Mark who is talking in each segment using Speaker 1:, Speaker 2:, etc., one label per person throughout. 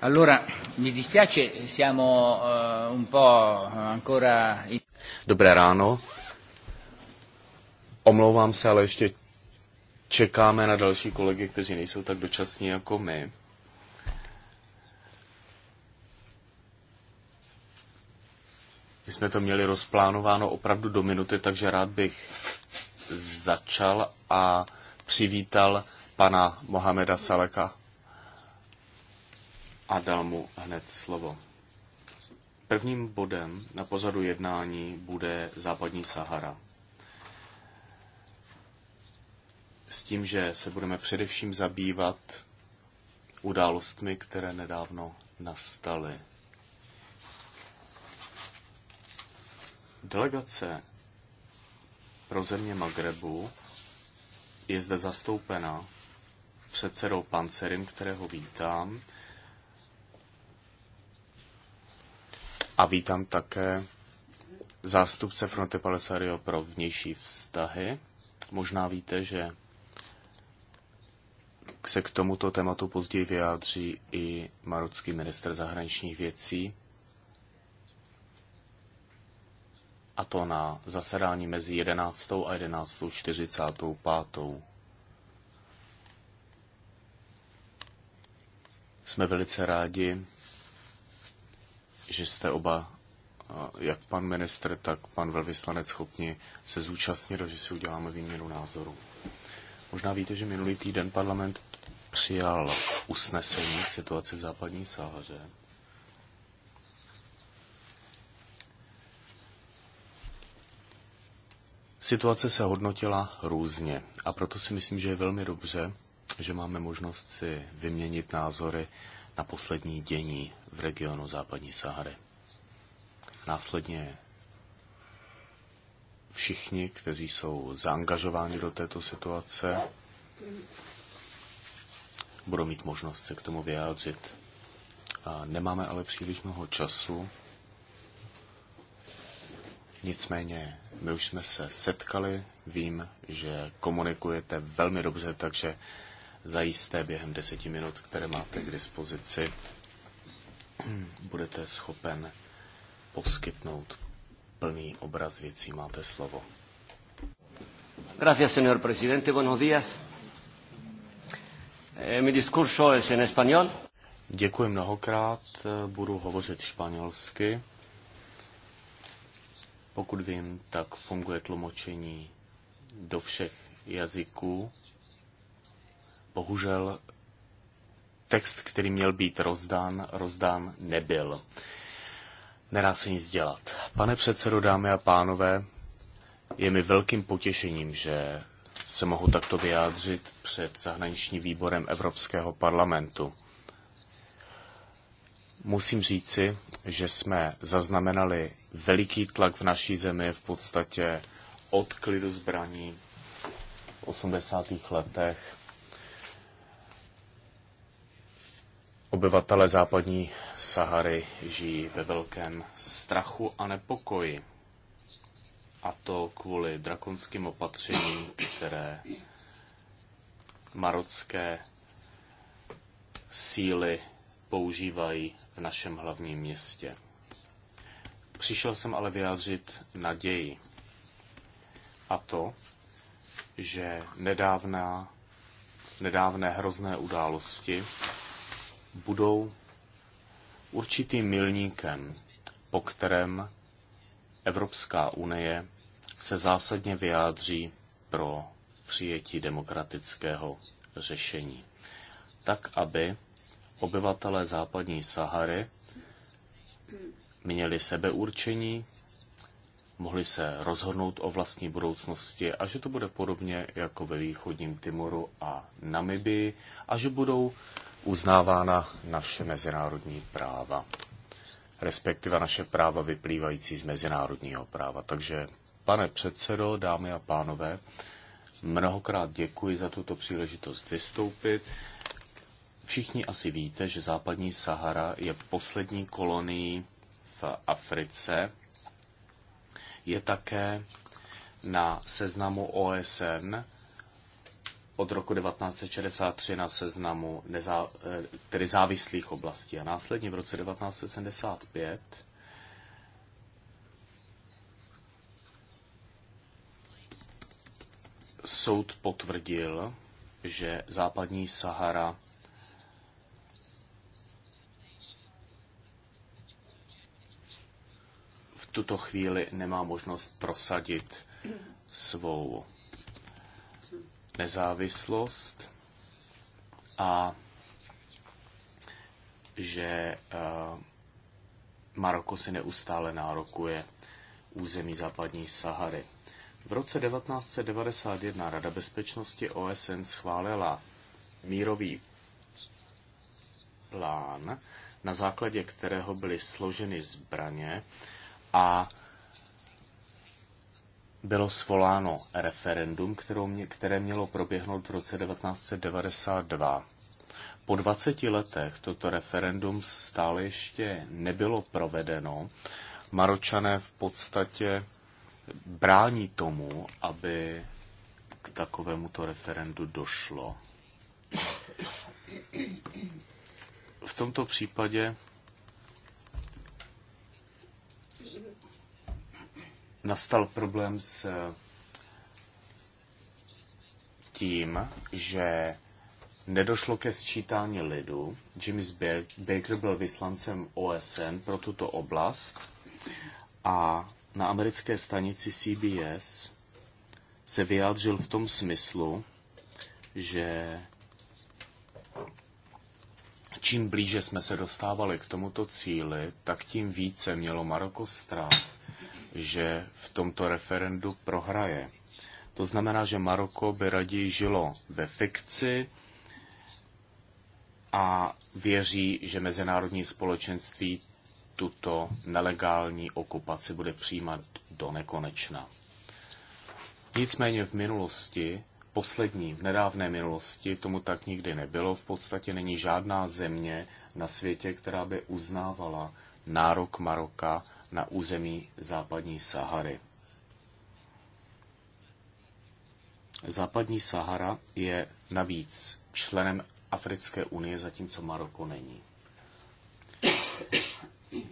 Speaker 1: Allora, mi dispiace, siamo uh, un po' ancora...
Speaker 2: Dobré ráno. Omlouvám se, ale ještě čekáme na další kolegy, kteří nejsou tak dočasní jako my. My jsme to měli rozplánováno opravdu do minuty, takže rád bych začal a přivítal pana Mohameda Saleka a dal mu hned slovo. Prvním bodem na pozadu jednání bude západní Sahara. S tím, že se budeme především zabývat událostmi, které nedávno nastaly. Delegace pro země Magrebu je zde zastoupena předsedou Pancerim, kterého vítám, A vítám také zástupce Fronte Palisario pro vnější vztahy. Možná víte, že se k tomuto tématu později vyjádří i marocký minister zahraničních věcí, a to na zasedání mezi 11. a 11.45. Jsme velice rádi, že jste oba, jak pan ministr, tak pan velvyslanec, schopni se zúčastnit a že si uděláme výměnu názorů. Možná víte, že minulý týden parlament přijal usnesení k situaci v západní Sáhaře. Situace se hodnotila různě a proto si myslím, že je velmi dobře, že máme možnost si vyměnit názory na poslední dění v regionu západní Sahary. Následně všichni, kteří jsou zaangažováni do této situace, budou mít možnost se k tomu vyjádřit. A nemáme ale příliš mnoho času. Nicméně, my už jsme se setkali, vím, že komunikujete velmi dobře, takže zajisté během deseti minut, které máte k dispozici, budete schopen poskytnout plný obraz věcí. Máte slovo.
Speaker 3: Gracias, señor presidente. Buenos días. Eh, mi discurso es en español.
Speaker 2: Děkuji mnohokrát, budu hovořit španělsky. Pokud vím, tak funguje tlumočení do všech jazyků, Bohužel text, který měl být rozdán, rozdán nebyl. Nedá se nic dělat. Pane předsedo, dámy a pánové, je mi velkým potěšením, že se mohu takto vyjádřit před zahraničním výborem Evropského parlamentu. Musím říci, že jsme zaznamenali veliký tlak v naší zemi v podstatě od klidu zbraní v 80. letech Obyvatele západní Sahary žijí ve velkém strachu a nepokoji. A to kvůli drakonským opatřením, které marocké síly používají v našem hlavním městě. Přišel jsem ale vyjádřit naději. A to, že nedávná, nedávné hrozné události budou určitým milníkem, po kterém Evropská unie se zásadně vyjádří pro přijetí demokratického řešení, tak aby obyvatelé západní Sahary měli sebeurčení, mohli se rozhodnout o vlastní budoucnosti a že to bude podobně jako ve východním Timoru a Namibii a že budou uznávána naše mezinárodní práva, respektive naše práva vyplývající z mezinárodního práva. Takže, pane předsedo, dámy a pánové, mnohokrát děkuji za tuto příležitost vystoupit. Všichni asi víte, že západní Sahara je poslední kolonií v Africe. Je také na seznamu OSN od roku 1963 na seznamu nezá, eh, tedy závislých oblastí a následně v roce 1975 soud potvrdil, že západní Sahara v tuto chvíli nemá možnost prosadit svou nezávislost a že eh, Maroko si neustále nárokuje území západní Sahary. V roce 1991 Rada bezpečnosti OSN schválila mírový plán, na základě kterého byly složeny zbraně a bylo svoláno referendum, kterou mě, které mělo proběhnout v roce 1992. Po 20 letech toto referendum stále ještě nebylo provedeno. Maročané v podstatě brání tomu, aby k takovému to referendu došlo. V tomto případě nastal problém s eh, tím, že nedošlo ke sčítání lidu. Jimmy Baker byl vyslancem OSN pro tuto oblast a na americké stanici CBS se vyjádřil v tom smyslu, že čím blíže jsme se dostávali k tomuto cíli, tak tím více mělo Maroko strach, že v tomto referendu prohraje. To znamená, že Maroko by raději žilo ve fikci a věří, že mezinárodní společenství tuto nelegální okupaci bude přijímat do nekonečna. Nicméně v minulosti, poslední, v nedávné minulosti, tomu tak nikdy nebylo. V podstatě není žádná země na světě, která by uznávala nárok Maroka na území západní Sahary. Západní Sahara je navíc členem Africké unie, zatímco Maroko není.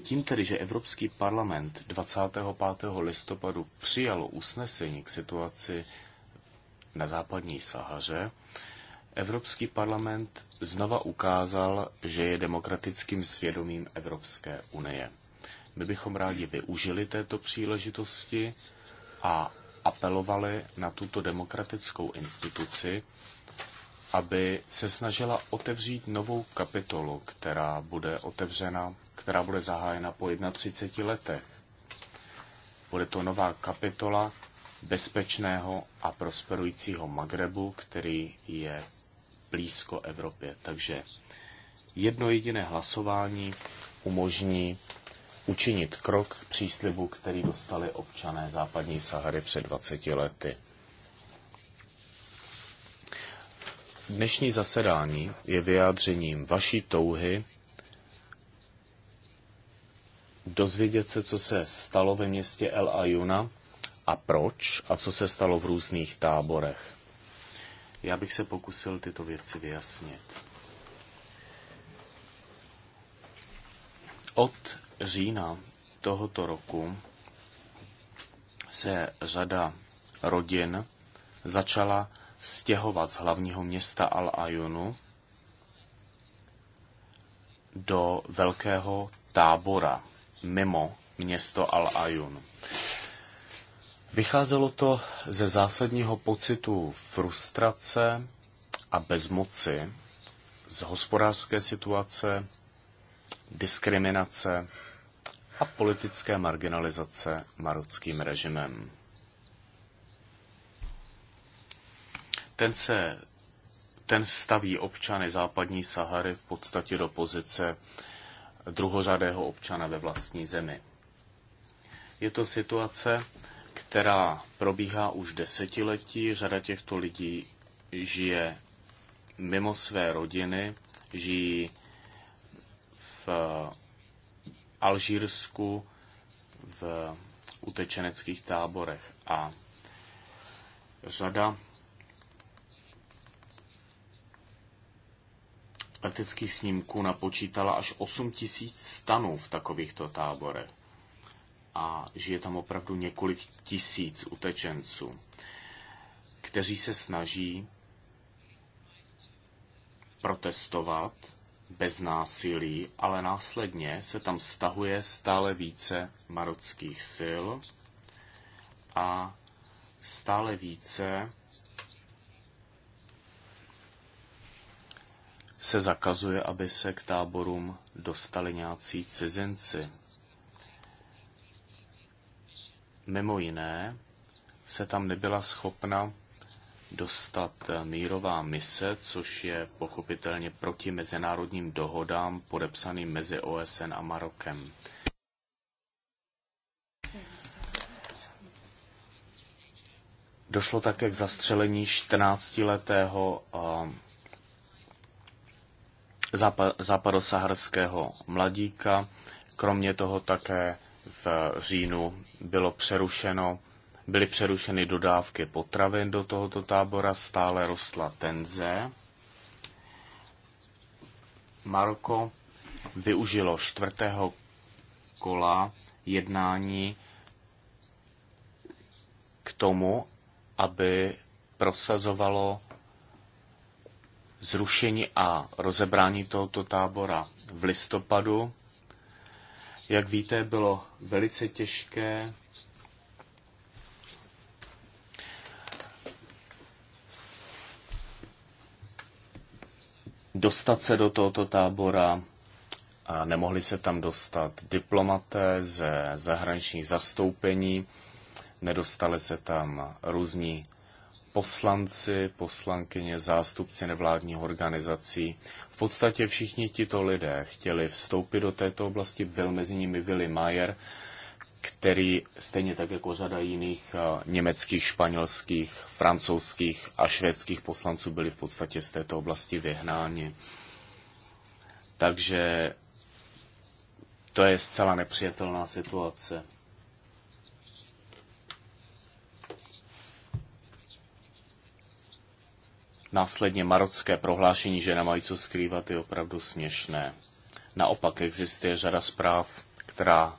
Speaker 2: Tím tedy, že Evropský parlament 25. listopadu přijalo usnesení k situaci na západní Sahaře, Evropský parlament znova ukázal, že je demokratickým svědomím Evropské unie. My bychom rádi využili této příležitosti a apelovali na tuto demokratickou instituci, aby se snažila otevřít novou kapitolu, která bude otevřena, která bude zahájena po 31 letech. Bude to nová kapitola bezpečného a prosperujícího Magrebu, který je blízko Evropě. Takže jedno jediné hlasování umožní učinit krok k příslibu, který dostali občané západní Sahary před 20 lety. Dnešní zasedání je vyjádřením vaší touhy dozvědět se, co se stalo ve městě El Ayuna a proč a co se stalo v různých táborech. Já bych se pokusil tyto věci vyjasnit. Od října tohoto roku se řada rodin začala stěhovat z hlavního města Al-Ajunu do velkého tábora mimo město Al-Ajun. Vycházelo to ze zásadního pocitu frustrace a bezmoci, z hospodářské situace, diskriminace a politické marginalizace marockým režimem. Ten se ten staví občany západní Sahary v podstatě do pozice druhořadého občana ve vlastní zemi. Je to situace, která probíhá už desetiletí. Řada těchto lidí žije mimo své rodiny, žijí v eh, Alžírsku, v utečeneckých táborech a řada leteckých snímků napočítala až 8 tisíc stanů v takovýchto táborech a žije tam opravdu několik tisíc utečenců, kteří se snaží protestovat bez násilí, ale následně se tam stahuje stále více marockých sil a stále více se zakazuje, aby se k táborům dostali nějací cizinci. Mimo jiné se tam nebyla schopna dostat mírová mise, což je pochopitelně proti mezinárodním dohodám podepsaným mezi OSN a Marokem. Došlo také k zastřelení 14-letého západosaharského mladíka. Kromě toho také Eh, říjnu bylo přerušeno, byly přerušeny dodávky potravin do tohoto tábora, stále rostla tenze. Maroko využilo čtvrtého kola jednání k tomu, aby prosazovalo zrušení a rozebrání tohoto tábora v listopadu jak víte, bylo velice těžké dostat se do tohoto tábora. A nemohli se tam dostat diplomaté ze zahraničních zastoupení, nedostali se tam různí poslanci, poslankyně, zástupci nevládních organizací. V podstatě všichni tito lidé chtěli vstoupit do této oblasti, byl mezi nimi Willy Mayer, který stejně tak jako řada jiných eh, německých, španělských, francouzských a švédských poslanců byli v podstatě z této oblasti vyhnáni. Takže to je zcela nepřijatelná situace. Následně marocké prohlášení, že nemají co skrývat, je opravdu směšné. Naopak existuje řada zpráv, která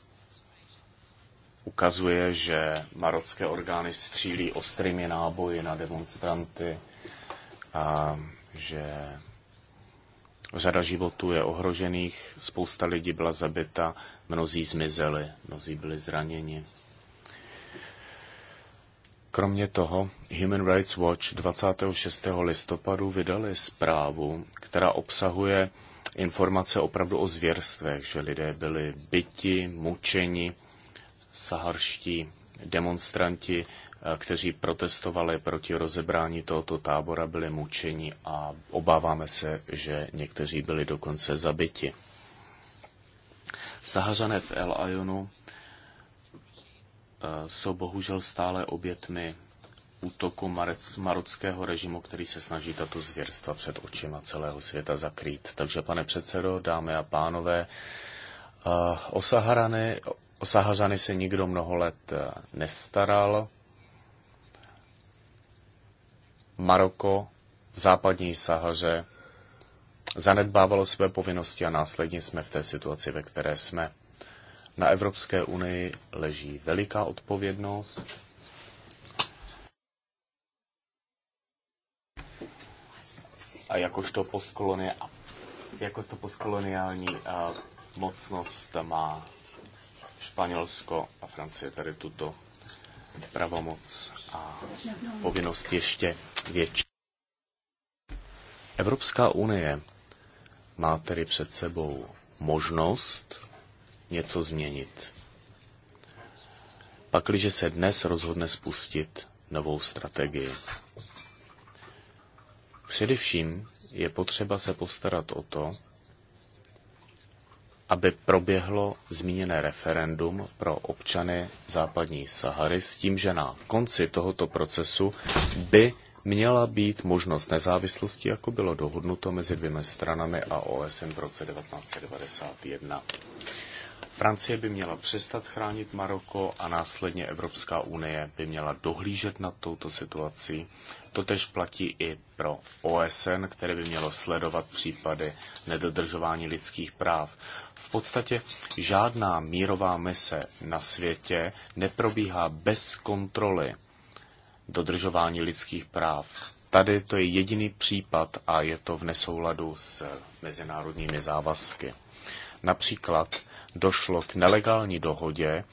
Speaker 2: ukazuje, že marocké orgány střílí ostrými náboji na demonstranty a že řada životů je ohrožených, spousta lidí byla zabita, mnozí zmizeli, mnozí byli zraněni. Kromě toho Human Rights Watch 26. listopadu vydali zprávu, která obsahuje informace opravdu o zvěrstvech, že lidé byli byti, mučeni, saharští demonstranti, eh, kteří protestovali proti rozebrání tohoto tábora, byli mučeni a obáváme se, že někteří byli dokonce zabiti. Sahařané v El Ayonu jsou bohužel stále obětmi útoku marockého režimu, který se snaží tato zvěrstva před očima celého světa zakrýt. Takže, pane předsedo, dámy a pánové, eh, o Saharany, o Saharany se nikdo mnoho let eh, nestaral. Maroko v západní Sahaře zanedbávalo své povinnosti a následně jsme v té situaci, ve které jsme. Na Evropské unii leží veliká odpovědnost. A jakožto postkolonie a jakožto postkoloniální a mocnost má Španělsko a Francie tady tuto pravomoc a povinnost ještě větší. Evropská unie má tedy před sebou možnost něco změnit. Pakliže se dnes rozhodne spustit novou strategii. Především je potřeba se postarat o to, aby proběhlo zmíněné referendum pro občany západní Sahary s tím, že na konci tohoto procesu by měla být možnost nezávislosti, jako bylo dohodnuto mezi dvěma stranami a OSN v roce 1991. Francie by měla přestat chránit Maroko a následně Evropská unie by měla dohlížet nad touto situací. Totež platí i pro OSN, které by mělo sledovat případy nedodržování lidských práv. V podstatě žádná mírová mise na světě neprobíhá bez kontroly dodržování lidských práv. Tady to je jediný případ a je to v nesouladu s mezinárodními závazky. Například došlo k nelegální dohodě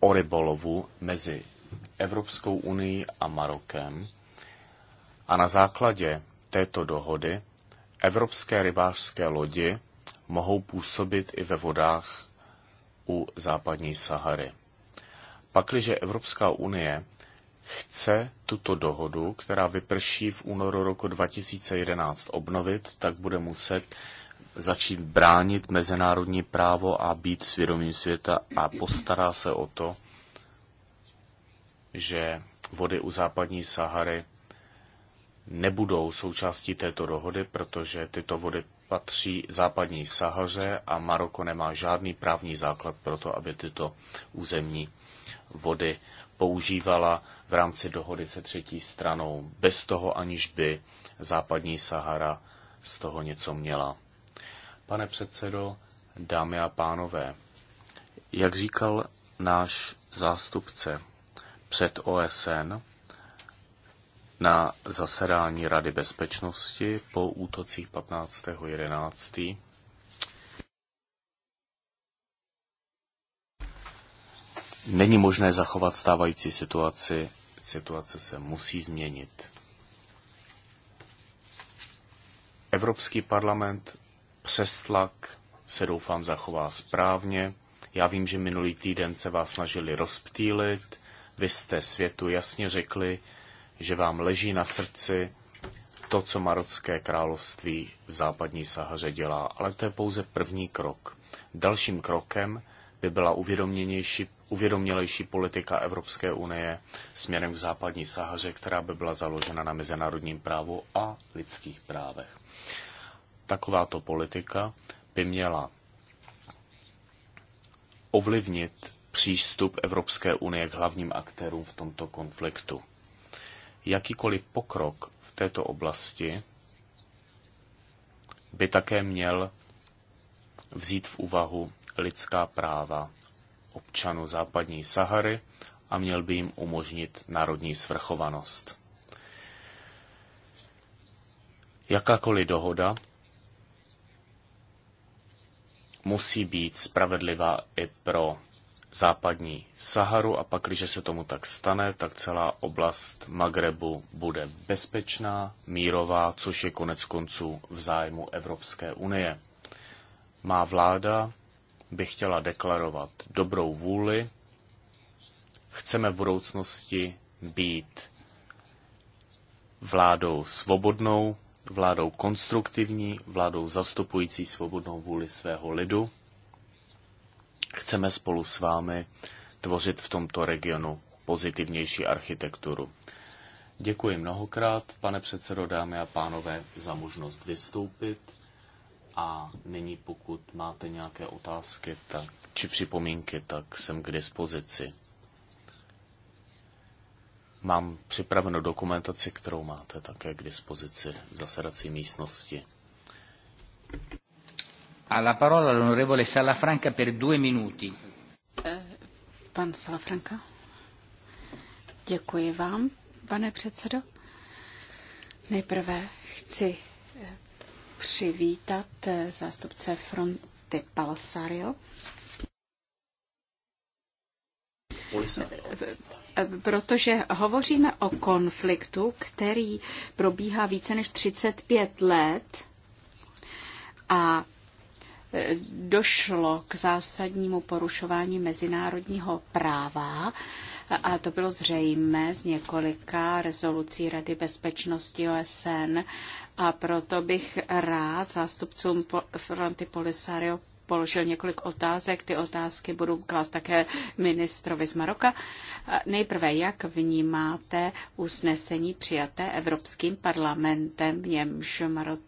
Speaker 2: o rybolovu mezi Evropskou unii a Marokem a na základě této dohody evropské rybářské lodi mohou působit i ve vodách u západní Sahary. Pakliže Evropská unie chce tuto dohodu, která vyprší v únoru roku 2011, obnovit, tak bude muset začít bránit mezinárodní právo a být svědomím světa a postará se o to, že vody u západní Sahary nebudou součástí této dohody, protože tyto vody patří západní Sahaře a Maroko nemá žádný právní základ pro to, aby tyto územní vody používala v rámci dohody se třetí stranou, bez toho aniž by západní Sahara z toho něco měla. Pane předsedo, dámy a pánové, jak říkal náš zástupce před OSN na zasedání Rady bezpečnosti po útocích 15.11., není možné zachovat stávající situaci, situace se musí změnit. Evropský parlament přestlak se doufám zachová správně. Já vím, že minulý týden se vás snažili rozptýlit. Vy jste světu jasně řekli, že vám leží na srdci to, co Marocké království v západní Sahaře dělá. Ale to je pouze první krok. Dalším krokem by byla uvědoměnější, uvědomělejší politika Evropské unie směrem k západní Sahaře, která by byla založena na mezinárodním právu a lidských právech takováto politika by měla ovlivnit přístup Evropské unie k hlavním aktérům v tomto konfliktu. Jakýkoliv pokrok v této oblasti by také měl vzít v úvahu lidská práva občanů západní Sahary a měl by jim umožnit národní svrchovanost. Jakákoliv dohoda musí být spravedlivá i pro západní Saharu a pak, když se tomu tak stane, tak celá oblast Magrebu bude bezpečná, mírová, což je konec konců v zájmu Evropské unie. Má vláda by chtěla deklarovat dobrou vůli, chceme v budoucnosti být vládou svobodnou, vládou konstruktivní, vládou zastupující svobodnou vůli svého lidu. Chceme spolu s vámi tvořit v tomto regionu pozitivnější architekturu. Děkuji mnohokrát, pane předsedo, dámy a pánové, za možnost vystoupit. A nyní, pokud máte nějaké otázky tak, či připomínky, tak jsem k dispozici. Mám připravenou dokumentaci, kterou máte také k dispozici v zasedací místnosti. A la parola l'onorevole Salafranca per due minuti.
Speaker 3: Eh, pan Salafranca. Děkuji vám, pane předsedo. Nejprve chci eh, přivítat eh, zástupce fronty Palsario protože hovoříme o konfliktu, který probíhá více než 35 let a e, došlo k zásadnímu porušování mezinárodního práva a to bylo zřejmé z několika rezolucí Rady bezpečnosti OSN a proto bych rád zástupcům Fronty Polisario položil několik otázek. Ty otázky budu klást také ministrovi z Maroka. Nejprve, jak vnímáte usnesení přijaté Evropským parlamentem, v němž, Maro,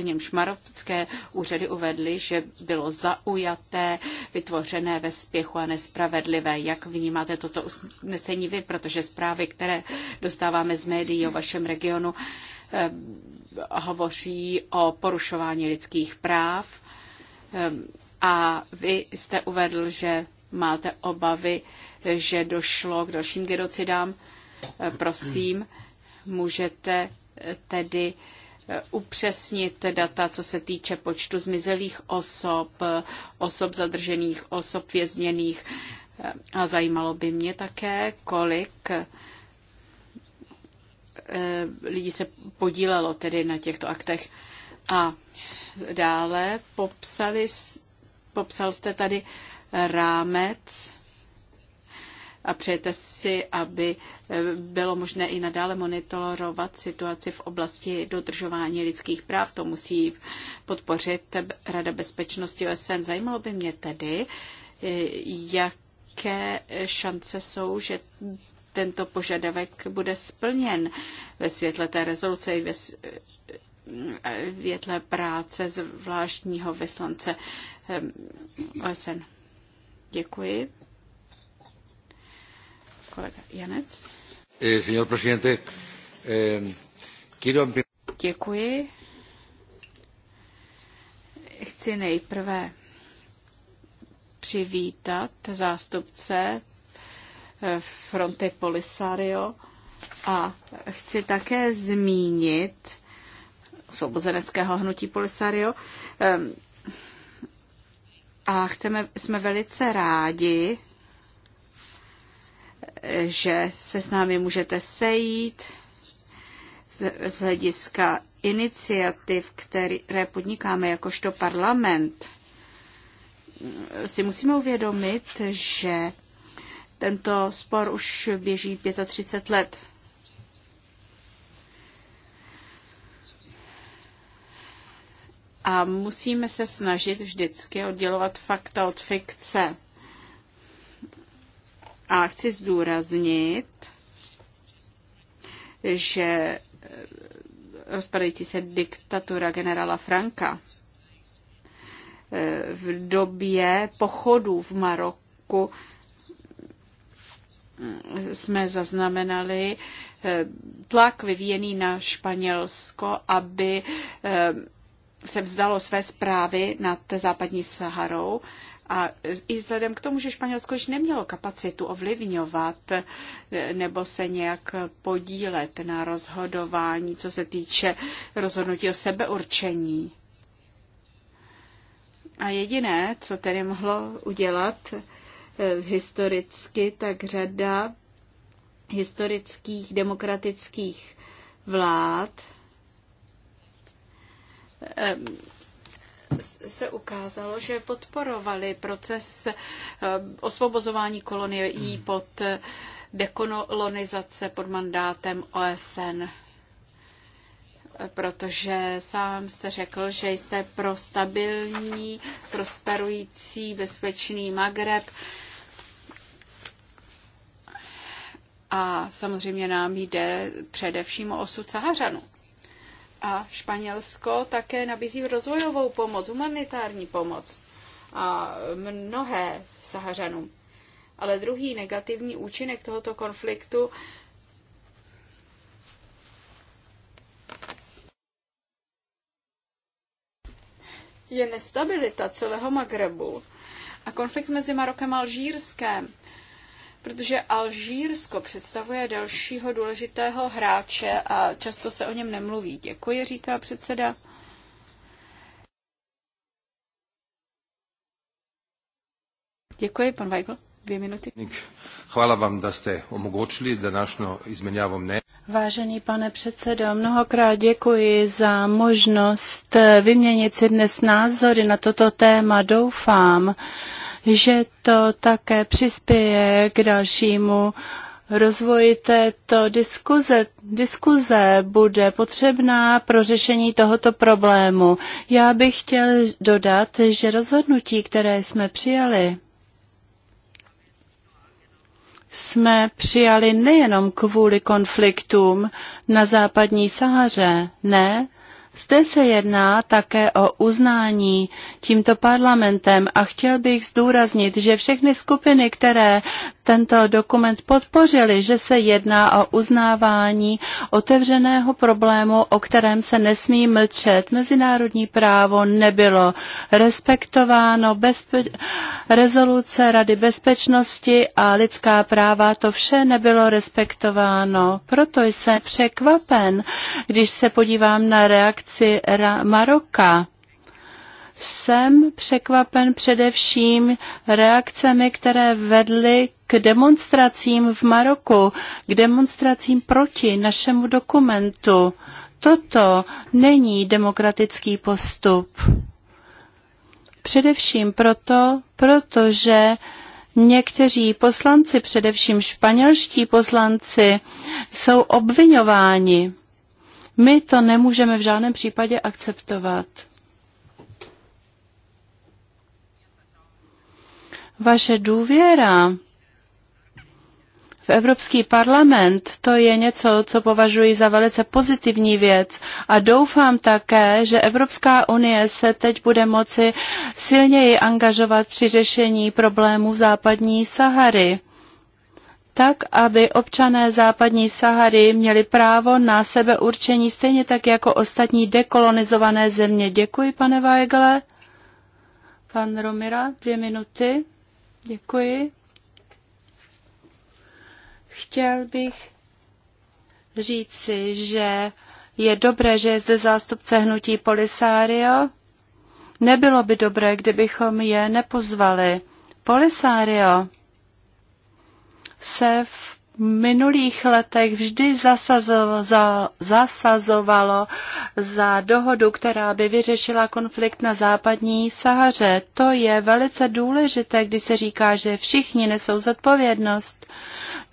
Speaker 3: němž marocké úřady uvedly, že bylo zaujaté, vytvořené ve spěchu a nespravedlivé. Jak vnímáte toto usnesení vy, protože zprávy, které dostáváme z médií o vašem regionu, eh, hovoří o porušování lidských práv, ehm, a vy jste uvedl, že máte obavy, že došlo k dalším genocidám. Eh, prosím, můžete eh, tedy eh, upřesnit data, co se týče počtu zmizelých osob, osob zadržených, osob vězněných. A zajímalo by mě také, kolik lidí se podílelo tedy na těchto aktech. A dále popsali Popsal jste tady rámec a přejete si, aby eh, bylo možné i nadále monitorovat situaci v oblasti dodržování lidských práv. To musí podpořit Rada bezpečnosti OSN. Zajímalo by mě tedy, eh, jaké šance jsou, že tento požadavek bude splněn ve světle té rezoluce i ve větle práce zvláštního vyslance ehm, OSN. Děkuji. Kolega Janec. Eh, ehm, Děkuji. Chci nejprve přivítat zástupce eh, fronty Polisario a chci také zmínit svobozeneckého hnutí Polisario. A chceme, jsme velice rádi, že se s námi můžete sejít z, z hlediska iniciativ, které podnikáme jakožto parlament. Si musíme uvědomit, že tento spor už běží 35 let a musíme se snažit vždycky oddělovat fakta od fikce. A chci zdůraznit, že eh, rozpadající se diktatura generála Franka eh, v době pochodu v Maroku mm, jsme zaznamenali eh, tlak vyvíjený na Španělsko, aby se vzdalo své zprávy nad západní Saharou a i vzhledem k tomu, že Španělsko již nemělo kapacitu ovlivňovat eh, nebo se nějak podílet na rozhodování, co se týče rozhodnutí o sebeurčení. A jediné, co tedy mohlo udělat eh, historicky, tak řada historických demokratických vlád se ukázalo, že podporovali proces osvobozování kolonie i hmm. pod dekolonizace pod mandátem OSN. Protože sám jste řekl, že jste pro stabilní, prosperující, bezpečný Magreb. A samozřejmě nám jde především o osud Saharanů. A Španělsko také nabízí rozvojovou pomoc, humanitární pomoc a mnohé Sahařanům. Ale druhý negativní účinek tohoto konfliktu je nestabilita celého Magrebu a konflikt mezi Marokem a Alžírskem protože Alžírsko představuje dalšího důležitého hráče a často se o něm nemluví. Děkuji, říká předseda. Děkuji, pan Weigl. Dvě minuty.
Speaker 2: Chvála vám, da jste omogočili današnou izměňávou mne.
Speaker 3: Vážený
Speaker 1: pane předsedo, mnohokrát děkuji za možnost vyměnit si dnes názory na toto téma. Doufám, že to také přispěje k dalšímu rozvoji této diskuze. Diskuze bude potřebná pro řešení tohoto problému. Já bych chtěl dodat, že rozhodnutí, které jsme přijali, jsme přijali nejenom kvůli konfliktům na západní Sahaře, ne, zde se jedná také o uznání tímto parlamentem a chtěl bych zdůraznit, že všechny skupiny, které tento dokument podpořili, že se jedná o uznávání otevřeného problému, o kterém se nesmí mlčet. Mezinárodní právo nebylo respektováno, bezpe- rezoluce Rady bezpečnosti a lidská práva, to vše nebylo respektováno. Proto jsem překvapen, když se podívám na reakci Ra- Maroka jsem překvapen především reakcemi, které vedly k demonstracím v Maroku, k demonstracím proti našemu dokumentu. Toto není demokratický postup. Především proto, protože Někteří poslanci, především španělští poslanci, jsou obvinováni my to nemůžeme v žádném případě akceptovat. Vaše důvěra v Evropský parlament, to je něco, co považuji za velice pozitivní věc a doufám také, že Evropská unie se teď bude moci silněji angažovat při řešení problémů západní Sahary tak, aby občané západní Sahary měli právo na sebe určení stejně tak jako ostatní dekolonizované země. Děkuji, pane Weigele. Pan Romira, dvě minuty. Děkuji. Chtěl bych říci, že je dobré, že je zde zástupce hnutí Polisario. Nebylo by dobré, kdybychom je nepozvali. Polisario se v minulých letech vždy zasazovalo za dohodu, která by vyřešila konflikt na západní Sahaře. To je velice důležité, když se říká, že všichni nesou zodpovědnost.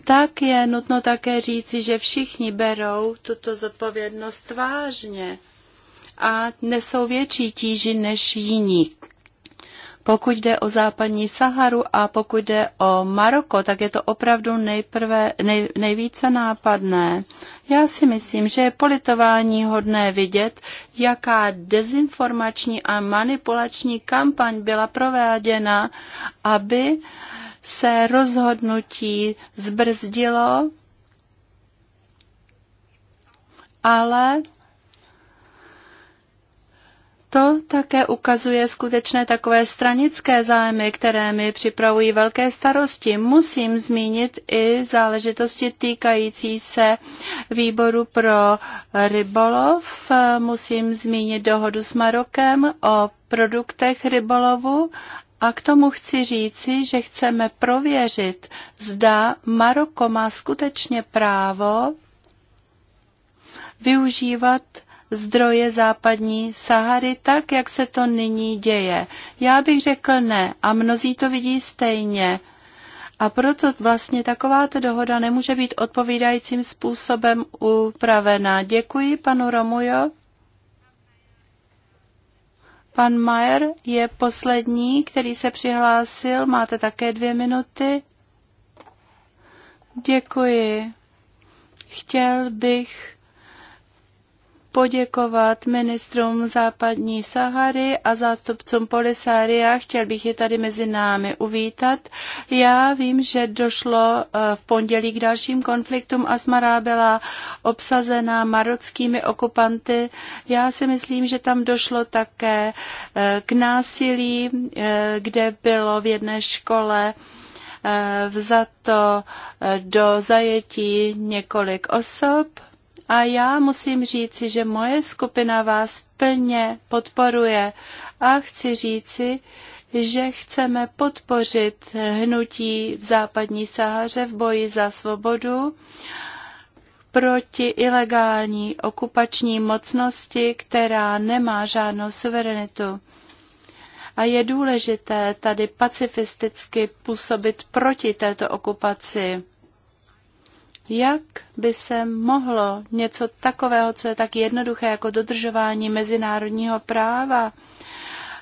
Speaker 1: Tak je nutno také říci, že všichni berou tuto zodpovědnost vážně a nesou větší tíži než jiní pokud jde o západní Saharu a pokud jde o Maroko, tak je to opravdu nejprve, nej, nejvíce nápadné. Já si myslím, že je politování hodné vidět, jaká dezinformační a manipulační kampaň byla prováděna, aby se rozhodnutí zbrzdilo, ale to také ukazuje skutečné takové stranické zájmy, které mi připravují velké starosti. Musím zmínit i záležitosti týkající se výboru pro rybolov. Musím zmínit dohodu s Marokem o produktech rybolovu a k tomu chci říci, že chceme prověřit, zda Maroko má skutečně právo využívat zdroje západní Sahary tak, jak se to nyní děje. Já bych řekl ne a mnozí to vidí stejně. A proto vlastně takováto dohoda nemůže být odpovídajícím způsobem upravená. Děkuji panu Romujo. Pan Majer je poslední, který se přihlásil. Máte také dvě minuty. Děkuji. Chtěl bych poděkovat ministrům západní Sahary a zástupcům Polisária. Chtěl bych je tady mezi námi uvítat. Já vím, že došlo eh, v pondělí k dalším konfliktům. Asmara byla obsazená marockými okupanty. Já si myslím, že tam došlo také eh, k násilí, eh, kde bylo v jedné škole vzato do zajetí několik osob a já musím říci, že moje skupina vás plně podporuje a chci říci, že chceme podpořit hnutí v západní Sahaře v boji za svobodu proti ilegální okupační mocnosti, která nemá žádnou suverenitu. A je důležité tady pacifisticky působit proti této okupaci jak by se mohlo něco takového, co je tak jednoduché jako dodržování mezinárodního práva,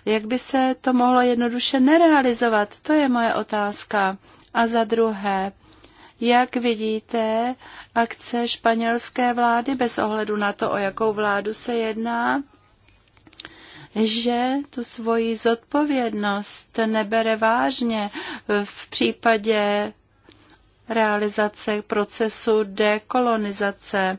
Speaker 1: jak by se to mohlo jednoduše nerealizovat? To je moje otázka. A za druhé, jak vidíte akce španělské vlády, bez ohledu na to, o jakou vládu se jedná, že tu svoji zodpovědnost nebere vážně v případě realizace procesu dekolonizace.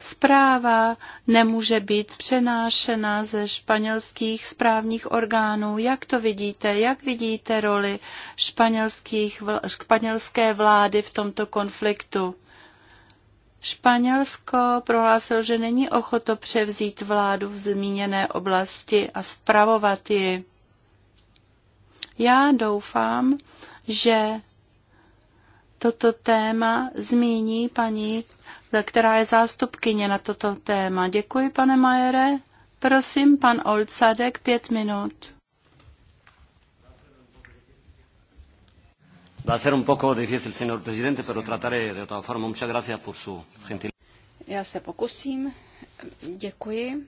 Speaker 1: Zpráva nemůže být přenášena ze španělských správních orgánů. Jak to vidíte? Jak vidíte roli španělských, španělské vlády v tomto konfliktu? Španělsko prohlásilo, že není ochoto převzít vládu v zmíněné oblasti a spravovat ji. Já doufám, že toto téma zmíní paní, která je zástupkyně na toto téma. Děkuji, pane Majere. Prosím, pan Olcadek, pět minut.
Speaker 3: Já se pokusím. Děkuji.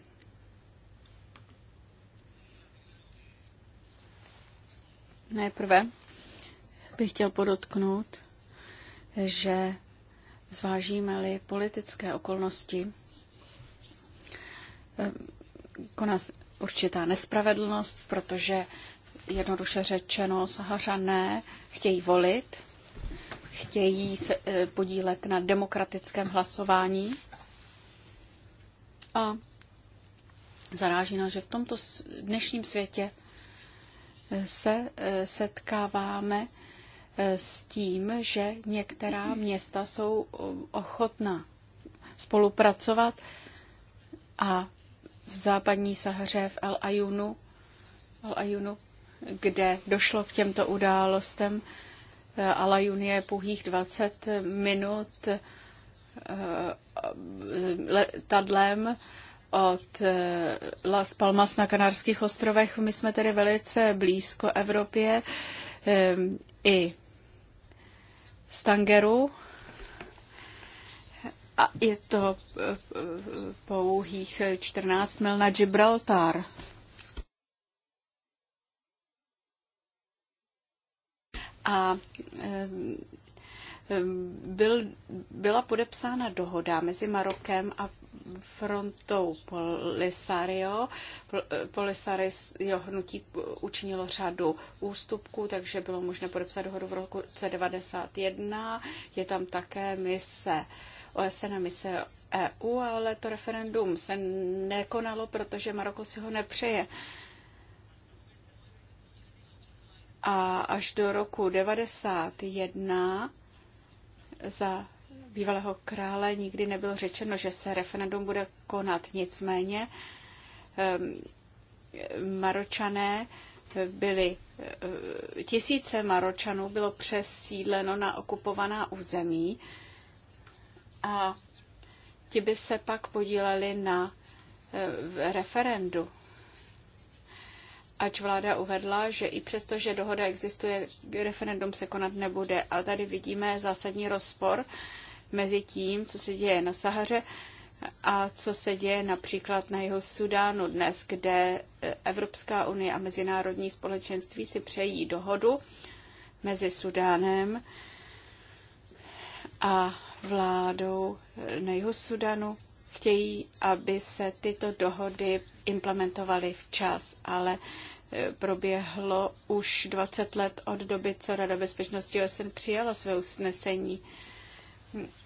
Speaker 3: Nejprve bych chtěl podotknout, že zvážíme-li politické okolnosti, eh, koná určitá nespravedlnost, protože jednoduše řečeno Sahařané chtějí volit, chtějí se eh, podílet na demokratickém hlasování a zaráží nás, že v tomto dnešním světě se eh, setkáváme s tím, že některá města jsou ochotná spolupracovat a v západní Sahře v El Ayunu, El Ayunu kde došlo k těmto událostem, El eh, Ayun je pouhých 20 minut eh, eh, letadlem od Las Palmas na Kanárských ostrovech. My jsme tedy velice blízko Evropě i Stangeru. A je to eh, eh, pouhých 14 mil na Gibraltar. A eh, byl, byla podepsána dohoda mezi Marokem a frontou Polisario. Polisario hnutí učinilo řadu ústupků, takže bylo možné podepsat dohodu v roku 1991. Je tam také mise OSN a mise EU, ale to referendum se nekonalo, protože Maroko si ho nepřeje. A až do roku 1991 za bývalého krále nikdy nebylo řečeno, že se referendum bude konat. Nicméně ehm, Maročané byli, eh, tisíce Maročanů bylo přesídleno na okupovaná území a ti by se pak podíleli na eh, referendu. Ač vláda uvedla, že i přesto, že dohoda existuje, referendum se konat nebude. A tady vidíme zásadní rozpor mezi tím, co se děje na Sahaře a co se děje například na jeho Sudánu dnes, kde eh, Evropská unie a mezinárodní společenství si přejí dohodu mezi Sudánem a vládou eh, na jeho Sudanu. Chtějí, aby se tyto dohody implementovaly včas, ale eh, proběhlo už 20 let od doby, co Rada bezpečnosti OSN přijala své usnesení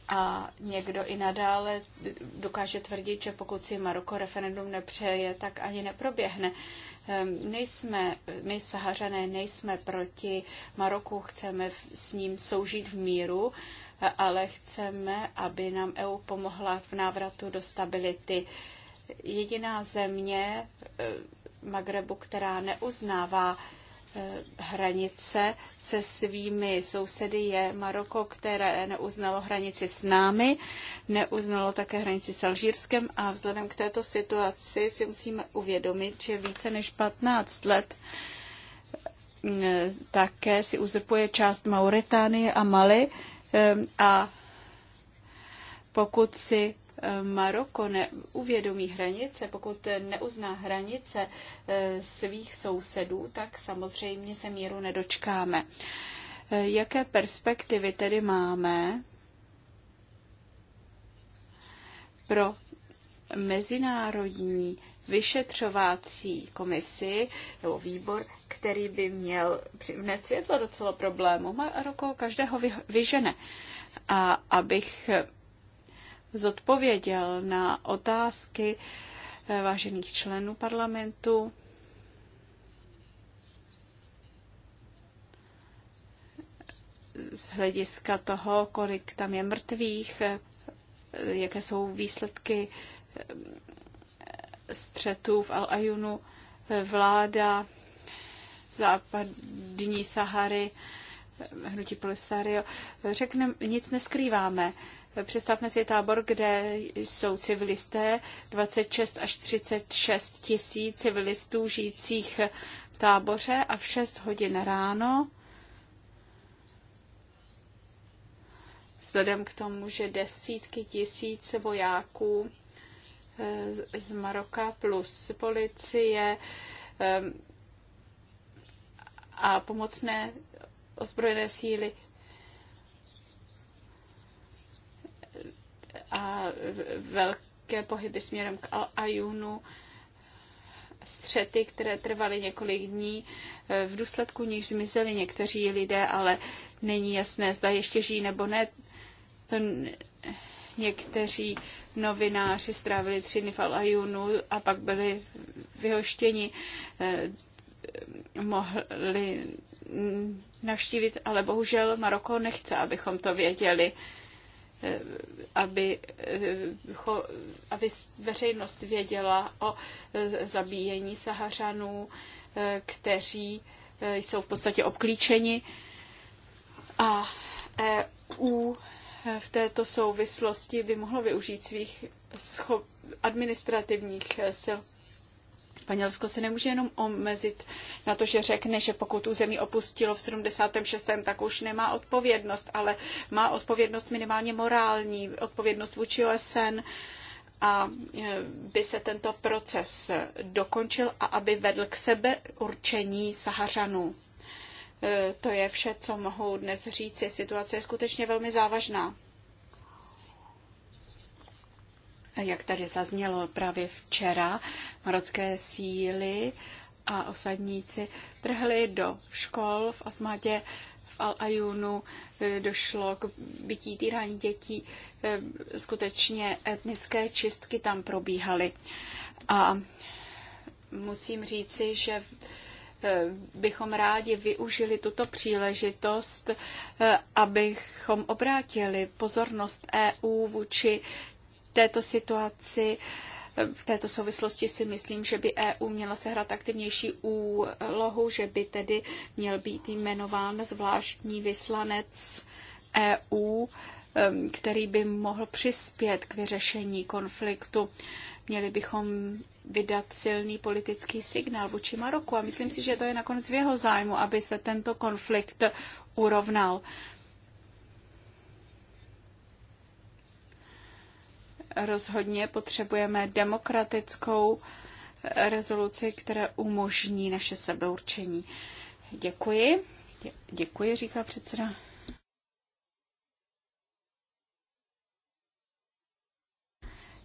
Speaker 3: a někdo i nadále dokáže tvrdit, že pokud si Maroko referendum nepřeje, tak ani neproběhne. Nejsme, ehm, my Sahařané nejsme proti Maroku, chceme s ním soužít v míru, ale chceme, aby nám EU pomohla v návratu do stability. Jediná země eh, Magrebu, která neuznává Eh, hranice se svými sousedy je Maroko, které neuznalo hranici s námi, neuznalo také hranici s Alžírskem a vzhledem k této situaci si musíme uvědomit, že více než 15 let eh, také si uzrpuje část Mauritánie a Mali eh, a pokud si Eh, Maroko neuvědomí hranice, pokud neuzná hranice eh, svých sousedů, tak samozřejmě se míru nedočkáme. Eh, jaké perspektivy tedy máme pro mezinárodní vyšetřovací komisi nebo výbor, který by měl přivnet světlo do celého problému. Maroko každého vyžene. A abych zodpověděl na otázky eh, vážených členů parlamentu. Z hlediska toho, kolik tam je mrtvých, eh, jaké jsou výsledky eh, střetů v Al-Ajunu, vláda západní Sahary, hnutí Polisario, řekneme, nic neskrýváme. Představme si tábor, kde jsou civilisté, 26 až 36 tisíc civilistů žijících v táboře a v 6 hodin ráno vzhledem k tomu, že desítky tisíc vojáků eh, z Maroka plus policie eh, a pomocné ozbrojené síly a velké pohyby směrem k Al-Ajunu, střety, které trvaly několik dní, v důsledku nich zmizeli někteří lidé, ale není jasné, zda ještě žijí nebo ne. To někteří novináři strávili tři dny v al ajunu a pak byli vyhoštěni, eh, mohli navštívit, ale bohužel Maroko nechce, abychom to věděli. Eh, aby, eh, aby veřejnost věděla o eh, zabíjení Saharanů, kteří jsou v podstatě obklíčeni. A EU v této souvislosti by mohlo využít svých administrativních sil Španělsko se nemůže jenom omezit na to, že řekne, že pokud území opustilo v 76. tak už nemá odpovědnost, ale má odpovědnost minimálně morální, odpovědnost vůči OSN a e, by se tento proces dokončil a aby vedl k sebe určení Saharanů. E, to je vše, co mohu dnes říct. Situace je skutečně velmi závažná. Jak tady zaznělo právě včera, marocké síly a osadníci trhli do škol v Asmadě, v Al-Ajunu, eh, došlo k bytí týrání dětí, eh, skutečně etnické čistky tam probíhaly. A musím říci, že eh, bychom rádi využili tuto příležitost, abychom obrátili pozornost EU vůči této situaci v této souvislosti si myslím, že by EU měla sehrát aktivnější úlohu, že by tedy měl být jmenován zvláštní vyslanec EU, který by mohl přispět k vyřešení konfliktu. Měli bychom vydat silný politický signál vůči Maroku a myslím si, že to je nakonec v jeho zájmu, aby se tento konflikt urovnal. Rozhodně potřebujeme demokratickou rezoluci, která umožní naše sebeurčení. Děkuji. Děkuji, říká předseda.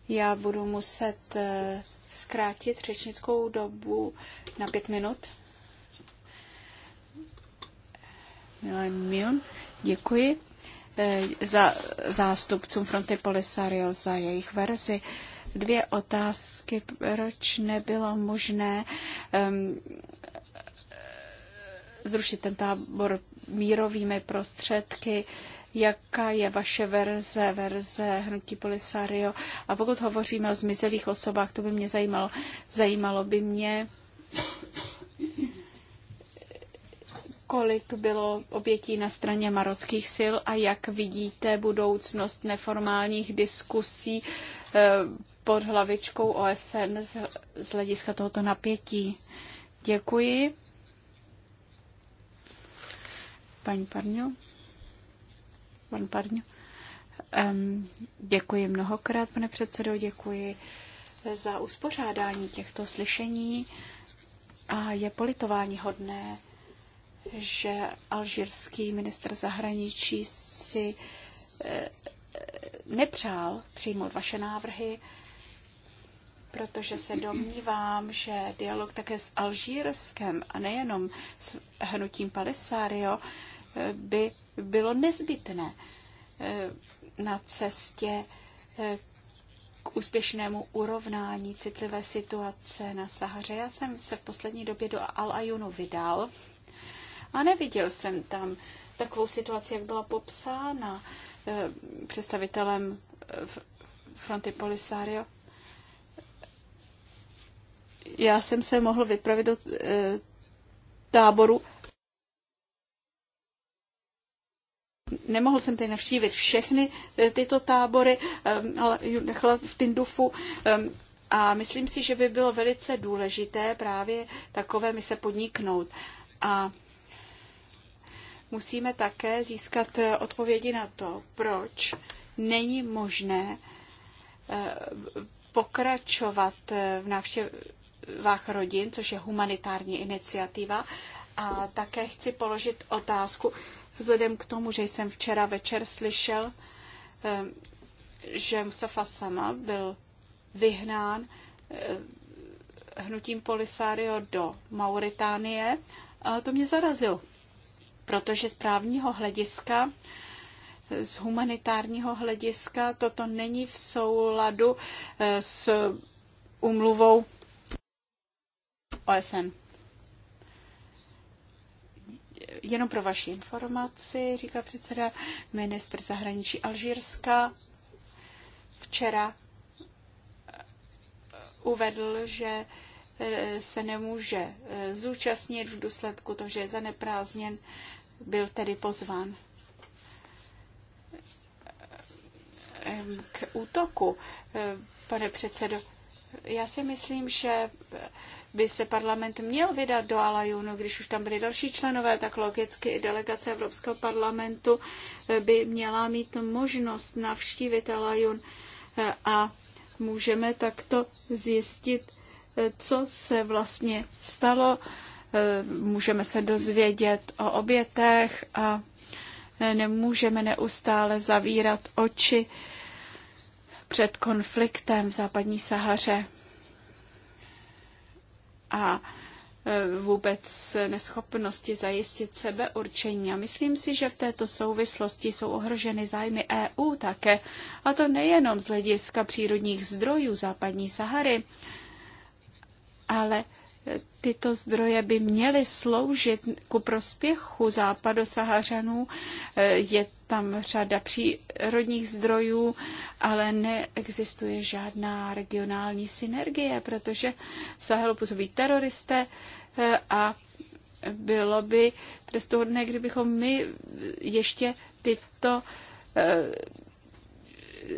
Speaker 3: Já budu muset eh, zkrátit řečnickou dobu na pět minut. Milan Mion, děkuji. Eh, za zástupcům Fronty Polisario za jejich verzi. Dvě otázky, proč nebylo možné um, zrušit ten tábor mírovými prostředky, jaká je vaše verze, verze Hnutí Polisario. A pokud hovoříme o zmizelých osobách, to by mě zajímalo. Zajímalo by mě, kolik bylo obětí na straně marockých sil a jak vidíte budoucnost neformálních diskusí eh, pod hlavičkou OSN z hlediska tohoto napětí. Děkuji. Paní Parňo. Pan Parňo. Um, děkuji mnohokrát, pane předsedo, děkuji za uspořádání těchto slyšení. A je politování hodné, že alžírský ministr zahraničí si eh, nepřál přijmout vaše návrhy, protože se domnívám, že dialog také s Alžírskem a nejenom s hnutím Palisario eh, by bylo nezbytné eh, na cestě k úspěšnému urovnání citlivé situace na Sahaře. Já jsem se v poslední době do Al-Ajunu vydal a neviděl jsem tam takovou situaci, jak byla popsána eh, představitelem eh, fronty Polisario. Já jsem se mohl vypravit do eh, táboru. Nemohl jsem tady navštívit všechny tyto tábory, ale nechala v Tindufu. Ehm, a myslím si, že by bylo velice důležité právě takové se podniknout. A musíme také získat eh, odpovědi na to, proč není možné eh, pokračovat eh, v návštěvách rodin, což je humanitární iniciativa. A také chci položit otázku, vzhledem k tomu, že jsem včera večer slyšel, že Mustafa Sama byl vyhnán hnutím Polisario do Mauritánie. A to mě zarazilo protože z právního hlediska, z humanitárního hlediska toto není v souladu eh, s umluvou OSN. Jenom pro vaši informaci, říká předseda ministr zahraničí Alžírska, včera eh, uvedl, že eh, se nemůže zúčastnit v důsledku toho, že je zaneprázdněn byl tedy pozván k útoku. Eh, pane předsedo, já si myslím, že by se parlament měl vydat do Alajunu, když už tam byly další členové, tak logicky i delegace Evropského parlamentu eh, by měla mít možnost navštívit Alajun eh, a můžeme takto zjistit, co se vlastně stalo Eh, můžeme se dozvědět o obětech a eh, nemůžeme neustále zavírat oči před konfliktem v západní Sahaře a eh, vůbec neschopnosti zajistit sebeurčení. A myslím si, že v této souvislosti jsou ohroženy zájmy EU také, a to nejenom z hlediska přírodních zdrojů západní Sahary, ale tyto zdroje by měly sloužit ku prospěchu západosahařanů. Je tam řada přírodních zdrojů, ale neexistuje žádná regionální synergie, protože v Sahelu působí teroristé eh, a bylo by trestuhodné, kdybychom my ještě tyto eh,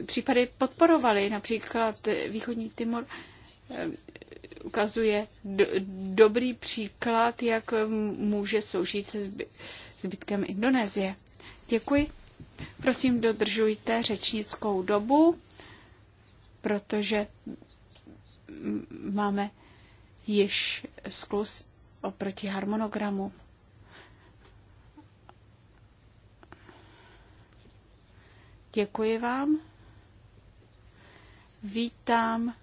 Speaker 3: případy podporovali, například východní Timor eh, ukazuje do, dobrý příklad, jak může soužít se zby, zbytkem Indonésie. Děkuji. Prosím, dodržujte řečnickou dobu, protože máme již sklus oproti harmonogramu. Děkuji vám. Vítám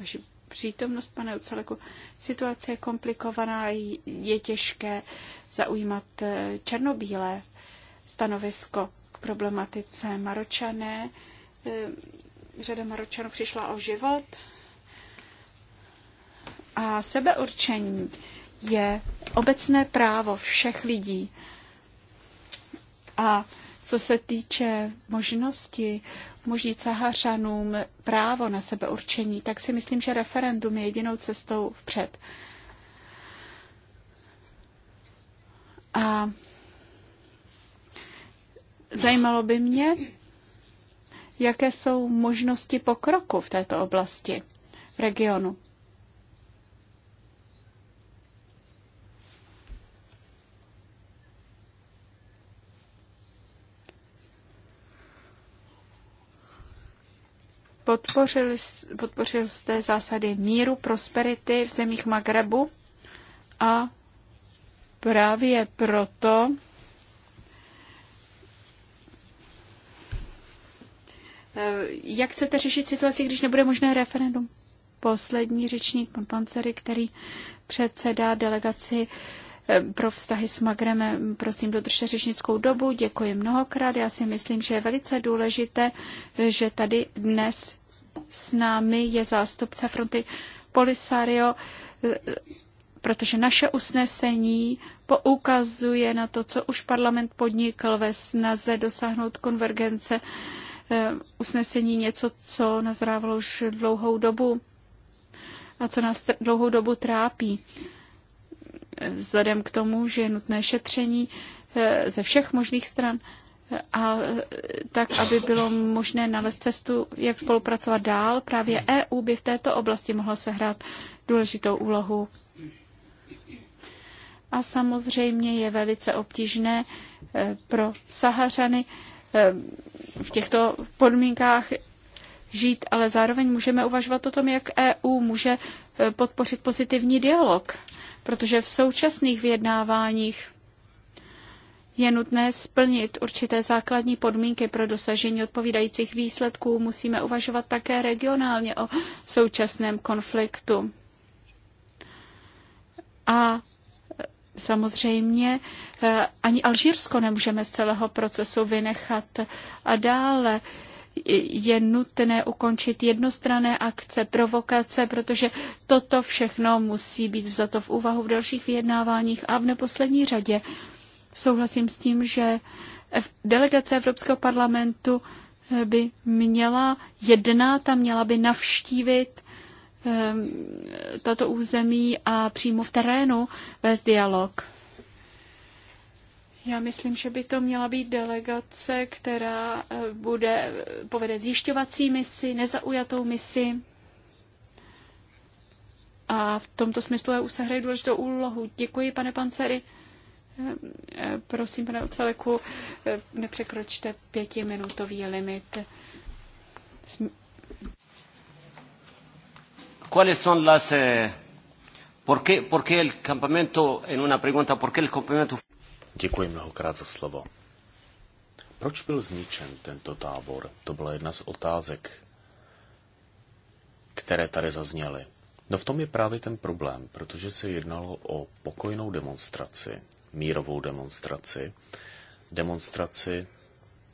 Speaker 3: vaši přítomnost, pane Uceleku. Situace je komplikovaná, je těžké zaujímat eh, černobílé stanovisko k problematice Maročané. Eh, řada Maročanů přišla o život a sebeurčení je obecné právo všech lidí. A co se týče možnosti umožnit Sahařanům právo na sebeurčení, tak si myslím, že referendum je jedinou cestou vpřed. A zajímalo by mě, jaké jsou možnosti pokroku v této oblasti v regionu. Podpořil, podpořil jste zásady míru, prosperity v zemích Magrebu a právě proto eh, Jak chcete řešit situaci, když nebude možné referendum? Poslední řečník, pan Pancery, který předsedá delegaci Eh, pro vztahy s Magrem. Eh, prosím, dodržte řečnickou dobu. Děkuji mnohokrát. Já si myslím, že je velice důležité, eh, že tady dnes s námi je zástupce fronty Polisario, protože naše usnesení poukazuje na to, co už parlament podnikl ve snaze dosáhnout konvergence usnesení něco, co nazrávalo už dlouhou dobu a co nás dlouhou dobu trápí vzhledem k tomu, že je nutné šetření eh, ze všech možných stran eh, a eh, tak, aby bylo možné nalézt cestu, jak spolupracovat dál. Právě EU by v této oblasti mohla sehrát důležitou úlohu. A samozřejmě je velice obtížné pro Sahařany v těchto podmínkách žít, ale zároveň můžeme uvažovat o tom, jak EU může podpořit pozitivní dialog protože v současných vyjednáváních je nutné splnit určité základní podmínky pro dosažení odpovídajících výsledků. Musíme uvažovat také regionálně o současném konfliktu. A e, samozřejmě e, ani Alžírsko nemůžeme z celého procesu vynechat. A dále je nutné ukončit jednostrané akce, provokace, protože toto všechno musí být vzato v úvahu v dalších vyjednáváních a v neposlední řadě souhlasím s tím, že delegace Evropského parlamentu eh, by měla jednat a měla by navštívit ehm, tato území a přímo v terénu vést dialog. Já myslím, že by to měla být delegace, která eh, bude, eh, povede zjišťovací misi, nezaujatou misi. A v tomto smyslu je se hraje důležitou úlohu. Děkuji, pane Pancery. Eh, prosím, pane Oceleku, nepřekročte pětiminutový limit.
Speaker 2: ¿Cuáles son las... Eh, ¿por, qué, ¿Por qué el campamento, en una pregunta, por qué el campamento Děkuji mnohokrát za slovo. Proč byl zničen tento tábor? To byla jedna z otázek, které tady zazněly. No v tom je právě ten problém, protože se jednalo o pokojnou demonstraci, mírovou demonstraci, demonstraci,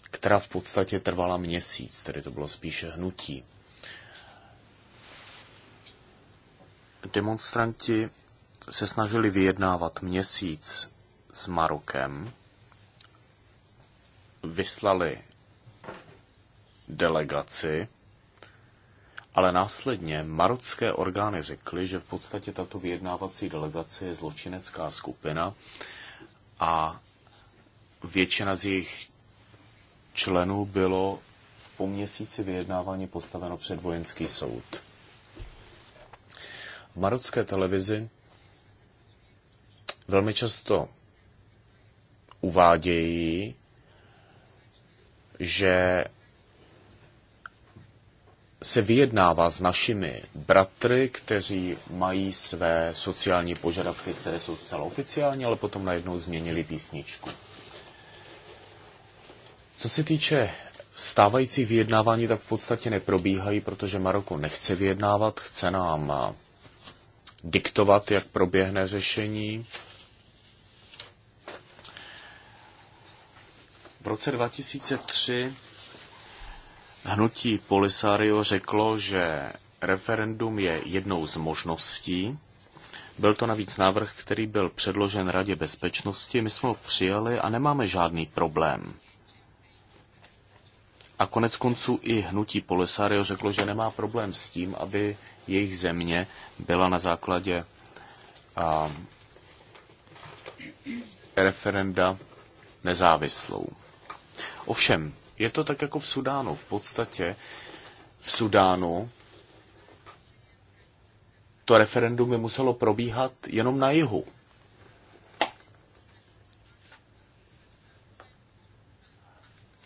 Speaker 2: která v podstatě trvala měsíc, tedy to bylo spíše hnutí. Demonstranti se snažili vyjednávat měsíc s Marokem vyslali delegaci, ale následně marocké orgány řekly, že v podstatě tato vyjednávací delegace je zločinecká skupina a většina z jejich členů bylo po měsíci vyjednávání postaveno před vojenský soud. V marocké televizi velmi často uvádějí, že se vyjednává s našimi bratry, kteří mají své sociální požadavky, které jsou zcela oficiální, ale potom najednou změnili písničku. Co se týče stávající vyjednávání, tak v podstatě neprobíhají, protože Maroko nechce vyjednávat, chce nám diktovat, jak proběhne řešení. V roce 2003 hnutí Polisario řeklo, že referendum je jednou z možností. Byl to navíc návrh, který byl předložen Radě bezpečnosti. My jsme ho přijali a nemáme žádný problém. A konec konců i hnutí Polisario řeklo, že nemá problém s tím, aby jejich země byla na základě a, referenda nezávislou. Ovšem, je to tak jako v Sudánu. V podstatě v Sudánu to referendum by muselo probíhat jenom na jihu.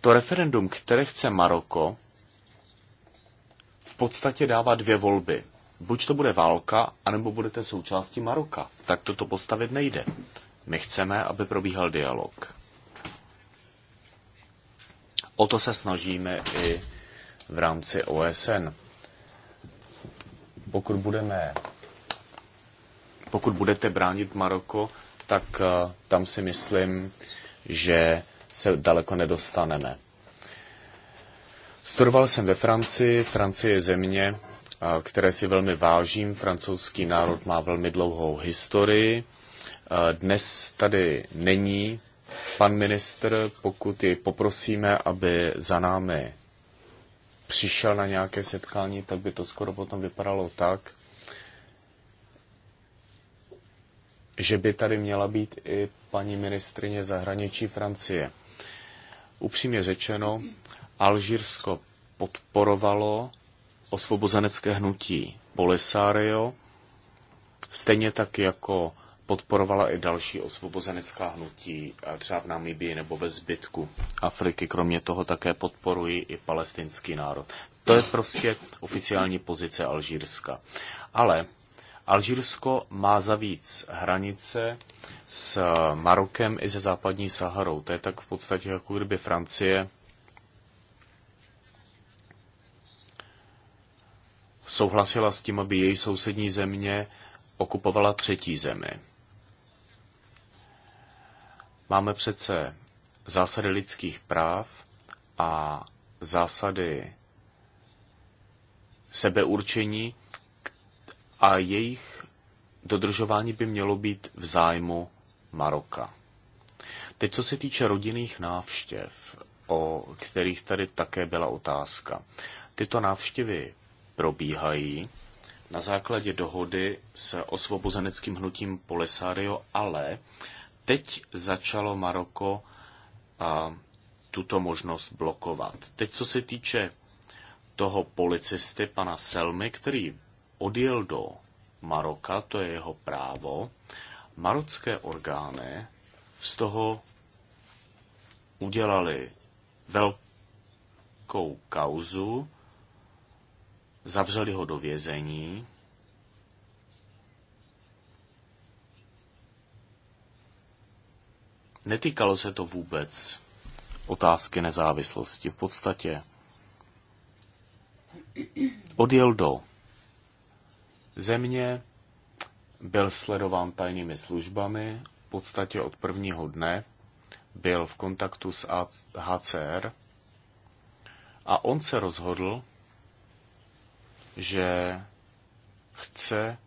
Speaker 2: To referendum, které chce Maroko, v podstatě dává dvě volby. Buď to bude válka, anebo budete součástí Maroka. Tak toto postavit nejde. My chceme, aby probíhal dialog. O to se snažíme i v rámci OSN. Pokud budeme pokud budete bránit Maroko, tak eh, tam si myslím, že se daleko nedostaneme. Studoval jsem ve Francii. Francie je země, eh, které si velmi vážím. Francouzský národ má velmi dlouhou historii. Eh, dnes tady není Pan ministr, pokud jej poprosíme, aby za námi přišel na nějaké setkání, tak by to skoro potom vypadalo tak, že by tady měla být i paní ministrině zahraničí Francie. Upřímně řečeno, Alžírsko podporovalo osvobozenecké hnutí Polisario, stejně tak jako podporovala i další osvobozenecká hnutí, eh, třeba v Namibii nebo ve zbytku Afriky. Kromě toho také podporuji i palestinský národ. To je prostě oficiální pozice Alžírska. Ale Alžírsko má za víc hranice s Marokem i se západní Saharou. To je tak v podstatě jako kdyby Francie souhlasila s tím, aby její sousední země okupovala třetí zemi. Máme přece zásady lidských práv a zásady sebeurčení a jejich dodržování by mělo být v zájmu Maroka. Teď, co se týče rodinných návštěv, o kterých tady také byla otázka. Tyto návštěvy probíhají na základě dohody s osvobozeneckým hnutím Polisario, ale teď začalo Maroko a, tuto možnost blokovat. Teď, co se týče toho policisty, pana Selmy, který odjel do Maroka, to je jeho právo, marocké orgány z toho udělali velkou kauzu, zavřeli ho do vězení, Netýkalo se to vůbec otázky nezávislosti. V podstatě odjel do země, byl sledován tajnými službami, v podstatě od prvního dne byl v kontaktu s HCR a on se rozhodl, že chce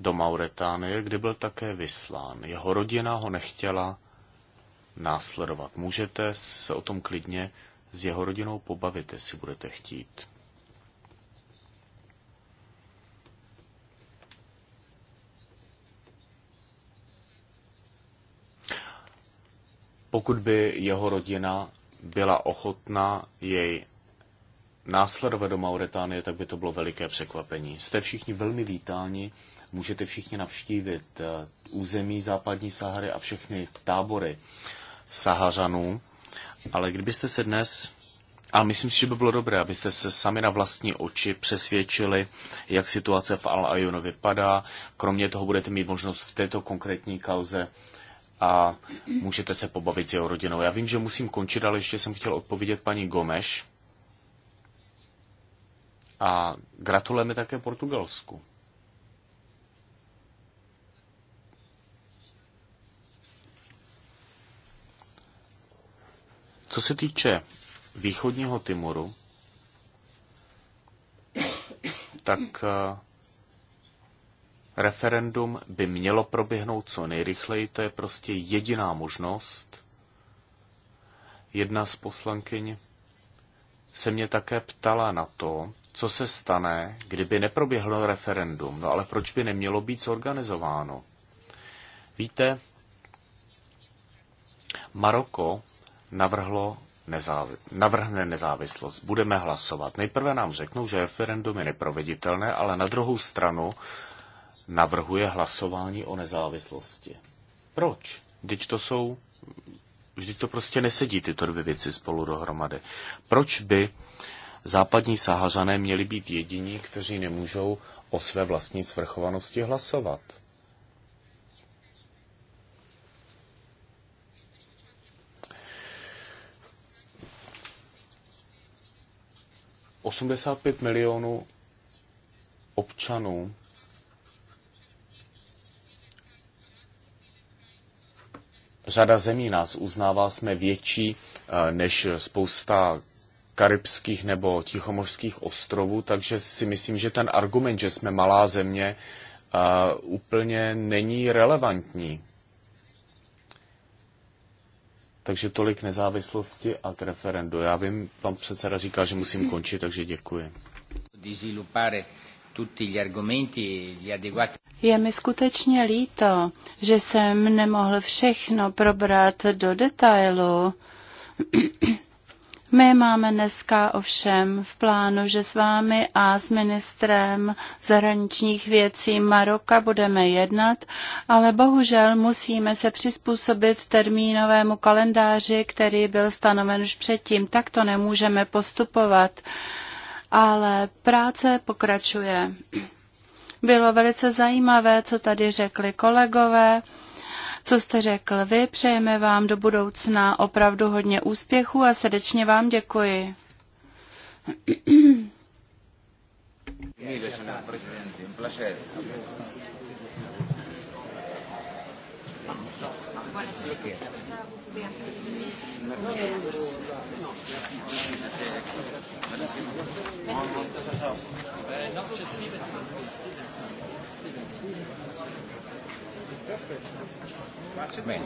Speaker 2: do Mauretánie, kde byl také vyslán. Jeho rodina ho nechtěla následovat. Můžete se o tom klidně s jeho rodinou pobavit, jestli budete chtít. Pokud by jeho rodina byla ochotná jej následovat do Mauretánie, tak by to bylo veliké překvapení. Jste všichni velmi vítáni, můžete všichni navštívit eh, území západní Sahary a všechny tábory. Saharanů, ale kdybyste se dnes a myslím si, že by bylo dobré, abyste se sami na vlastní oči přesvědčili, jak situace v al Ayunu vypadá. Kromě toho budete mít možnost v této konkrétní kauze a můžete se pobavit s jeho rodinou. Já vím, že musím končit, ale ještě jsem chtěl odpovědět paní Gomeš. A gratulujeme také Portugalsku. Co se týče východního Timoru, tak eh, referendum by mělo proběhnout co nejrychleji, to je prostě jediná možnost. Jedna z poslankyň se mě také ptala na to, co se stane, kdyby neproběhlo referendum. No ale proč by nemělo být zorganizováno? Víte, Maroko navrhlo nezávi- navrhne nezávislost. Budeme hlasovat. Nejprve nám řeknou, že referendum je neproveditelné, ale na druhou stranu navrhuje hlasování o nezávislosti. Proč? Vždyť to jsou... Vždyť to prostě nesedí tyto dvě věci spolu dohromady. Proč by západní sahařané měli být jediní, kteří nemůžou o své vlastní svrchovanosti hlasovat? 85 milionů občanů řada zemí nás uznává, jsme větší eh, než spousta karibských nebo tichomořských ostrovů, takže si myslím, že ten argument, že jsme malá země, eh, úplně není relevantní. Takže tolik nezávislosti a k referendu. Já vím, pan předseda říkal, že musím končit, takže děkuji.
Speaker 1: E Je mi skutečně líto, že jsem nemohl všechno probrat do detailu. My máme dneska ovšem v plánu, že s vámi a s ministrem zahraničních věcí Maroka budeme jednat, ale bohužel musíme se přizpůsobit termínovému kalendáři, který byl stanoven už předtím. Tak to nemůžeme postupovat, ale práce pokračuje. Bylo velice zajímavé, co tady řekli kolegové co jste řekl vy. Přejeme vám do budoucna opravdu hodně úspěchů a srdečně vám děkuji.
Speaker 3: Perfect.
Speaker 2: Bene,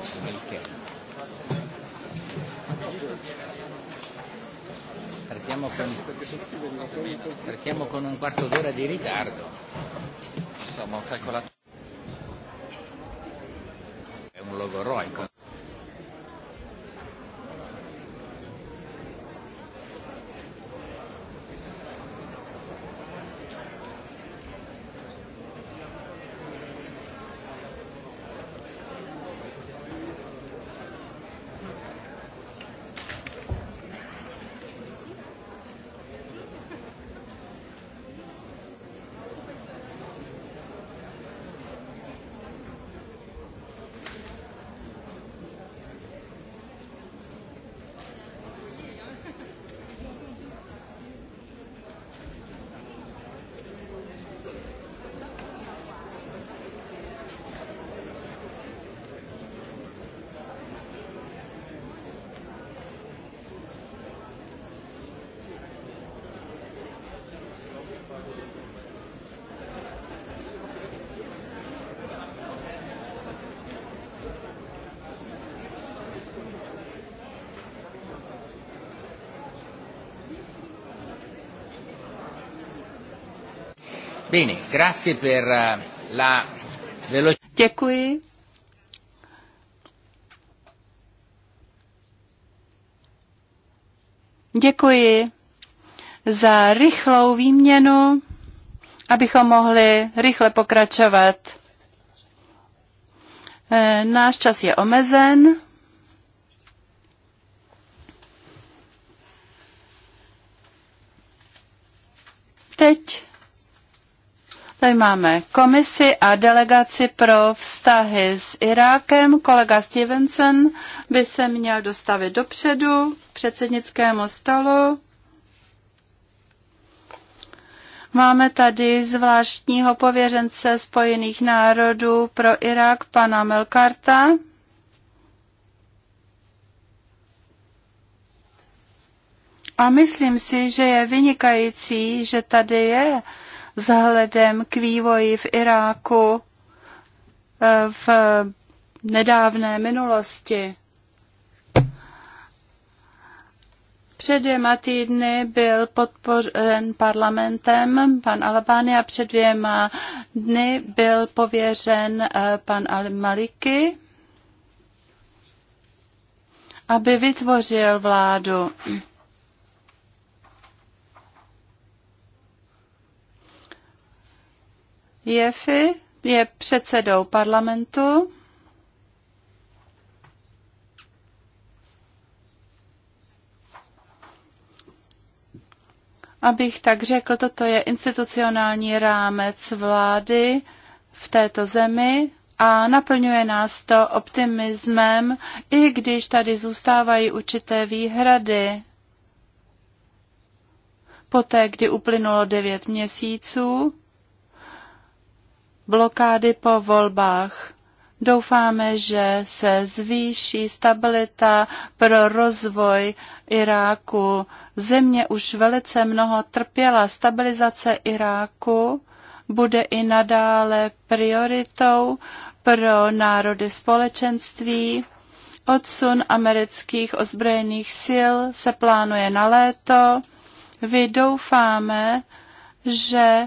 Speaker 2: Partiamo con, partiamo con un quarto d'ora di ritardo. Insomma, ho calcolato. È un logo logoroico. Bene,
Speaker 1: grazie per eh, la Děkuji. Děkuji za rychlou výměnu, abychom mohli rychle pokračovat. Eh, náš čas je omezen. Teď Tady máme komisi a delegaci pro vztahy s Irákem. Kolega Stevenson by se měl dostavit dopředu k předsednickému stolu. Máme tady zvláštního pověřence Spojených národů pro Irák, pana Melkarta. A myslím si, že je vynikající, že tady je vzhledem k vývoji v Iráku eh, v nedávné minulosti. Před dvěma týdny byl podpořen parlamentem pan Albány a před dvěma dny byl pověřen eh, pan Al Maliki, aby vytvořil vládu. Jefy je předsedou parlamentu. Abych tak řekl, toto je institucionální rámec vlády v této zemi a naplňuje nás to optimismem, i když tady zůstávají určité výhrady. Poté, kdy uplynulo devět měsíců, blokády po volbách. Doufáme, že se zvýší stabilita pro rozvoj Iráku. Země už velice mnoho trpěla. Stabilizace Iráku bude i nadále prioritou pro národy společenství. Odsun amerických ozbrojených sil se plánuje na léto. Vy doufáme, že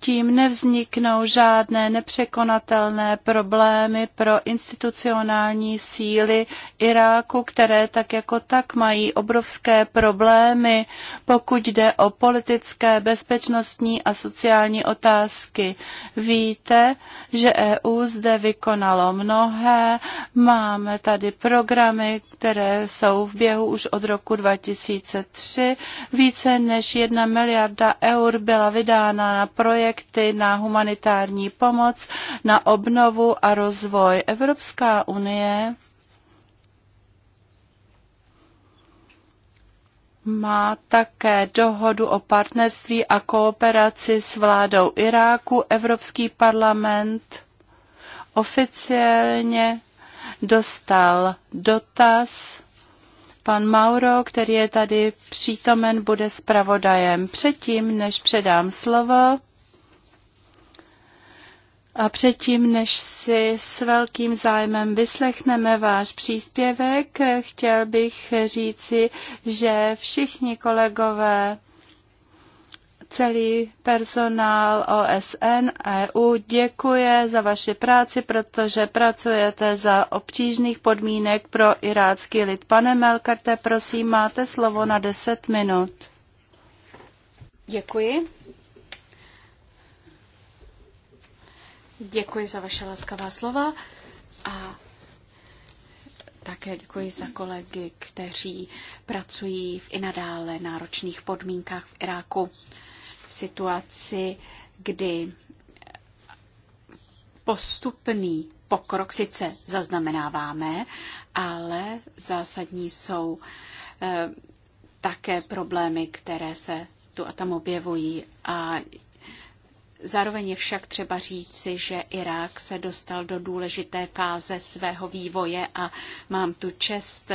Speaker 1: tím nevzniknou žádné nepřekonatelné problémy pro institucionální síly Iráku, které tak jako tak mají obrovské problémy, pokud jde o politické, bezpečnostní a sociální otázky. Víte, že EU zde vykonalo mnohé, máme tady programy, které jsou v běhu už od roku 2003, více než jedna miliarda eur byla vydána na projekt, projekty na humanitární pomoc, na obnovu a rozvoj. Evropská unie má také dohodu o partnerství a kooperaci s vládou Iráku. Evropský parlament oficiálně dostal dotaz. Pan Mauro, který je tady přítomen, bude zpravodajem. Předtím, než předám slovo, a předtím, než si s velkým zájmem vyslechneme váš příspěvek, chtěl bych říci, že všichni kolegové, celý personál OSN a EU děkuje za vaši práci, protože pracujete za obtížných podmínek pro irácký lid. Pane Melkarte, prosím, máte slovo na 10
Speaker 3: minut. Děkuji. Děkuji za vaše laskavá slova a také děkuji za kolegy, kteří pracují v i nadále náročných podmínkách v Iráku v situaci, kdy postupný pokrok sice zaznamenáváme, ale zásadní jsou eh, také problémy, které se tu a tam objevují a Zároveň je však třeba říci, že Irák se dostal do důležité fáze svého vývoje a mám tu čest,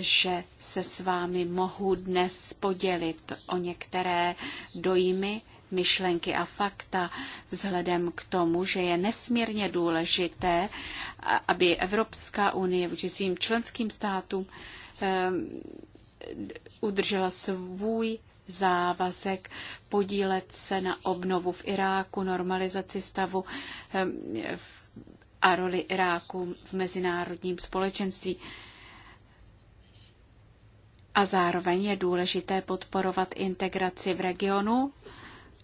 Speaker 3: že se s vámi mohu dnes podělit o některé dojmy, myšlenky a fakta, vzhledem k tomu, že je nesmírně důležité, aby Evropská unie vůči svým členským státům ehm, udržela svůj závazek podílet se na obnovu v Iráku, normalizaci stavu ehm, a roli Iráku v mezinárodním společenství. A zároveň je důležité podporovat integraci v regionu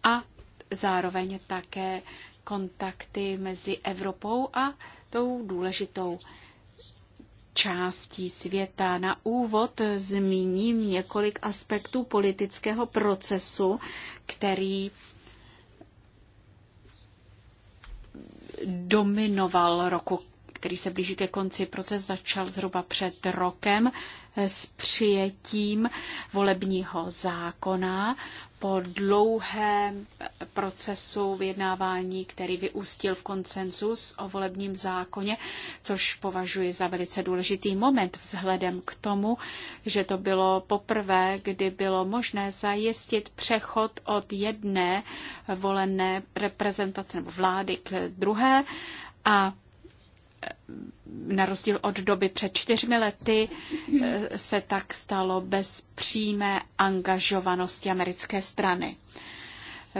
Speaker 3: a zároveň také kontakty mezi Evropou a tou důležitou částí světa. Na úvod zmíním několik aspektů politického procesu, který dominoval roku, který se blíží ke konci. Proces začal zhruba před rokem s přijetím volebního zákona po dlouhém procesu vyjednávání, který vyústil v konsenzus o volebním zákoně, což považuji za velice důležitý moment vzhledem k tomu, že to bylo poprvé, kdy bylo možné zajistit přechod od jedné volené reprezentace nebo vlády k druhé a na rozdíl od doby před čtyřmi lety eh, se tak stalo bez přímé angažovanosti americké strany.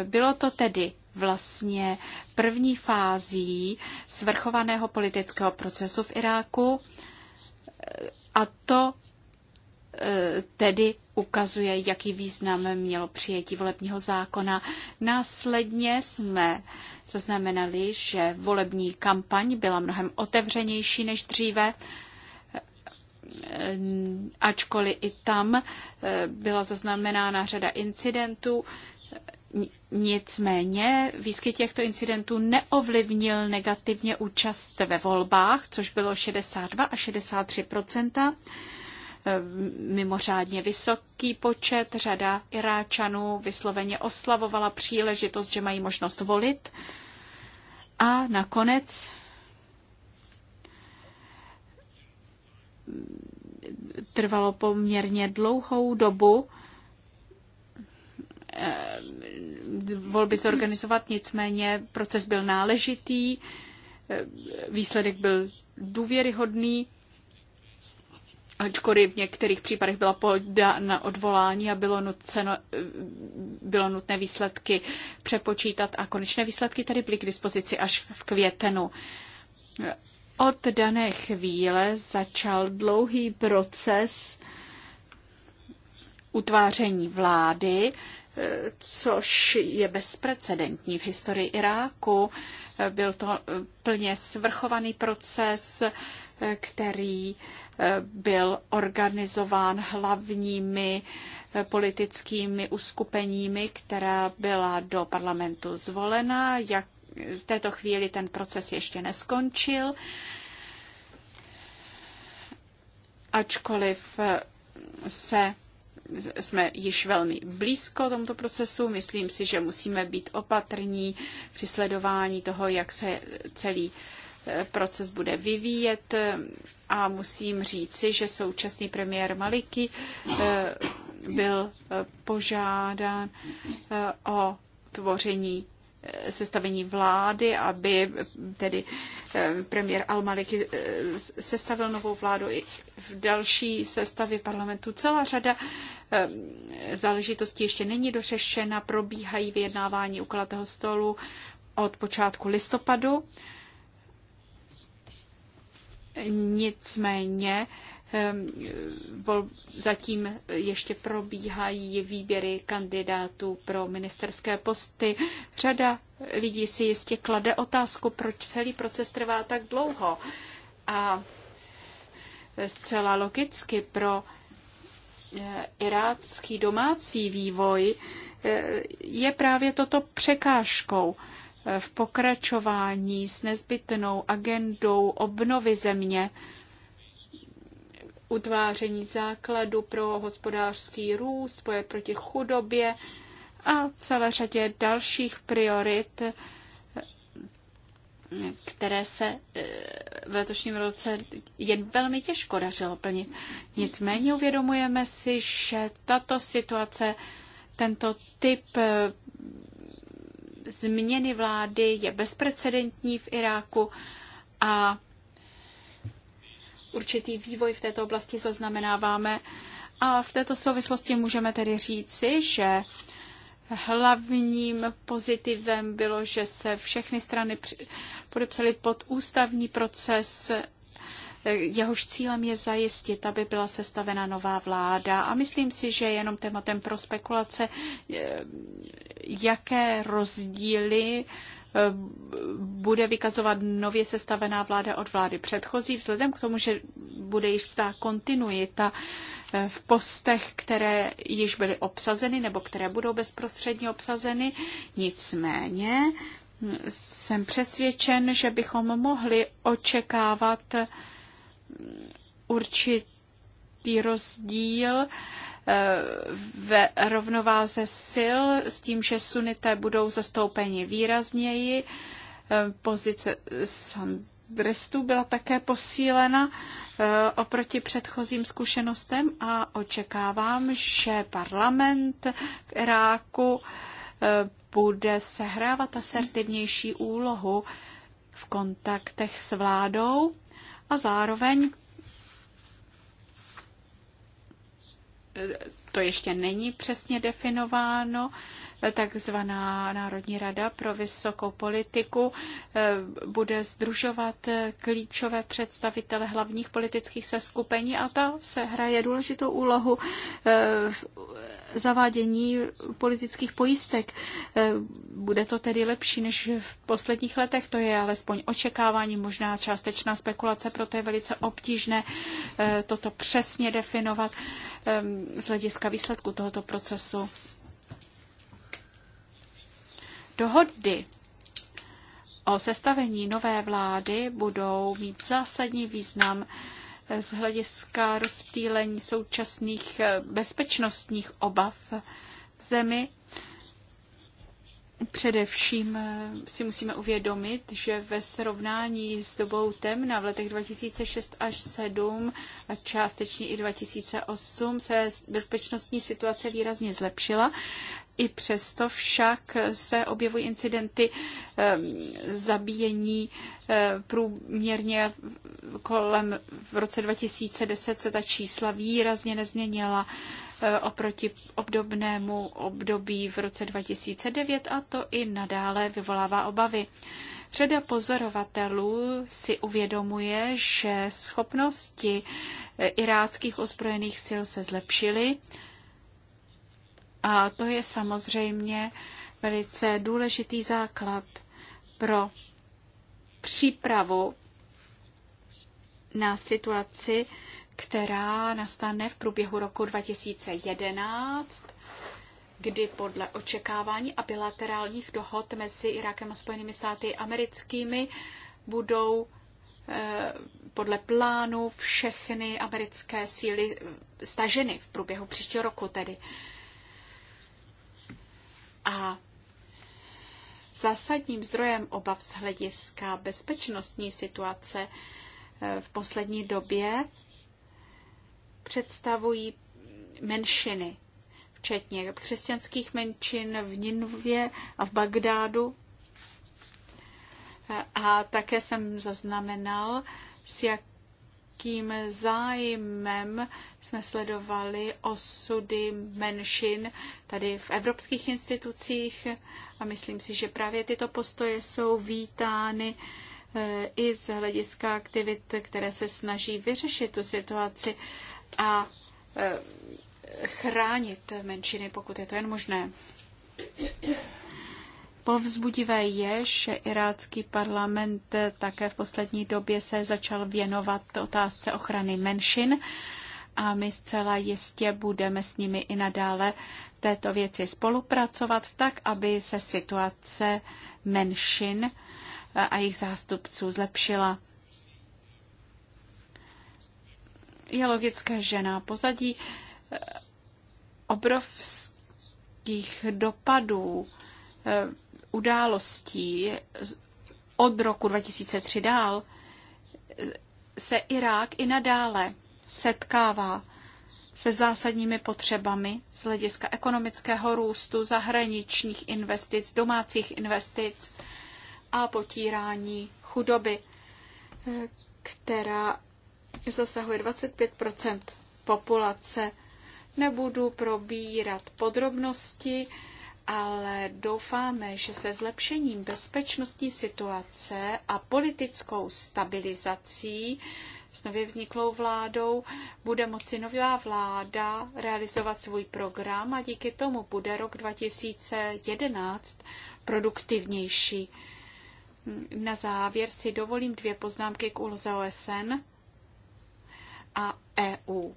Speaker 3: Bylo to tedy vlastně první fází svrchovaného politického procesu v Iráku eh, a to eh, tedy ukazuje, jaký význam mělo přijetí volebního zákona. Následně jsme zaznamenali, že volební kampaň byla mnohem otevřenější než dříve, ačkoliv i tam eh, byla zaznamenána řada incidentů. Nicméně výskyt těchto incidentů neovlivnil negativně účast ve volbách, což bylo 62 a 63 mimořádně vysoký počet. Řada Iráčanů vysloveně oslavovala příležitost, že mají možnost volit. A nakonec trvalo poměrně dlouhou dobu eh, volby zorganizovat, nicméně proces byl náležitý, eh, výsledek byl důvěryhodný ačkoliv v některých případech byla podána odvolání a bylo, nuceno, eh, bylo nutné výsledky přepočítat a konečné výsledky tady byly k dispozici až v květnu. Od dané chvíle začal dlouhý proces utváření vlády, eh, což je bezprecedentní v historii Iráku. Byl to plně svrchovaný proces, eh, který byl organizován hlavními eh, politickými uskupeními, která byla do parlamentu zvolena. Jak v této chvíli ten proces ještě neskončil, ačkoliv eh, se jsme již velmi blízko tomuto procesu. Myslím si, že musíme být opatrní při sledování toho, jak se celý proces bude vyvíjet a musím říci, že současný premiér Maliky eh, byl eh, požádán eh, o tvoření sestavení vlády, aby tedy premiér Al-Maliki sestavil novou vládu i v další sestavě parlamentu. Celá řada záležitostí ještě není dořešena, probíhají vyjednávání u stolu od počátku listopadu Nicméně ehm, zatím ještě probíhají výběry kandidátů pro ministerské posty. Řada lidí si jistě klade otázku, proč celý proces trvá tak dlouho. A zcela logicky pro eh, irácký domácí vývoj eh, je právě toto překážkou v pokračování s nezbytnou agendou obnovy země, utváření základu pro hospodářský růst, boje proti chudobě a celé řadě dalších priorit, které se eh, v letošním roce jen velmi těžko dařilo plnit. Nicméně uvědomujeme si, že tato situace, tento typ eh, změny vlády je bezprecedentní v Iráku a určitý vývoj v této oblasti zaznamenáváme. A v této souvislosti můžeme tedy říci, že hlavním pozitivem bylo, že se všechny strany podepsaly pod ústavní proces jehož cílem je zajistit, aby byla sestavena nová vláda. A myslím si, že jenom tématem pro spekulace, eh, jaké rozdíly eh, bude vykazovat nově sestavená vláda od vlády předchozí, vzhledem k tomu, že bude ta kontinuita eh, v postech, které již byly obsazeny nebo které budou bezprostředně obsazeny. Nicméně hm, jsem přesvědčen, že bychom mohli očekávat určitý rozdíl eh, ve rovnováze sil s tím, že sunité budou zastoupeni výrazněji. Eh, pozice Sandrestu byla také posílena eh, oproti předchozím zkušenostem a očekávám, že parlament v Iráku bude sehrávat asertivnější úlohu v kontaktech s vládou a zároveň e, to ještě není přesně definováno, takzvaná Národní rada pro vysokou politiku eh, bude združovat eh, klíčové představitele hlavních politických seskupení a ta se hraje důležitou úlohu eh, v zavádění politických pojistek. Bude to tedy lepší než v posledních letech, to je alespoň očekávání, možná částečná spekulace, proto je velice obtížné toto přesně definovat z hlediska výsledku tohoto procesu. Dohody o sestavení nové vlády budou mít zásadní význam z hlediska rozptýlení současných eh, bezpečnostních obav v zemi. Především eh, si musíme uvědomit, že ve srovnání s dobou temna v letech 2006 až 2007 a částečně i 2008 se bezpečnostní situace výrazně zlepšila i přesto však se objevují incidenty ehm, zabíjení ehm, průměrně kolem v roce 2010 se ta čísla výrazně nezměnila ehm, oproti obdobnému období v roce 2009 a to i nadále vyvolává obavy. Řada pozorovatelů si uvědomuje, že schopnosti iráckých ozbrojených sil se zlepšily, a to je samozřejmě velice důležitý základ pro přípravu na situaci, která nastane v průběhu roku 2011, kdy podle očekávání a bilaterálních dohod mezi Irákem a Spojenými státy americkými budou eh, podle plánu všechny americké síly staženy v průběhu příštího roku tedy. A zásadním zdrojem obav z hlediska bezpečnostní situace eh, v poslední době představují menšiny, včetně křesťanských menšin v Ninvě a v Bagdádu. A také jsem zaznamenal, s jak velkým zájmem jsme sledovali osudy menšin tady v evropských institucích a myslím si, že právě tyto postoje jsou vítány eh, i z hlediska aktivit, které se snaží vyřešit tu situaci a eh, chránit menšiny, pokud je to jen možné. Povzbudivé je, že irácký parlament také v poslední době se začal věnovat otázce ochrany menšin a my zcela jistě budeme s nimi i nadále této věci spolupracovat tak, aby se situace menšin a jejich zástupců zlepšila. Je logické, že na pozadí eh, obrovských dopadů eh, událostí od roku 2003 dál se Irák i nadále setkává se zásadními potřebami z hlediska ekonomického růstu, zahraničních investic, domácích investic a potírání chudoby, která zasahuje 25 populace. Nebudu probírat podrobnosti, ale doufáme, že se zlepšením bezpečnostní situace a politickou stabilizací s nově vzniklou vládou bude moci nová vláda realizovat svůj program a díky tomu bude rok 2011 produktivnější. Na závěr si dovolím dvě poznámky k úloze OSN a EU.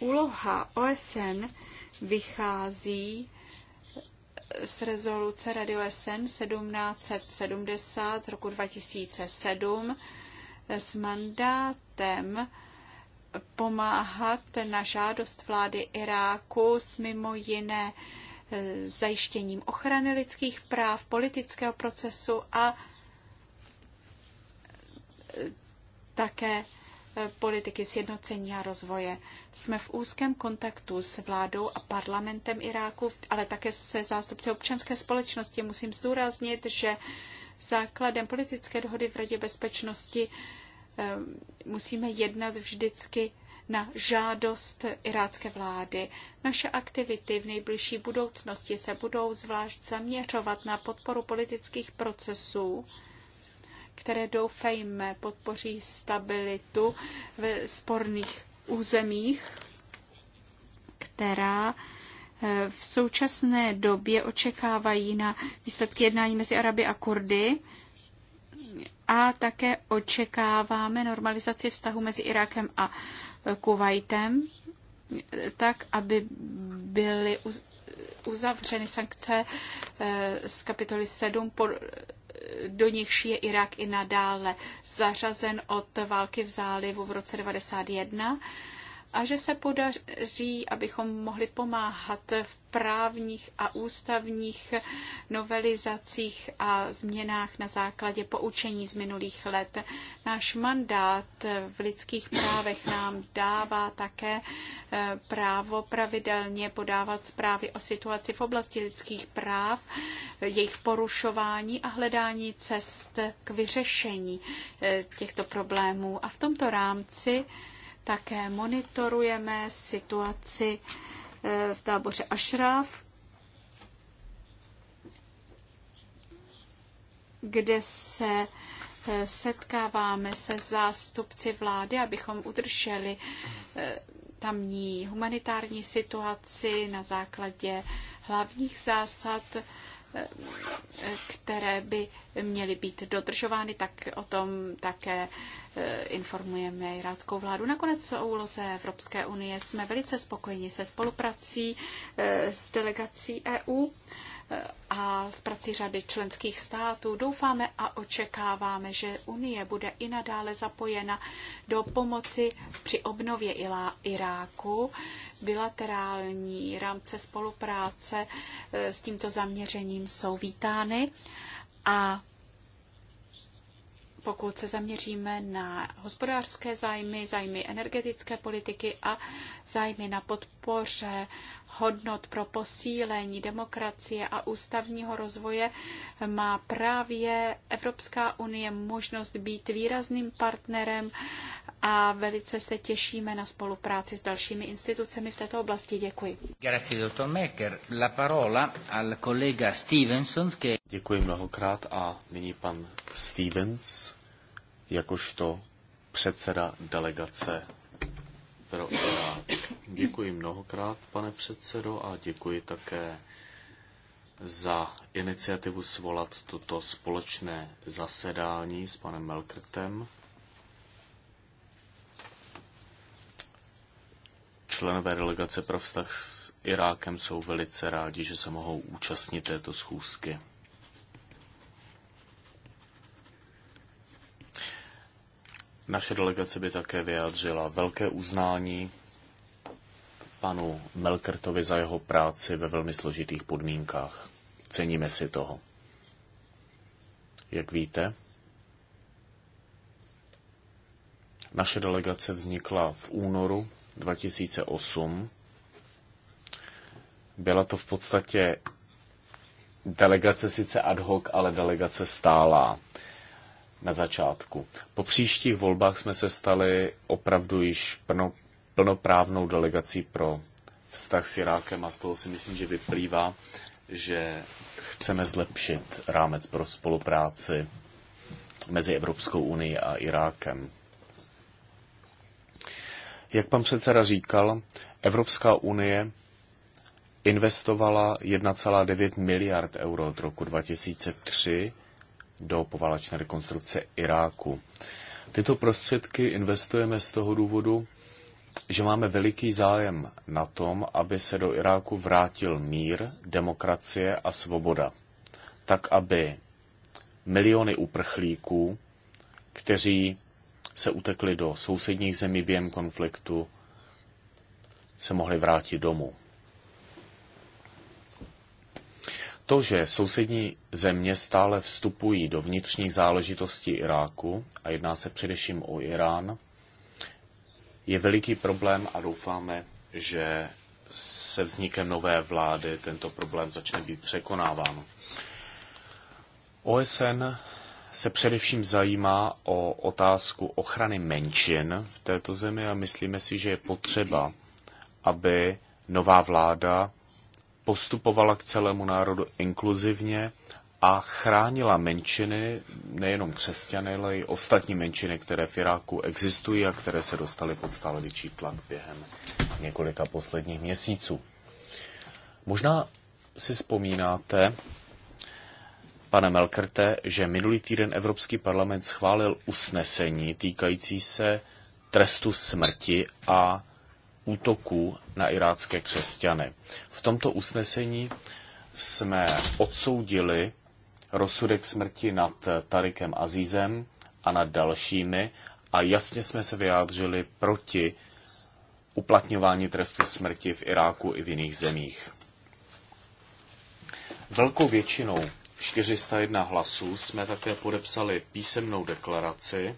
Speaker 3: úloha OSN vychází z rezoluce Rady OSN 1770 z roku 2007 s mandátem pomáhat na žádost vlády Iráku s mimo jiné e, zajištěním ochrany lidských práv, politického procesu a e, také Eh, politiky sjednocení a rozvoje. Jsme v úzkém kontaktu s vládou a parlamentem Iráku, ale také se zástupci občanské společnosti. Musím zdůraznit, že základem politické dohody v Radě bezpečnosti eh, musíme jednat vždycky na žádost irácké vlády. Naše aktivity v nejbližší budoucnosti se budou zvlášť zaměřovat na podporu politických procesů které doufejme podpoří stabilitu ve sporných územích, která eh, v současné době očekávají na výsledky jednání mezi Araby a Kurdy a také očekáváme normalizaci vztahu mezi Irákem a eh, Kuwaitem, tak, aby byly uzavřeny sankce eh, z kapitoly 7 do nichž je Irák i nadále zařazen od války v zálivu v roce 1991 a že se podaří, abychom mohli pomáhat v právních a ústavních novelizacích a změnách na základě poučení z minulých let. Náš mandát v lidských právech nám dává také eh, právo pravidelně podávat zprávy o situaci v oblasti lidských práv, jejich porušování a hledání cest k vyřešení eh, těchto problémů. A v tomto rámci také monitorujeme situaci eh, v táboře Ashraf, kde se eh, setkáváme se zástupci vlády, abychom udrželi eh, tamní humanitární situaci na základě hlavních zásad které by měly být dodržovány, tak o tom také eh, informujeme iráckou vládu. Nakonec o úloze Evropské unie jsme velice spokojeni se spoluprací eh, s delegací EU a z prací řady členských států. Doufáme a očekáváme, že Unie bude i nadále zapojena do pomoci při obnově Iráku, bilaterální rámce spolupráce eh, s tímto zaměřením jsou vítány a pokud se zaměříme na hospodářské zájmy, zájmy energetické politiky a zájmy na podpoře hodnot pro posílení demokracie a ústavního rozvoje má právě Evropská unie možnost být výrazným partnerem a velice se těšíme na spolupráci s dalšími institucemi v této oblasti. Děkuji.
Speaker 2: Děkuji mnohokrát a nyní pan Stevens, jakožto předseda delegace pro Irák. Děkuji mnohokrát, pane předsedo, a děkuji také za iniciativu svolat toto společné zasedání s panem Melkrtem. Členové delegace pro vztah s Irákem jsou velice rádi, že se mohou účastnit této schůzky. Naše delegace by také vyjádřila velké uznání panu Melkertovi za jeho práci ve velmi složitých podmínkách. Ceníme si toho. Jak víte, naše delegace vznikla v únoru 2008. Byla to v podstatě delegace sice ad hoc, ale delegace stálá na začátku. Po příštích volbách jsme se stali opravdu již plno, plnoprávnou delegací pro vztah s Irákem a z toho si myslím, že vyplývá, že chceme zlepšit rámec pro spolupráci mezi Evropskou unii a Irákem. Jak pan předseda říkal, Evropská unie investovala 1,9 miliard euro od roku 2003 do povalačné rekonstrukce Iráku. Tyto prostředky investujeme z toho důvodu, že máme veliký zájem na tom, aby se do Iráku vrátil mír, demokracie a svoboda. Tak, aby miliony uprchlíků, kteří se utekli do sousedních zemí během konfliktu, se mohli vrátit domů. To, že sousední země stále vstupují do vnitřních záležitostí Iráku, a jedná se především o Irán, je veliký problém a doufáme, že se vznikem nové vlády tento problém začne být překonáván. OSN se především zajímá o otázku ochrany menšin v této zemi a myslíme si, že je potřeba, aby nová vláda postupovala k celému národu inkluzivně a chránila menšiny, nejenom křesťany, ale i ostatní menšiny, které v Iráku existují a které se dostaly pod stále větší tlak během několika posledních měsíců. Možná si vzpomínáte, pane Melkerte, že minulý týden Evropský parlament schválil usnesení týkající se trestu smrti a útoků na irácké křesťany. V tomto usnesení jsme odsoudili rozsudek smrti nad Tarikem Azizem a nad dalšími a jasně jsme se vyjádřili proti uplatňování trestu smrti v Iráku i v jiných zemích. Velkou většinou 401 hlasů jsme také podepsali písemnou deklaraci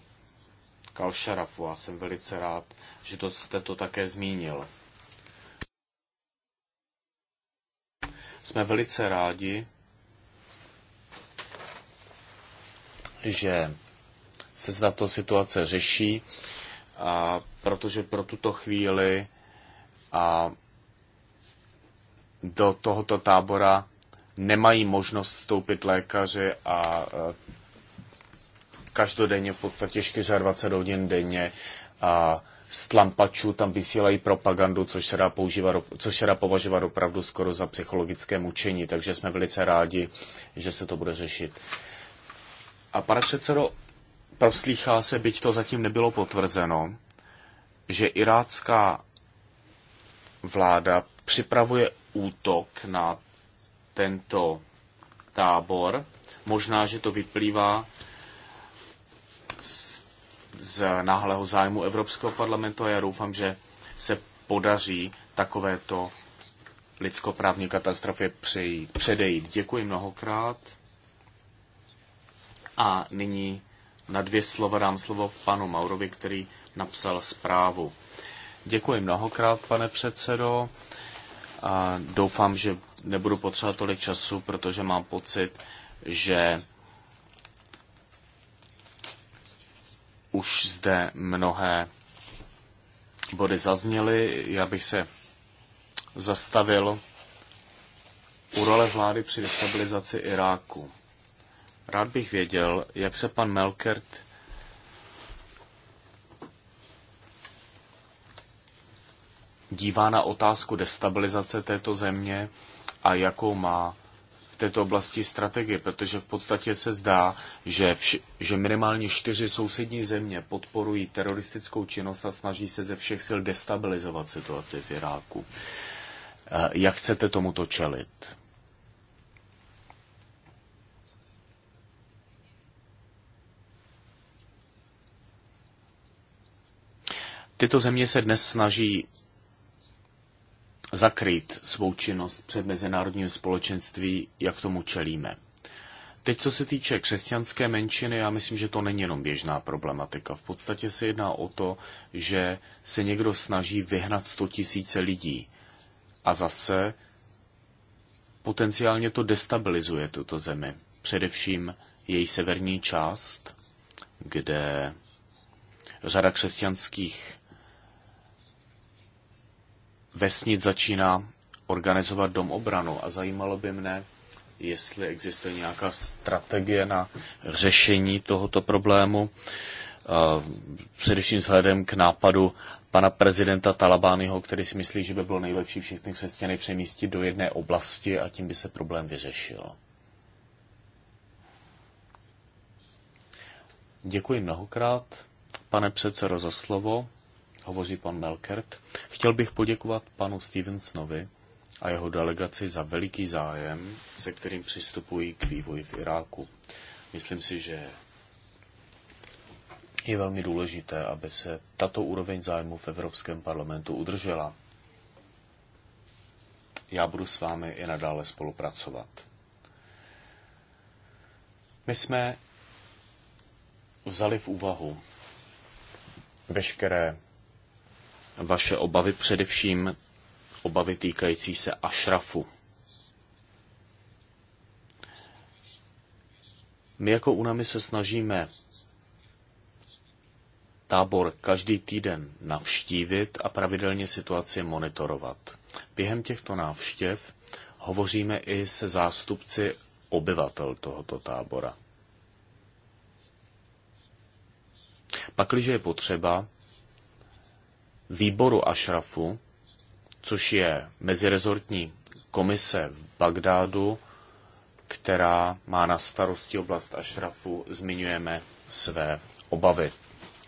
Speaker 2: Kalšarafu a jsem velice rád, že to jste to také zmínil. Jsme velice rádi, že se tato situace řeší, a protože pro tuto chvíli a do tohoto tábora nemají možnost vstoupit lékaři a každodenně v podstatě 24 hodin denně a stlampačů tam vysílají propagandu, což se dá, používat, což se dá považovat opravdu skoro za psychologické mučení, takže jsme velice rádi, že se to bude řešit. A pane předsedo, proslýchá se, byť to zatím nebylo potvrzeno, že irácká vláda připravuje útok na tento tábor. Možná, že to vyplývá z náhlého zájmu Evropského parlamentu a já doufám, že se podaří takovéto lidskoprávní katastrofě předejít. Děkuji mnohokrát. A nyní na dvě slova dám slovo panu Maurovi, který napsal zprávu. Děkuji mnohokrát, pane předsedo. A doufám, že nebudu potřebovat tolik času, protože mám pocit, že Už zde mnohé body zazněly. Já bych se zastavil u role vlády při destabilizaci Iráku. Rád bych věděl, jak se pan Melkert dívá na otázku destabilizace této země a jakou má této oblasti strategie, protože v podstatě se zdá, že, vši, že minimálně čtyři sousední země podporují teroristickou činnost a snaží se ze všech sil destabilizovat situaci v Iráku. Eh, jak chcete tomuto čelit? Tyto země se dnes snaží zakrýt svou činnost před mezinárodním společenství, jak tomu čelíme. Teď, co se týče křesťanské menšiny, já myslím, že to není jenom běžná problematika. V podstatě se jedná o to, že se někdo snaží vyhnat 100 tisíce lidí. A zase potenciálně to destabilizuje tuto zemi. Především její severní část, kde řada křesťanských vesnic začíná organizovat dom obranu a zajímalo by mne, jestli existuje nějaká strategie na řešení tohoto problému, především vzhledem k nápadu pana prezidenta Talabányho, který si myslí, že by bylo nejlepší všechny křesťany přemístit do jedné oblasti a tím by se problém vyřešil. Děkuji mnohokrát, pane předsedo, za slovo hovoří pan Melkert. Chtěl bych poděkovat panu Stevensonovi a jeho delegaci za veliký zájem, se kterým přistupují k vývoji v Iráku. Myslím si, že je velmi důležité, aby se tato úroveň zájmu v Evropském parlamentu udržela. Já budu s vámi i nadále spolupracovat. My jsme vzali v úvahu veškeré vaše obavy, především obavy týkající se Ašrafu. My jako UNAMI se snažíme tábor každý týden navštívit a pravidelně situaci monitorovat. Během těchto návštěv hovoříme i se zástupci obyvatel tohoto tábora. Pakliže je potřeba, výboru Ašrafu, což je mezirezortní komise v Bagdádu, která má na starosti oblast Ašrafu, zmiňujeme své obavy.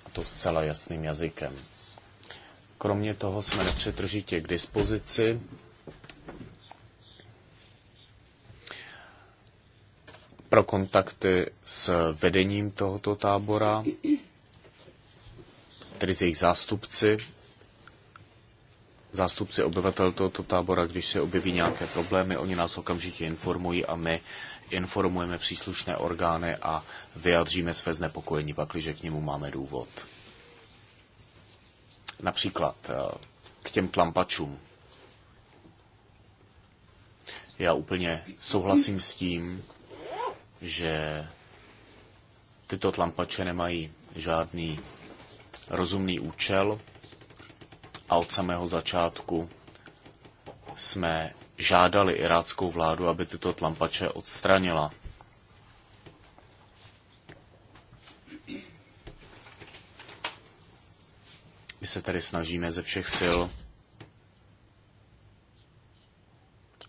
Speaker 2: A to zcela jasným jazykem. Kromě toho jsme nepřetržitě k dispozici. pro kontakty s vedením tohoto tábora, tedy s jejich zástupci zástupci obyvatel tohoto tábora, když se objeví nějaké problémy, oni nás okamžitě informují a my informujeme příslušné orgány a vyjadříme své znepokojení, pakliže k němu máme důvod. Například eh, k těm tlampačům. Já úplně souhlasím s tím, že tyto tlampače nemají žádný rozumný účel, a od samého začátku jsme žádali iráckou vládu, aby tyto tlampače odstranila. My se tady snažíme ze všech sil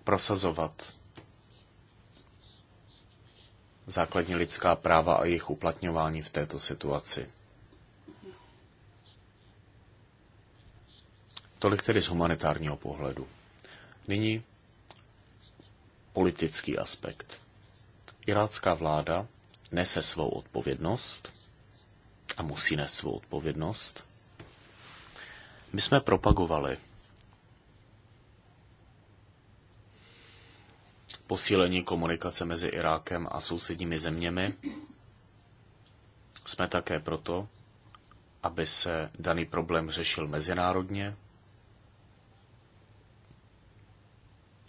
Speaker 2: prosazovat základní lidská práva a jejich uplatňování v této situaci. Tolik tedy z humanitárního pohledu. Nyní politický aspekt. Irácká vláda nese svou odpovědnost a musí nést svou odpovědnost. My jsme propagovali posílení komunikace mezi Irákem a sousedními zeměmi. Jsme také proto, aby se daný problém řešil mezinárodně,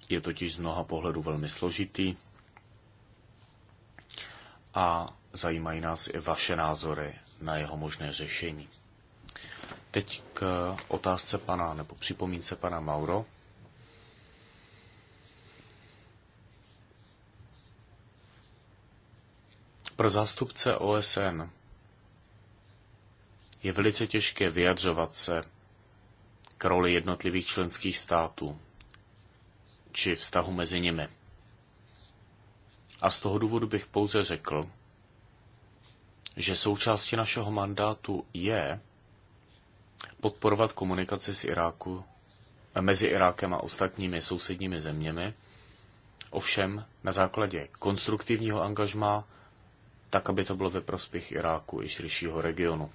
Speaker 2: je totiž z mnoha pohledů velmi složitý a zajímají nás i vaše názory na jeho možné řešení. Teď k otázce pana, nebo připomínce pana Mauro. Pro zástupce OSN je velice těžké vyjadřovat se k roli jednotlivých členských států či vztahu mezi nimi. A z toho důvodu bych pouze řekl, že součástí našeho mandátu je podporovat komunikaci s Iráku, mezi Irákem a ostatními sousedními zeměmi, ovšem na základě konstruktivního angažmá, tak aby to bylo ve prospěch Iráku i širšího regionu.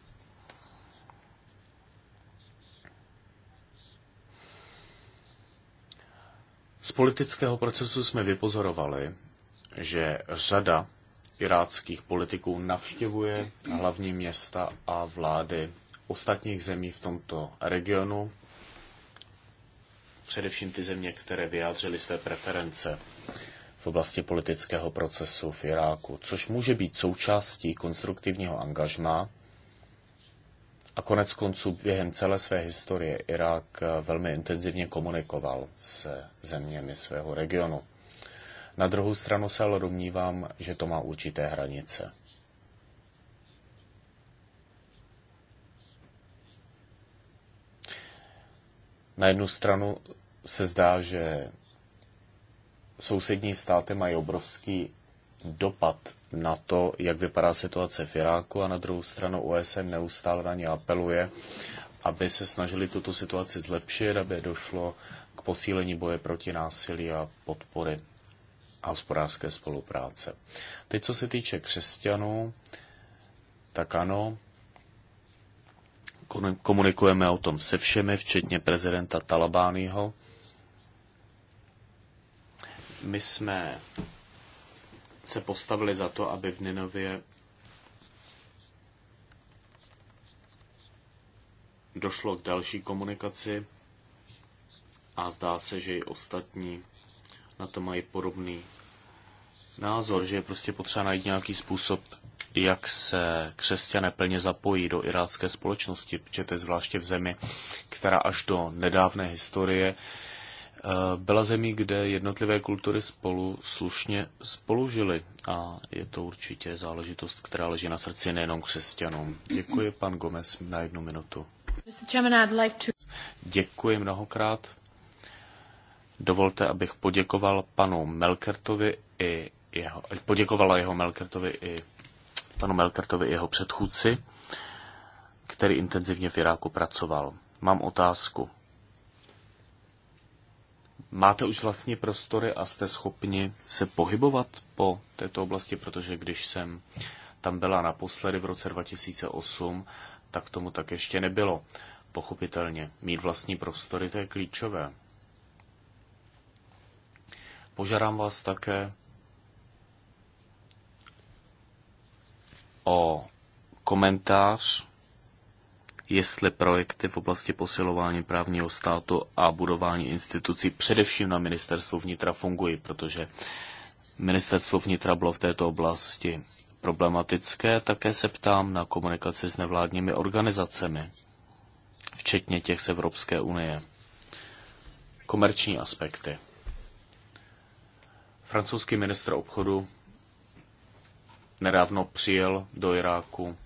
Speaker 2: Z politického procesu jsme vypozorovali, že řada iráckých politiků navštěvuje hlavní města a vlády ostatních zemí v tomto regionu, především ty země, které vyjádřily své preference v oblasti politického procesu v Iráku, což může být součástí konstruktivního angažmá a konec konců během celé své historie Irák eh, velmi intenzivně komunikoval se zeměmi svého regionu. Na druhou stranu se ale domnívám, že to má určité hranice. Na jednu stranu se zdá, že sousední státy mají obrovský dopad na to, jak vypadá situace v Iráku a na druhou stranu OSN neustále na ně apeluje, aby se snažili tuto situaci zlepšit, aby došlo k posílení boje proti násilí a podpory a hospodářské spolupráce. Teď, co se týče křesťanů, tak ano, komunikujeme o tom se všemi, včetně prezidenta Talabányho. My jsme se postavili za to, aby v Ninově došlo k další komunikaci a zdá se, že i ostatní na to mají podobný názor, že je prostě potřeba najít nějaký způsob, jak se křesťané plně zapojí do irácké společnosti, protože to je zvláště v zemi, která až do nedávné historie Eh, byla zemí, kde jednotlivé kultury spolu slušně spolužily a je to určitě záležitost, která leží na srdci nejenom křesťanům. Děkuji, pan Gomez, na jednu minutu. Děkuji mnohokrát. Dovolte, abych poděkoval panu Melkertovi i jeho, poděkovala jeho Melkertovi i panu Melkertovi i jeho předchůdci, který intenzivně v Iráku pracoval. Mám otázku. Máte už vlastní prostory a jste schopni se pohybovat po této oblasti, protože když jsem tam byla naposledy v roce 2008, tak tomu tak ještě nebylo. Pochopitelně, mít vlastní prostory, to je klíčové. Požádám vás také o komentář jestli projekty v oblasti posilování právního státu a budování institucí především na ministerstvu vnitra fungují, protože ministerstvo vnitra bylo v této oblasti problematické. Také se ptám na komunikaci s nevládními organizacemi, včetně těch z Evropské unie. Komerční aspekty. Francouzský ministr obchodu nedávno přijel do Iráku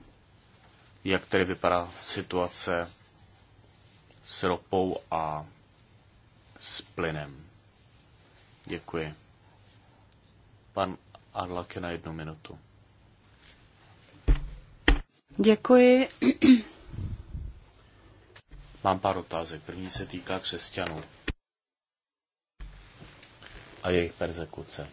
Speaker 2: jak tedy vypadá situace s ropou a s plynem. Děkuji. Pan je na jednu minutu.
Speaker 1: Děkuji.
Speaker 2: Mám pár otázek. První se týká křesťanů a jejich persekuce.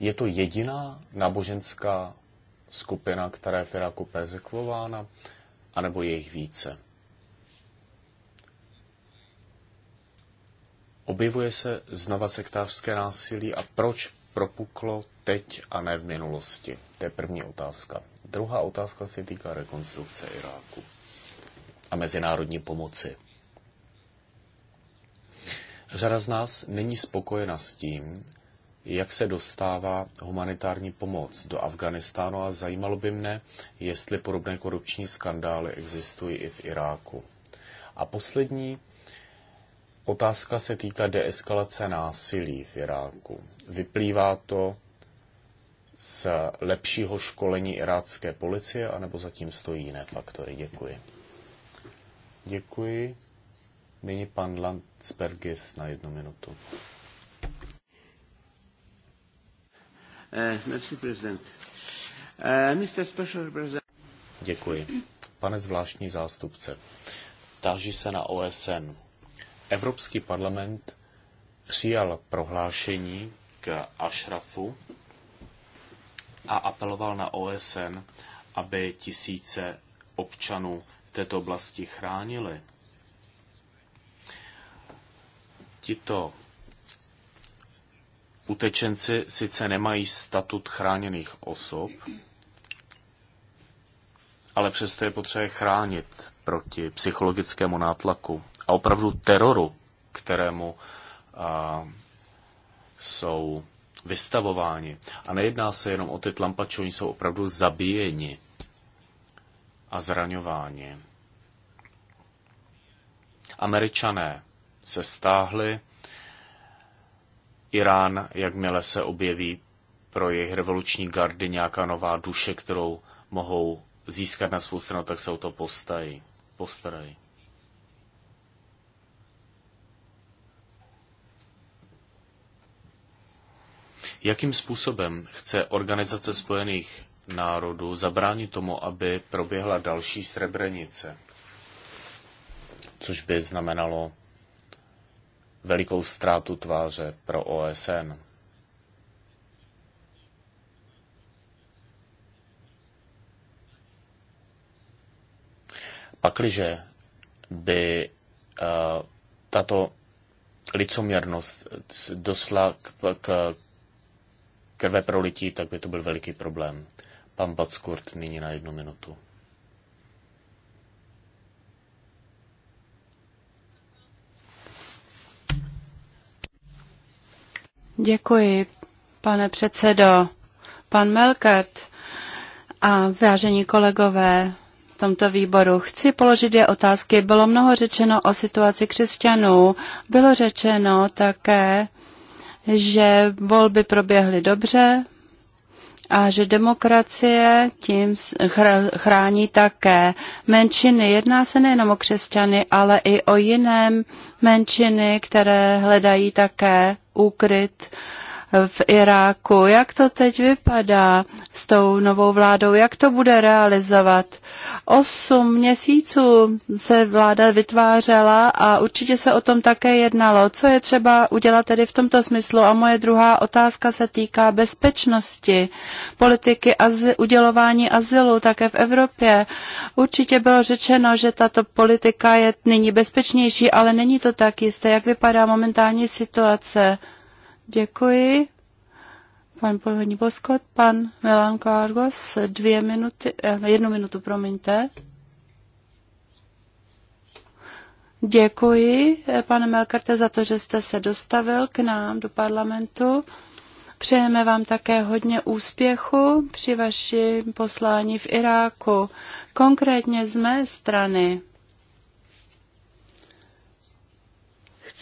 Speaker 2: Je to jediná náboženská skupina, která je v Iráku persekvována, anebo je jich více? Objevuje se znova sektářské násilí a proč propuklo teď a ne v minulosti? To je první otázka. Druhá otázka se týká rekonstrukce Iráku a mezinárodní pomoci. Řada z nás není spokojena s tím, jak se dostává humanitární pomoc do Afganistánu a zajímalo by mne, jestli podobné korupční skandály existují i v Iráku. A poslední otázka se týká deeskalace násilí v Iráku. Vyplývá to z lepšího školení irácké policie, anebo zatím stojí jiné faktory? Děkuji. Děkuji. Nyní pan Landsbergis na jednu minutu. Eh, eh, Děkuji. Pane zvláštní zástupce, táži se na OSN. Evropský parlament přijal prohlášení k Ashrafu a apeloval na OSN, aby tisíce občanů v této oblasti chránili. Tito Utečenci sice nemají statut chráněných osob, ale přesto je potřeba je chránit proti psychologickému nátlaku a opravdu teroru, kterému a, jsou vystavováni. A nejedná se jenom o ty tlampače, oni jsou opravdu zabíjeni a zraňováni. Američané se stáhli, Irán, jakmile se objeví pro jejich revoluční gardy nějaká nová duše, kterou mohou získat na svou stranu, tak se o to postají, postarají. Jakým způsobem chce Organizace spojených národů zabránit tomu, aby proběhla další srebrenice? Což by znamenalo velikou ztrátu tváře pro OSN. Pakliže by eh, tato licoměrnost dosla k, k krve prolití, tak by to byl veliký problém. Pan Backurt nyní na jednu
Speaker 1: minutu. Děkuji, pane předsedo. Pan Melkert a vážení kolegové v tomto výboru, chci položit dvě otázky. Bylo mnoho řečeno o situaci křesťanů. Bylo řečeno také, že volby proběhly dobře a že demokracie tím chrání také menšiny. Jedná se nejenom o křesťany, ale i o jiné menšiny, které hledají také ukryt v Iráku. Jak to teď vypadá s tou novou vládou? Jak to bude realizovat? Osm měsíců se vláda vytvářela a určitě se o tom také jednalo. Co je třeba udělat tedy v tomto smyslu? A moje druhá otázka se týká bezpečnosti, politiky azy, udělování azylu také v Evropě. Určitě bylo řečeno, že tato politika je nyní bezpečnější, ale není to tak jisté. Jak vypadá momentální situace? Děkuji. Pan Povodní Boskot, pan Milan Kargos, dvě minuty, eh, jednu minutu, promiňte. Děkuji, eh, pane Melkarte, za to, že jste se dostavil k nám do parlamentu. Přejeme vám také hodně úspěchu při vašem poslání v Iráku. Konkrétně z mé strany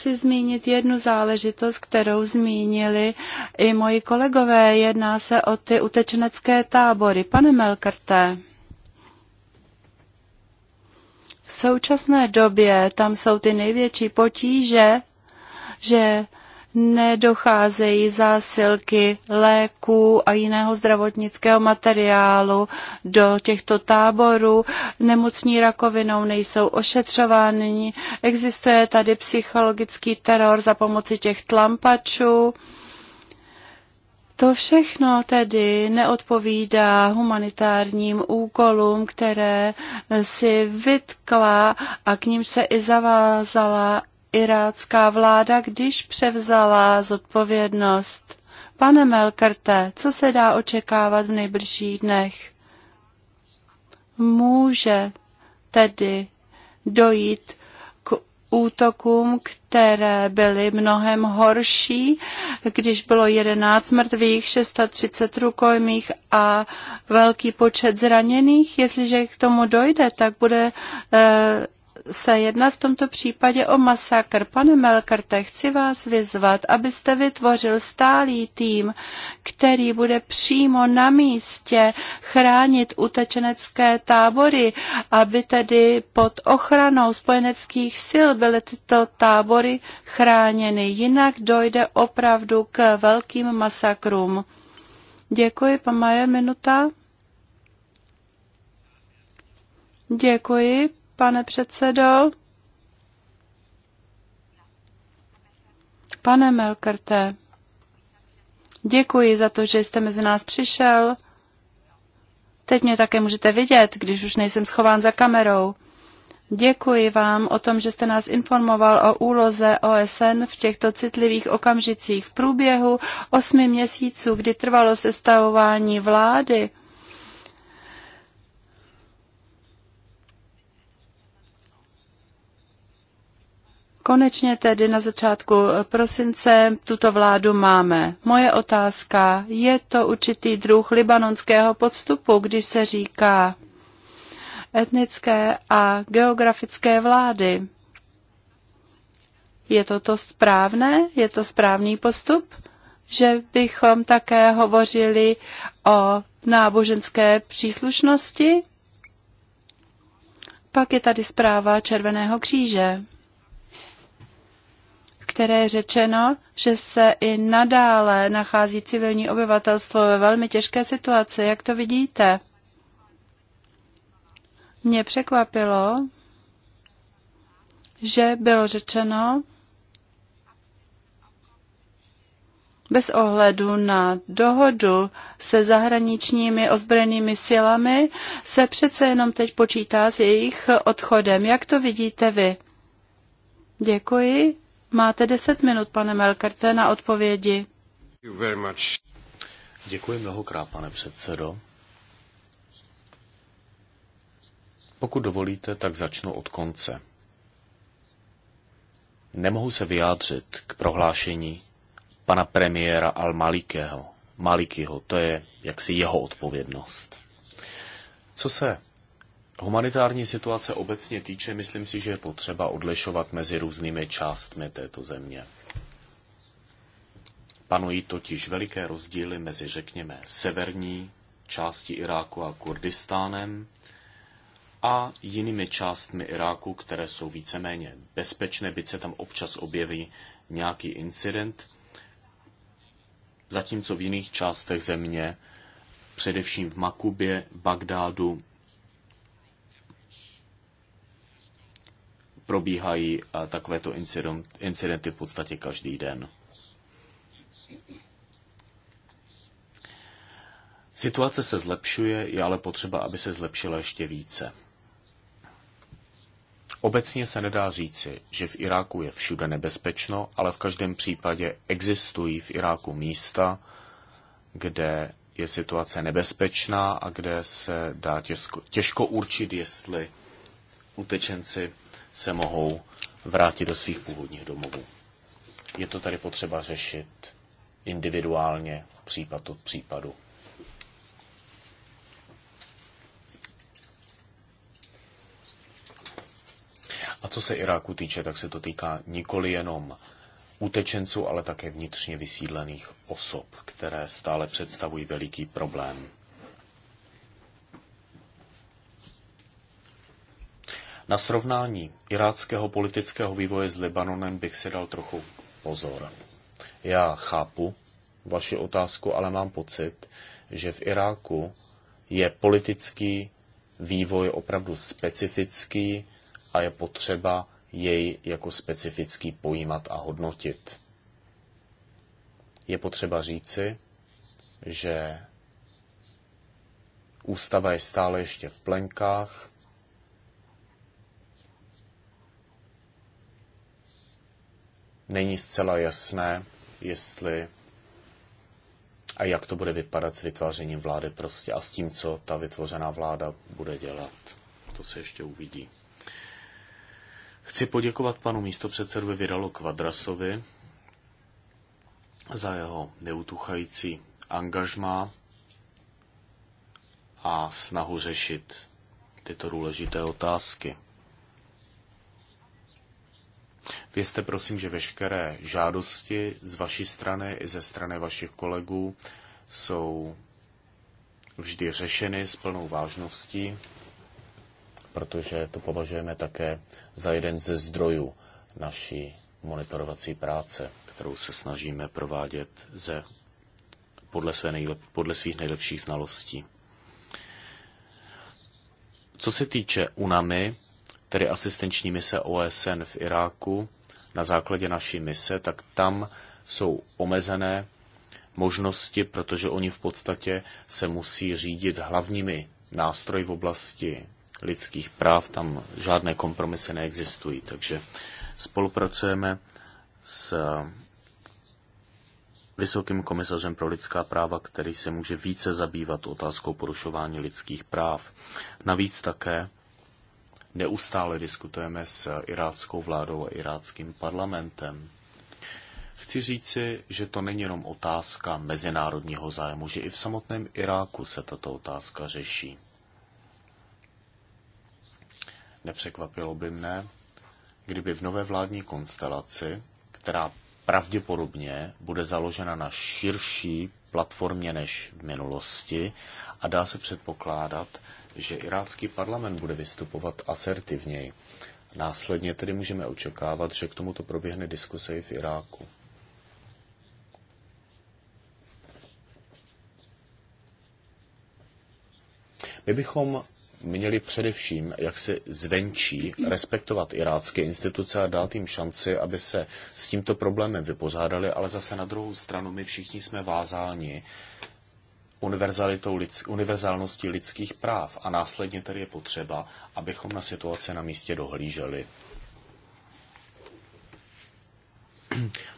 Speaker 1: chci zmínit jednu záležitost, kterou zmínili i moji kolegové. Jedná se o ty utečenecké tábory. Pane Melkrte, v současné době tam jsou ty největší potíže, že nedocházejí zásilky léků a jiného zdravotnického materiálu do těchto táborů, nemocní rakovinou nejsou ošetřovány, existuje tady psychologický teror za pomoci těch tlampačů. To všechno tedy neodpovídá humanitárním úkolům, které si vytkla a k nímž se i zavázala irácká vláda, když převzala zodpovědnost. Pane Melkerte, co se dá očekávat v nejbližších dnech? Může tedy dojít k útokům, které byly mnohem horší, když bylo 11 mrtvých, 630 rukojmých a velký počet zraněných. Jestliže k tomu dojde, tak bude eh, se jednat v tomto případě o masakr. Pane Melkarte, chci vás vyzvat, abyste vytvořil stálý tým, který bude přímo na místě chránit utečenecké tábory, aby tedy pod ochranou spojeneckých sil byly tyto tábory chráněny. Jinak dojde opravdu k velkým masakrům. Děkuji, pan Majer, minuta. Děkuji, pane předsedo. Pane Melkerte, děkuji za to, že jste mezi nás přišel. Teď mě také můžete vidět, když už nejsem schován za kamerou. Děkuji vám o tom, že jste nás informoval o úloze OSN v těchto citlivých okamžicích v průběhu osmi měsíců, kdy trvalo sestavování vlády. Konečně tedy na začátku prosince tuto vládu máme. Moje otázka, je to určitý druh libanonského podstupu, když se říká etnické a geografické vlády. Je to to správné? Je to správný postup? Že bychom také hovořili o náboženské příslušnosti? Pak je tady zpráva Červeného kříže které je řečeno, že se i nadále nachází civilní obyvatelstvo ve velmi těžké situaci. Jak to vidíte? Mě překvapilo, že bylo řečeno, bez ohledu na dohodu se zahraničními ozbrojenými silami, se přece jenom teď počítá s jejich odchodem. Jak to vidíte vy? Děkuji. Máte deset minut, pane Melkerte, na odpovědi.
Speaker 2: Děkuji mnohokrát, pane předsedo. Pokud dovolíte, tak začnu od konce. Nemohu se vyjádřit k prohlášení pana premiéra Al-Malikého. Malikyho, to je jaksi jeho odpovědnost. Co se humanitární situace obecně týče, myslím si, že je potřeba odlišovat mezi různými částmi této země. Panují totiž veliké rozdíly mezi, řekněme, severní části Iráku a Kurdistánem a jinými částmi Iráku, které jsou víceméně bezpečné, byť se tam občas objeví nějaký incident, zatímco v jiných částech země, především v Makubě, Bagdádu probíhají takovéto incidenty v podstatě každý den. Situace se zlepšuje, je ale potřeba, aby se zlepšila ještě více. Obecně se nedá říci, že v Iráku je všude nebezpečno, ale v každém případě existují v Iráku místa, kde je situace nebezpečná a kde se dá těžko, těžko určit, jestli utečenci se mohou vrátit do svých původních domovů. Je to tady potřeba řešit individuálně, případ od případu. A co se Iráku týče, tak se to týká nikoli jenom utečenců, ale také vnitřně vysídlených osob, které stále představují veliký problém. Na srovnání iráckého politického vývoje s Libanonem bych si dal trochu pozor. Já chápu vaši otázku, ale mám pocit, že v Iráku je politický vývoj opravdu specifický a je potřeba jej jako specifický pojímat a hodnotit. Je potřeba říci, že ústava je stále ještě v plenkách, není zcela jasné, jestli a jak to bude vypadat s vytvářením vlády prostě a s tím, co ta vytvořená vláda bude dělat. To se ještě uvidí. Chci poděkovat panu místopředsedovi Vidalo Kvadrasovi za jeho neutuchající angažmá a snahu řešit tyto důležité otázky. Vězte prosím, že veškeré žádosti z vaší strany i ze strany vašich kolegů jsou vždy řešeny s plnou vážností, protože to považujeme také za jeden ze zdrojů naší monitorovací práce, kterou se snažíme provádět ze, podle, své nejlep, podle svých nejlepších znalostí. Co se týče UNAMI, tedy asistenční mise OSN v Iráku na základě naší mise, tak tam jsou omezené možnosti, protože oni v podstatě se musí řídit hlavními nástroji v oblasti lidských práv, tam žádné kompromisy neexistují, takže spolupracujeme s vysokým komisařem pro lidská práva, který se může více zabývat otázkou porušování lidských práv. Navíc také neustále diskutujeme s iráckou vládou a iráckým parlamentem. Chci říci, že to není jenom otázka mezinárodního zájmu, že i v samotném Iráku se tato otázka řeší. Nepřekvapilo by mne, kdyby v nové vládní konstelaci, která pravděpodobně bude založena na širší platformě než v minulosti a dá se předpokládat, že irácký parlament bude vystupovat asertivněji. Následně tedy můžeme očekávat, že k tomuto proběhne diskuse i v Iráku. My bychom měli především, jak se zvenčí, respektovat irácké instituce a dát jim šanci, aby se s tímto problémem vypořádali, ale zase na druhou stranu my všichni jsme vázáni univerzalitou, univerzálností lidských práv a následně tedy je potřeba, abychom na situaci na místě dohlíželi.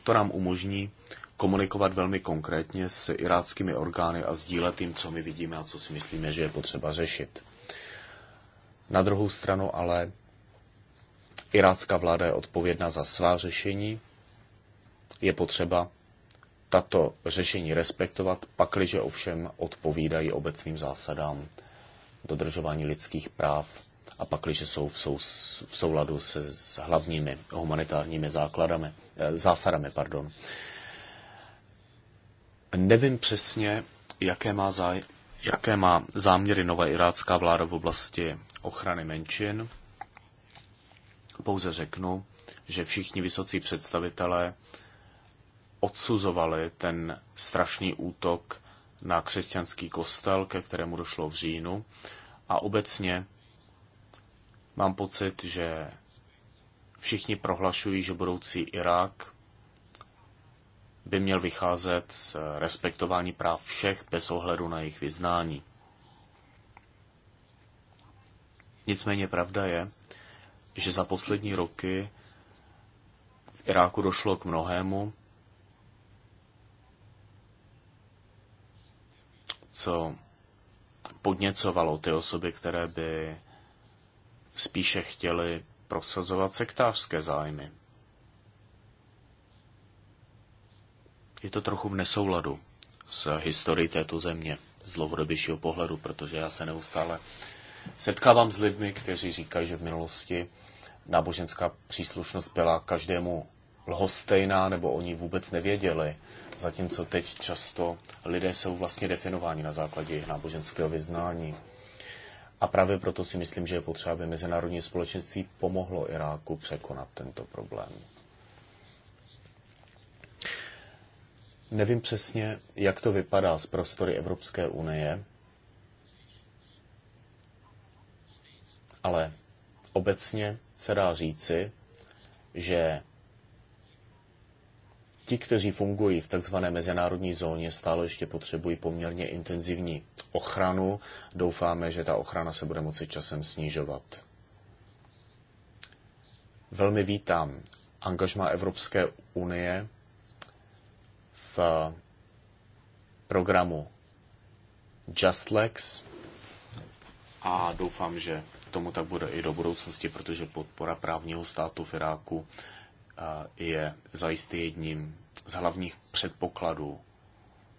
Speaker 2: To nám umožní komunikovat velmi konkrétně s iráckými orgány a sdílet jim, co my vidíme a co si myslíme, že je potřeba řešit. Na druhou stranu ale irácká vláda je odpovědná za svá řešení. Je potřeba, tato řešení respektovat, pakliže ovšem odpovídají obecným zásadám dodržování lidských práv a pakliže jsou v, sou, v souladu se s hlavními humanitárními základami, eh, zásadami. Pardon. Nevím přesně, jaké má, zá, jaké má záměry nová irácká vláda v oblasti ochrany menšin. Pouze řeknu, že všichni vysocí představitelé odsuzovali ten strašný útok na křesťanský kostel, ke kterému došlo v říjnu. A obecně mám pocit, že všichni prohlašují, že budoucí Irák by měl vycházet z respektování práv všech bez ohledu na jejich vyznání. Nicméně pravda je, že za poslední roky v Iráku došlo k mnohému, co podněcovalo ty osoby, které by spíše chtěly prosazovat sektářské zájmy. Je to trochu v nesouladu s historií této země z dlouhodobějšího pohledu, protože já se neustále setkávám s lidmi, kteří říkají, že v minulosti náboženská příslušnost byla každému lhostejná nebo oni vůbec nevěděli, zatímco teď často lidé jsou vlastně definováni na základě jejich náboženského vyznání. A právě proto si myslím, že je potřeba, aby mezinárodní společenství pomohlo Iráku překonat tento problém. Nevím přesně, jak to vypadá z prostory Evropské unie, ale obecně se dá říci, že ti, kteří fungují v tzv. mezinárodní zóně, stále ještě potřebují poměrně intenzivní ochranu. Doufáme, že ta ochrana se bude moci časem snižovat. Velmi vítám angažma Evropské unie v programu JustLex a doufám, že tomu tak bude i do budoucnosti, protože podpora právního státu v Iráku je zajistě jedním z hlavních předpokladů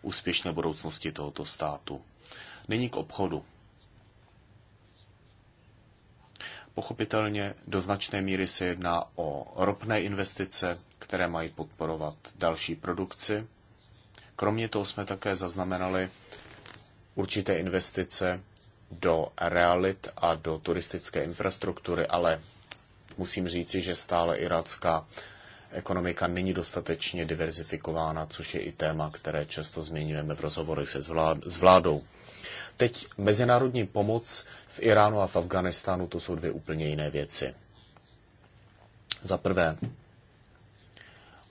Speaker 2: úspěšné budoucnosti tohoto státu. Nyní k obchodu. Pochopitelně do značné míry se jedná o ropné investice, které mají podporovat další produkci. Kromě toho jsme také zaznamenali určité investice do realit a do turistické infrastruktury, ale musím říci, že stále irácká ekonomika není dostatečně diverzifikována, což je i téma, které často zmiňujeme v rozhovorech se s vládou. Teď mezinárodní pomoc v Iránu a v Afganistánu to jsou dvě úplně jiné věci. Za prvé,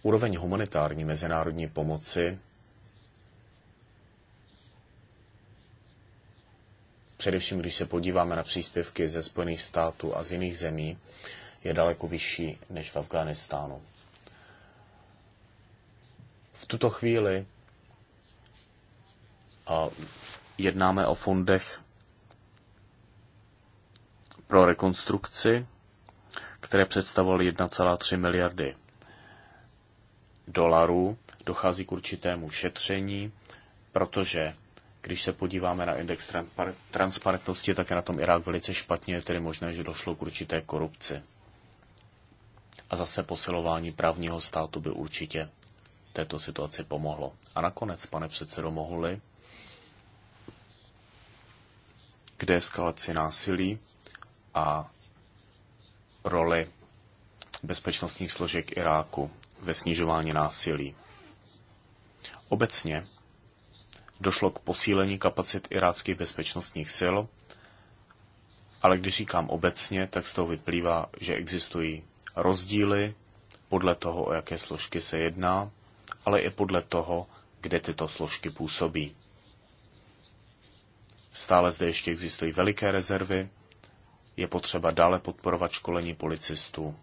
Speaker 2: úroveň humanitární mezinárodní pomoci především když se podíváme na příspěvky ze Spojených států a z jiných zemí, je daleko vyšší než v Afghánistánu. V tuto chvíli a jednáme o fondech pro rekonstrukci, které představovaly 1,3 miliardy dolarů. Dochází k určitému šetření, protože když se podíváme na index transparentnosti, tak je na tom Irák velice špatně, je tedy možné, že došlo k určité korupci. A zase posilování právního státu by určitě této situaci pomohlo. A nakonec, pane předsedo, mohli k deeskalaci násilí a roli bezpečnostních složek Iráku ve snižování násilí. Obecně došlo k posílení kapacit iráckých bezpečnostních sil, ale když říkám obecně, tak z toho vyplývá, že existují rozdíly podle toho, o jaké složky se jedná, ale i podle toho, kde tyto složky působí. Stále zde ještě existují veliké rezervy, je potřeba dále podporovat školení policistů.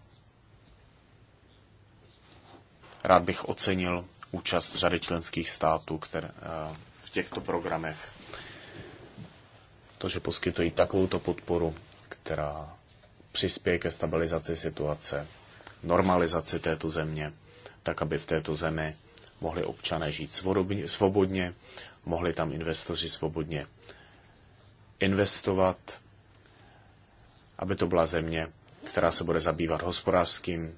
Speaker 2: Rád bych ocenil účast řady členských států které, eh, v těchto programech, to, že poskytují takovouto podporu, která přispěje ke stabilizaci situace, normalizaci této země, tak aby v této zemi mohli občané žít svobodně, mohli tam investoři svobodně investovat, aby to byla země, která se bude zabývat hospodářským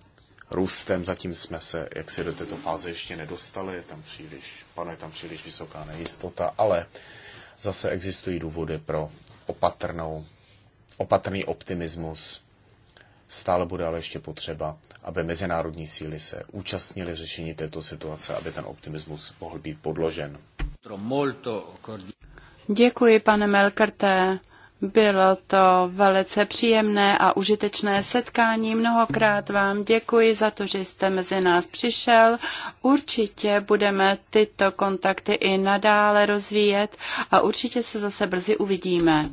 Speaker 2: růstem. Zatím jsme se, jak se do této fáze ještě nedostali, je tam příliš, panuje tam příliš vysoká nejistota, ale zase existují důvody pro opatrnou opatrný optimismus. Stále bude ale ještě potřeba, aby mezinárodní síly se účastnily řešení této situace, aby ten optimismus mohl být podložen.
Speaker 1: Děkuji, pane Melkerte. Bylo to velice příjemné a užitečné setkání. Mnohokrát vám děkuji za to, že jste mezi nás přišel. Určitě budeme tyto kontakty i nadále rozvíjet a určitě se zase brzy uvidíme.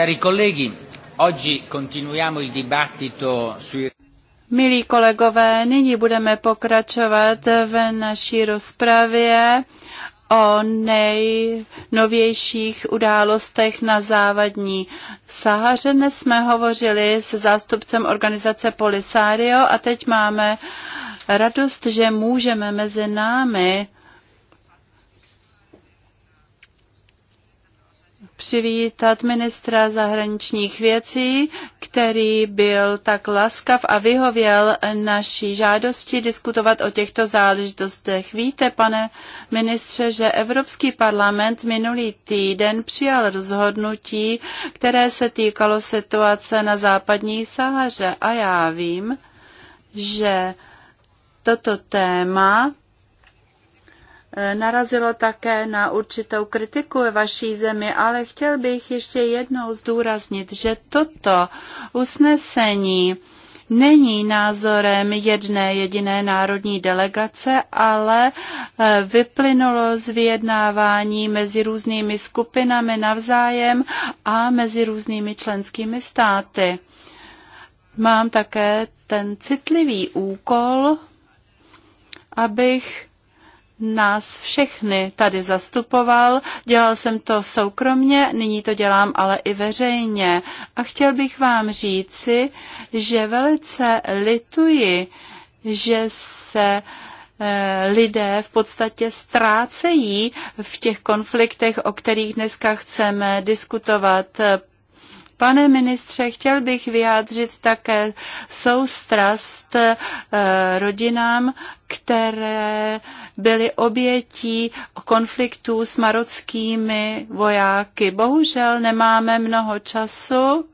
Speaker 3: Cari oggi continuiamo il dibattito sui...
Speaker 1: Milí kolegové, nyní budeme pokračovat v naší rozpravě o nejnovějších událostech na závadní Sahaře. Dnes jsme hovořili s zástupcem organizace Polisario a teď máme radost, že můžeme mezi námi přivítat ministra zahraničních věcí, který byl tak laskav a vyhověl naší žádosti diskutovat o těchto záležitostech. Víte, pane ministře, že Evropský parlament minulý týden přijal rozhodnutí, které se týkalo situace na západní Sahaře. A já vím, že toto téma Eh, narazilo také na určitou kritiku ve vaší zemi, ale chtěl bych ještě jednou zdůraznit, že toto usnesení není názorem jedné jediné národní delegace, ale eh, vyplynulo z vyjednávání mezi různými skupinami navzájem a mezi různými členskými státy. Mám také ten citlivý úkol, abych nás všechny tady zastupoval. Dělal jsem to soukromně, nyní to dělám ale i veřejně. A chtěl bych vám říci, že velice lituji, že se eh, lidé v podstatě ztrácejí v těch konfliktech, o kterých dneska chceme diskutovat. Pane ministře, chtěl bych vyjádřit také soustrast eh, rodinám, které byli obětí konfliktů s marockými vojáky. Bohužel nemáme mnoho času.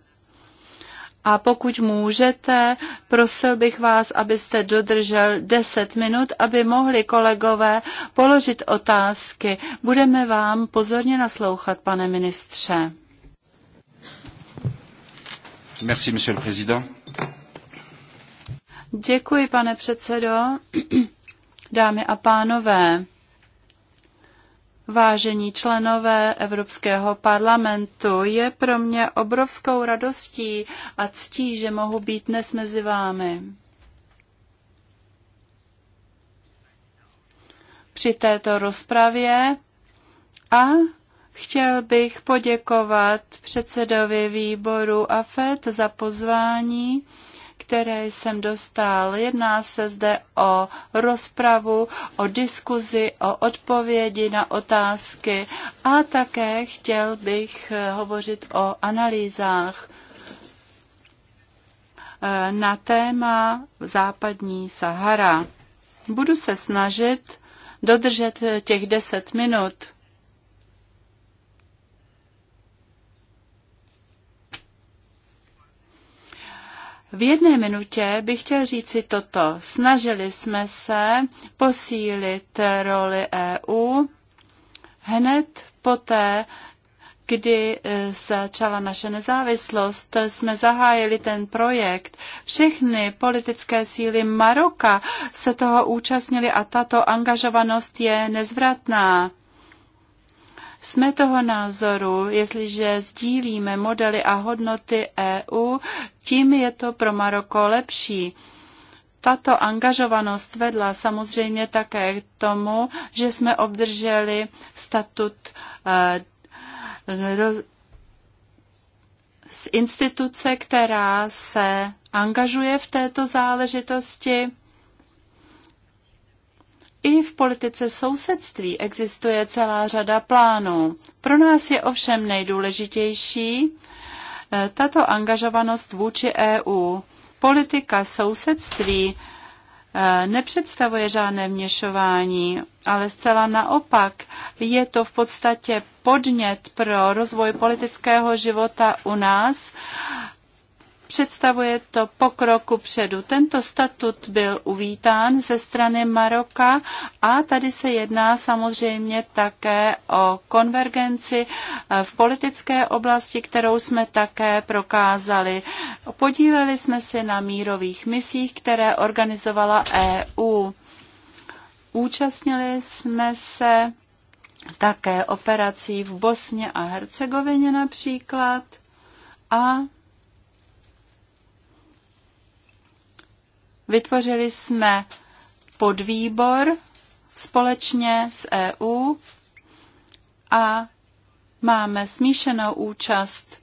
Speaker 1: A pokud můžete, prosil bych vás, abyste dodržel 10 minut, aby mohli kolegové položit otázky. Budeme vám pozorně naslouchat, pane ministře. Merci, monsieur le président. Děkuji, pane předsedo. Dámy a pánové, Vážení členové Evropského parlamentu, je pro mě obrovskou radostí a ctí, že mohu být dnes mezi vámi. Při této rozpravě a chtěl bych poděkovat předsedovi výboru AFET za pozvání které jsem dostal. Jedná se zde o rozpravu, o diskuzi, o odpovědi na otázky a také chtěl bych hovořit o analýzách na téma západní Sahara. Budu se snažit dodržet těch deset minut. V jedné minutě bych chtěl říci toto. Snažili jsme se posílit roli EU hned poté, kdy e, začala naše nezávislost, jsme zahájili ten projekt. Všechny politické síly Maroka se toho účastnili a tato angažovanost je nezvratná. Jsme toho názoru, jestliže sdílíme modely a hodnoty EU, tím je to pro Maroko lepší. Tato angažovanost vedla samozřejmě také k tomu, že jsme obdrželi statut eh, z instituce, která se angažuje v této záležitosti. I v politice sousedství existuje celá řada plánů. Pro nás je ovšem nejdůležitější eh, tato angažovanost vůči EU. Politika sousedství eh, nepředstavuje žádné vněšování, ale zcela naopak je to v podstatě podnět pro rozvoj politického života u nás Představuje to pokroku předu. Tento statut byl uvítán ze strany Maroka a tady se jedná samozřejmě také o konvergenci eh, v politické oblasti, kterou jsme také prokázali. Podíleli jsme se na mírových misích, které organizovala EU. Účastnili jsme se také operací v Bosně a Hercegovině například a Vytvořili jsme podvýbor společně s EU a máme smíšenou účast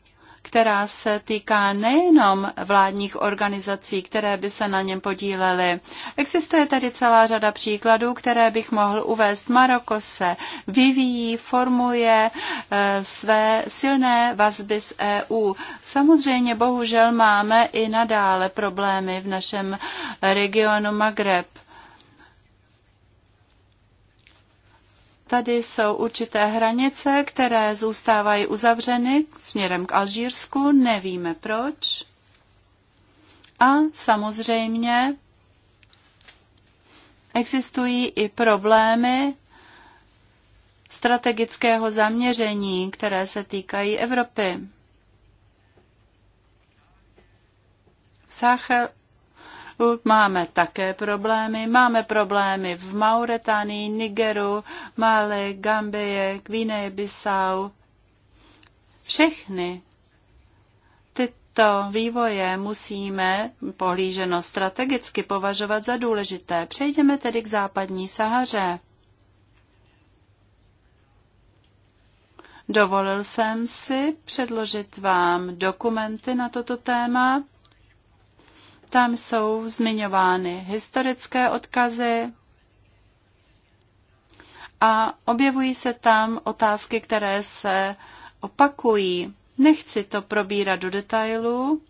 Speaker 1: která se týká nejenom vládních organizací, které by se na něm podílely. Existuje tady celá řada příkladů, které bych mohl uvést. Maroko se vyvíjí, formuje e, své silné vazby s EU. Samozřejmě bohužel máme i nadále problémy v našem regionu Magreb. Tady jsou určité hranice, které zůstávají uzavřeny směrem k Alžírsku, nevíme proč. A samozřejmě existují i problémy strategického zaměření, které se týkají Evropy. Sahel máme také problémy. Máme problémy v Mauretánii, Nigeru, Mali, Gambie, Gvineji, Bissau. Všechny tyto vývoje musíme pohlíženo strategicky považovat za důležité. Přejdeme tedy k západní Sahaře. Dovolil jsem si předložit vám dokumenty na toto téma. Tam jsou zmiňovány historické odkazy a objevují se tam otázky, které se opakují. Nechci to probírat do detailů,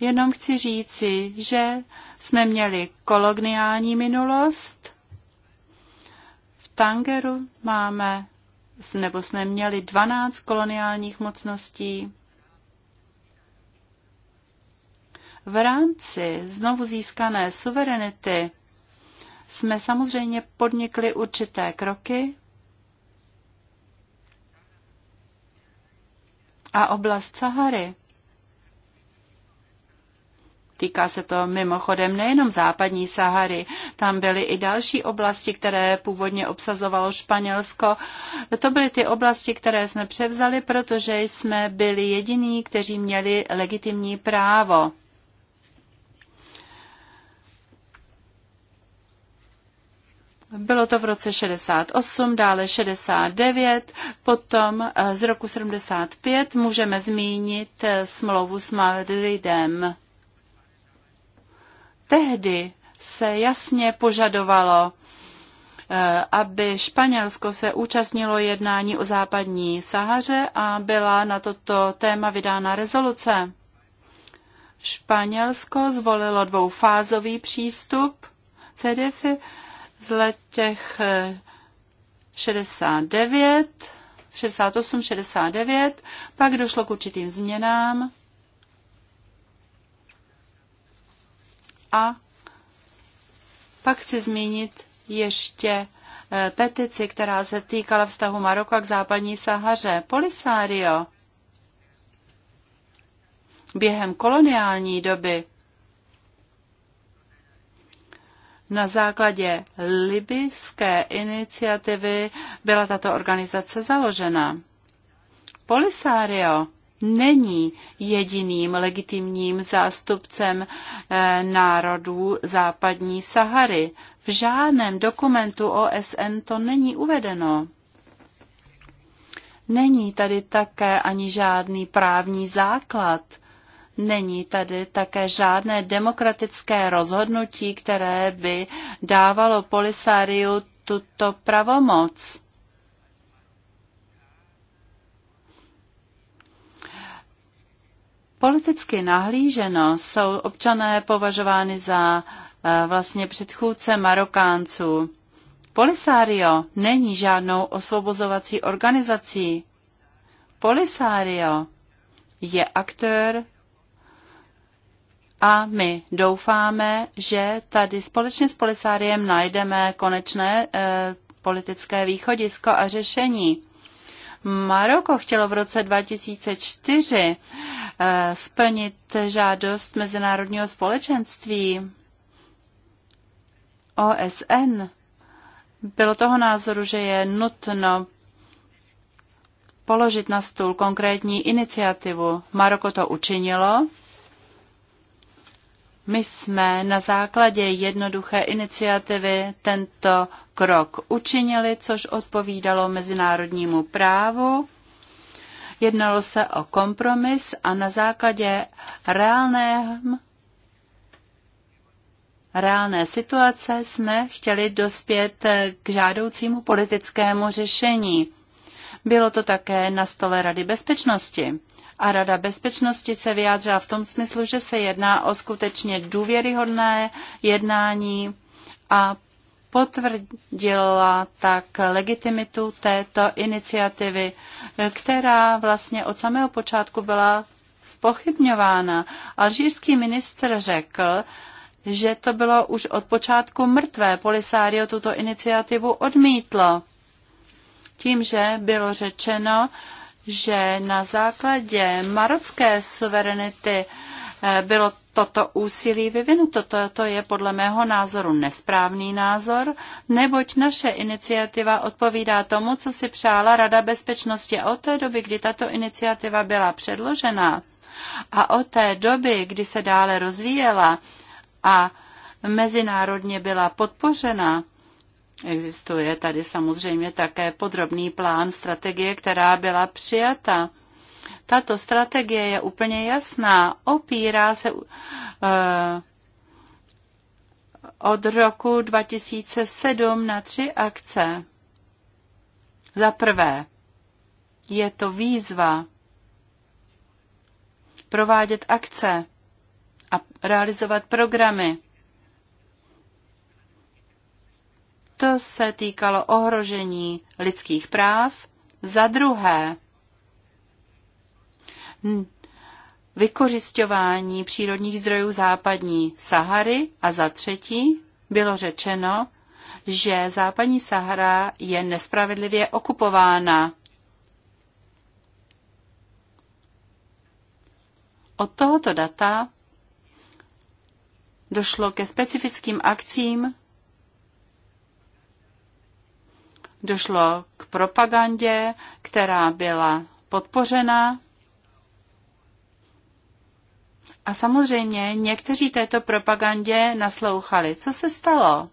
Speaker 1: jenom chci říci, že jsme měli koloniální minulost. V Tangeru máme, nebo jsme měli 12 koloniálních mocností. V rámci znovu získané suverenity jsme samozřejmě podnikli určité kroky a oblast Sahary. Týká se to mimochodem nejenom západní Sahary, tam byly i další oblasti, které původně obsazovalo Španělsko. To byly ty oblasti, které jsme převzali, protože jsme byli jediní, kteří měli legitimní právo Bylo to v roce 68, dále 69, potom eh, z roku 75 můžeme zmínit eh, smlouvu s Madridem. Tehdy se jasně požadovalo, eh, aby Španělsko se účastnilo jednání o západní Sahaře a byla na toto téma vydána rezoluce. Španělsko zvolilo dvoufázový přístup CDF z let těch 69, 68, 69, pak došlo k určitým změnám a pak chci zmínit ještě eh, petici, která se týkala vztahu Maroka k západní Sahaře. Polisario během koloniální doby Na základě libyské iniciativy byla tato organizace založena. Polisario není jediným legitimním zástupcem eh, národů západní Sahary. V žádném dokumentu OSN to není uvedeno. Není tady také ani žádný právní základ Není tady také žádné demokratické rozhodnutí, které by dávalo Polisáriu tuto pravomoc. Politicky nahlíženo jsou občané považovány za eh, vlastně předchůdce Marokánců. Polisario není žádnou osvobozovací organizací. Polisario je aktér a my doufáme, že tady společně s Polisáriem najdeme konečné e, politické východisko a řešení. Maroko chtělo v roce 2004 e, eh, splnit žádost mezinárodního společenství OSN. Bylo toho názoru, že je nutno položit na stůl konkrétní iniciativu. Maroko to učinilo my jsme na základě jednoduché iniciativy tento krok učinili, což odpovídalo mezinárodnímu právu. Jednalo se o kompromis a na základě reálné reálné situace jsme chtěli dospět k žádoucímu politickému řešení. Bylo to také na stole Rady bezpečnosti a Rada bezpečnosti se vyjádřila v tom smyslu, že se jedná o skutečně důvěryhodné jednání a potvrdila tak legitimitu této iniciativy, která vlastně od samého počátku byla spochybňována. Alžírský ministr řekl, že to bylo už od počátku mrtvé. Polisario tuto iniciativu odmítlo. Tím, že bylo řečeno, že na základě marocké suverenity eh, bylo toto úsilí vyvinuto. Toto je podle mého názoru nesprávný názor, neboť naše iniciativa odpovídá tomu, co si přála Rada bezpečnosti a od té doby, kdy tato iniciativa byla předložena a od té doby, kdy se dále rozvíjela a mezinárodně byla podpořena, Existuje tady samozřejmě také podrobný plán strategie, která byla přijata. Tato strategie je úplně jasná, opírá se uh, od roku 2007 na tři akce. Za prvé, je to výzva provádět akce a realizovat programy to se týkalo ohrožení lidských práv. Za druhé, vykořišťování přírodních zdrojů západní Sahary a za třetí bylo řečeno, že západní Sahara je nespravedlivě okupována. Od tohoto data došlo ke specifickým akcím Došlo k propagandě, která byla podpořena. A samozřejmě někteří této propagandě naslouchali. Co se stalo?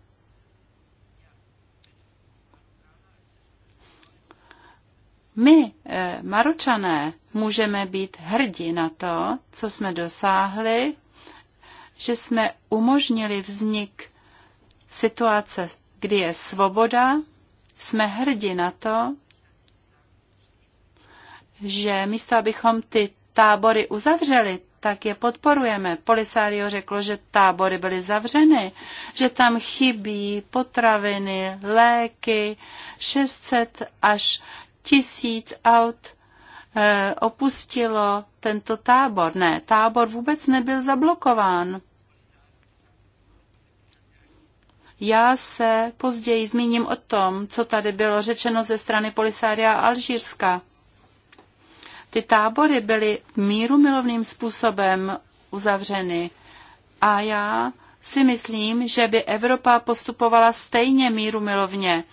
Speaker 1: My, eh, maručané, můžeme být hrdí na to, co jsme dosáhli, že jsme umožnili vznik situace, kdy je svoboda jsme hrdi na to, že místo, abychom ty tábory uzavřeli, tak je podporujeme. Polisario řekl, že tábory byly zavřeny, že tam chybí potraviny, léky, 600 až tisíc aut eh, opustilo tento tábor. Ne, tábor vůbec nebyl zablokován. Já se později zmíním o tom, co tady bylo řečeno ze strany Polisária a Alžírska. Ty tábory byly míru milovným způsobem uzavřeny a já si myslím, že by Evropa postupovala stejně míru milovně.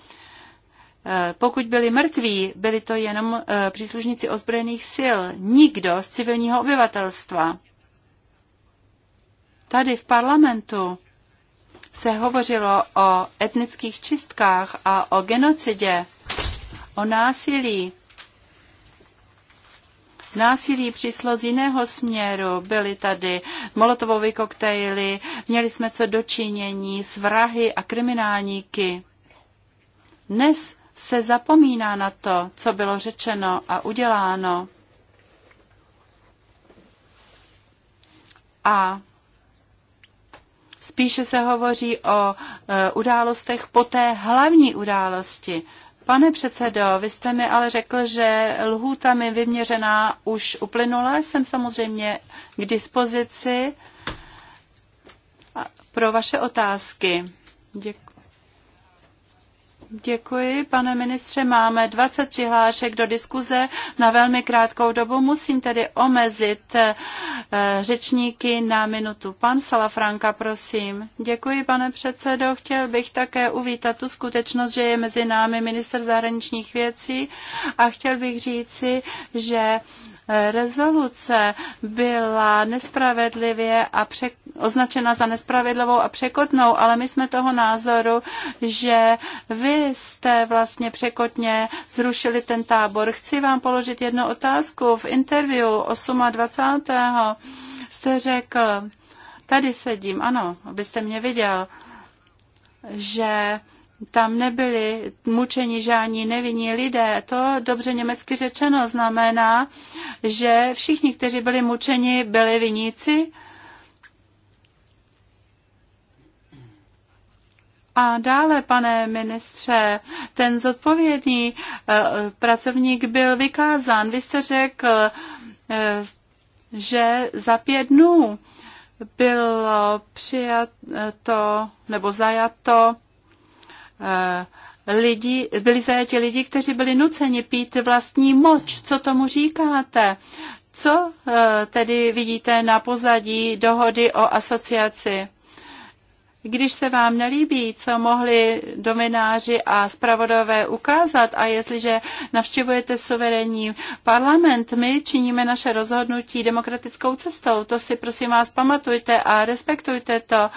Speaker 1: Eh, pokud byli mrtví, byli to jenom eh, příslušníci ozbrojených sil, nikdo z civilního obyvatelstva. Tady v parlamentu se hovořilo o etnických čistkách a o genocidě, o násilí. Násilí přišlo z jiného směru. Byly tady molotovové koktejly, měli jsme co dočinění s vrahy a kriminálníky. Dnes se zapomíná na to, co bylo řečeno a uděláno. A Spíše se hovoří o e, událostech po té hlavní události. Pane předsedo, vy jste mi ale řekl, že lhůta mi vyměřená už uplynula. Jsem samozřejmě k dispozici pro vaše otázky. Děkuji. Děkuji, pane ministře. Máme 20 přihlášek do diskuze na velmi krátkou dobu. Musím tedy omezit eh, řečníky na minutu. Pan Salafranka, prosím. Děkuji, pane předsedo. Chtěl bych také uvítat tu skutečnost, že je mezi námi minister zahraničních věcí a chtěl bych říci, že rezoluce byla nespravedlivě a pře- označena za nespravedlivou a překotnou, ale my jsme toho názoru, že vy jste vlastně překotně zrušili ten tábor. Chci vám položit jednu otázku. V interview 28. jste řekl, tady sedím, ano, abyste mě viděl, že tam nebyli mučeni žádní nevinní lidé. To dobře německy řečeno znamená, že všichni, kteří byli mučeni, byli viníci. A dále, pane ministře, ten zodpovědný eh, pracovník byl vykázán. Vy jste řekl, eh, že za pět dnů bylo přijato nebo zajato Eh, lidi, byli zajati lidi, kteří byli nuceni pít vlastní moč. Co tomu říkáte? Co eh, tedy vidíte na pozadí dohody o asociaci? Když se vám nelíbí, co mohli domináři a zpravodové ukázat a jestliže navštěvujete suverénní parlament, my činíme naše rozhodnutí demokratickou cestou. To si prosím vás pamatujte a respektujte to,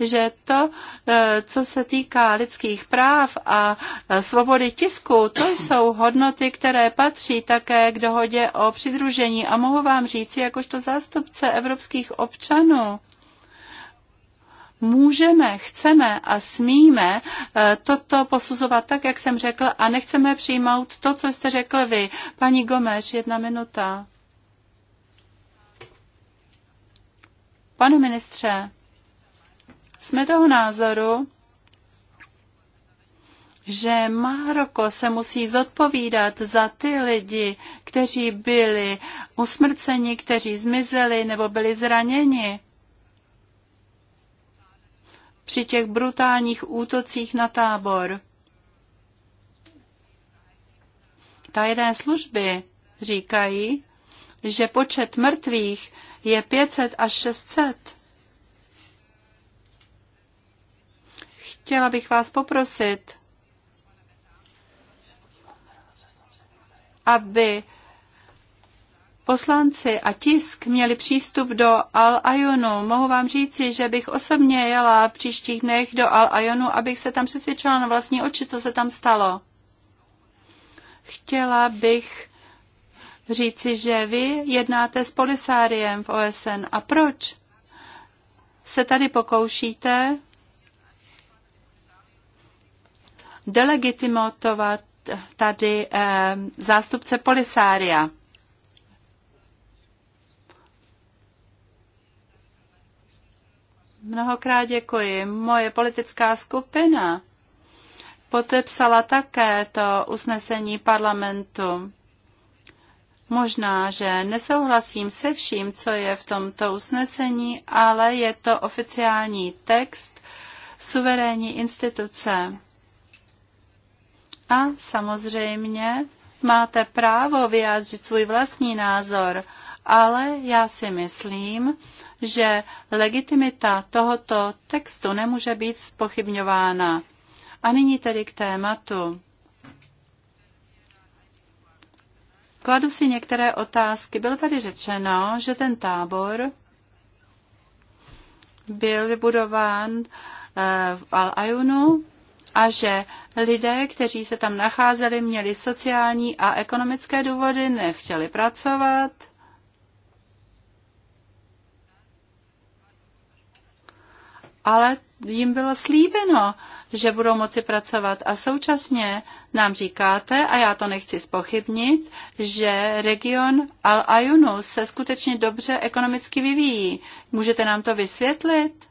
Speaker 1: že to, eh, co se týká lidských práv a eh, svobody tisku, to jsou hodnoty, které patří také k dohodě o přidružení. A mohu vám říci, jakožto zástupce evropských občanů, můžeme, chceme a smíme eh, toto posuzovat tak, jak jsem řekl, a nechceme přijmout to, co jste řekl vy. Paní Gomeš, jedna minuta. Pane ministře, jsme toho názoru, že Maroko se musí zodpovídat za ty lidi, kteří byli usmrceni, kteří zmizeli nebo byli zraněni při těch brutálních útocích na tábor. Tajné služby říkají, že počet mrtvých je 500 až 600. Chtěla bych vás poprosit, aby poslanci a tisk měli přístup do Al-Ajonu. Mohu vám říci, že bych osobně jela v příštích dnech do Al-Ajonu, abych se tam přesvědčila na vlastní oči, co se tam stalo. Chtěla bych říci, že vy jednáte s polisáriem v OSN. A proč se tady pokoušíte delegitimotovat tady eh, zástupce polisária? Mnohokrát děkuji. Moje politická skupina podepsala také to usnesení parlamentu. Možná, že nesouhlasím se vším, co je v tomto usnesení, ale je to oficiální text suverénní instituce. A samozřejmě máte právo vyjádřit svůj vlastní názor ale já si myslím, že legitimita tohoto textu nemůže být spochybňována. A nyní tedy k tématu. Kladu si některé otázky. Bylo tady řečeno, že ten tábor byl vybudován eh, v Al-Ajunu a že lidé, kteří se tam nacházeli, měli sociální a ekonomické důvody, nechtěli pracovat ale jim bylo slíbeno, že budou moci pracovat. A současně nám říkáte, a já to nechci spochybnit, že region Al-Ayunu se skutečně dobře ekonomicky vyvíjí. Můžete nám to vysvětlit?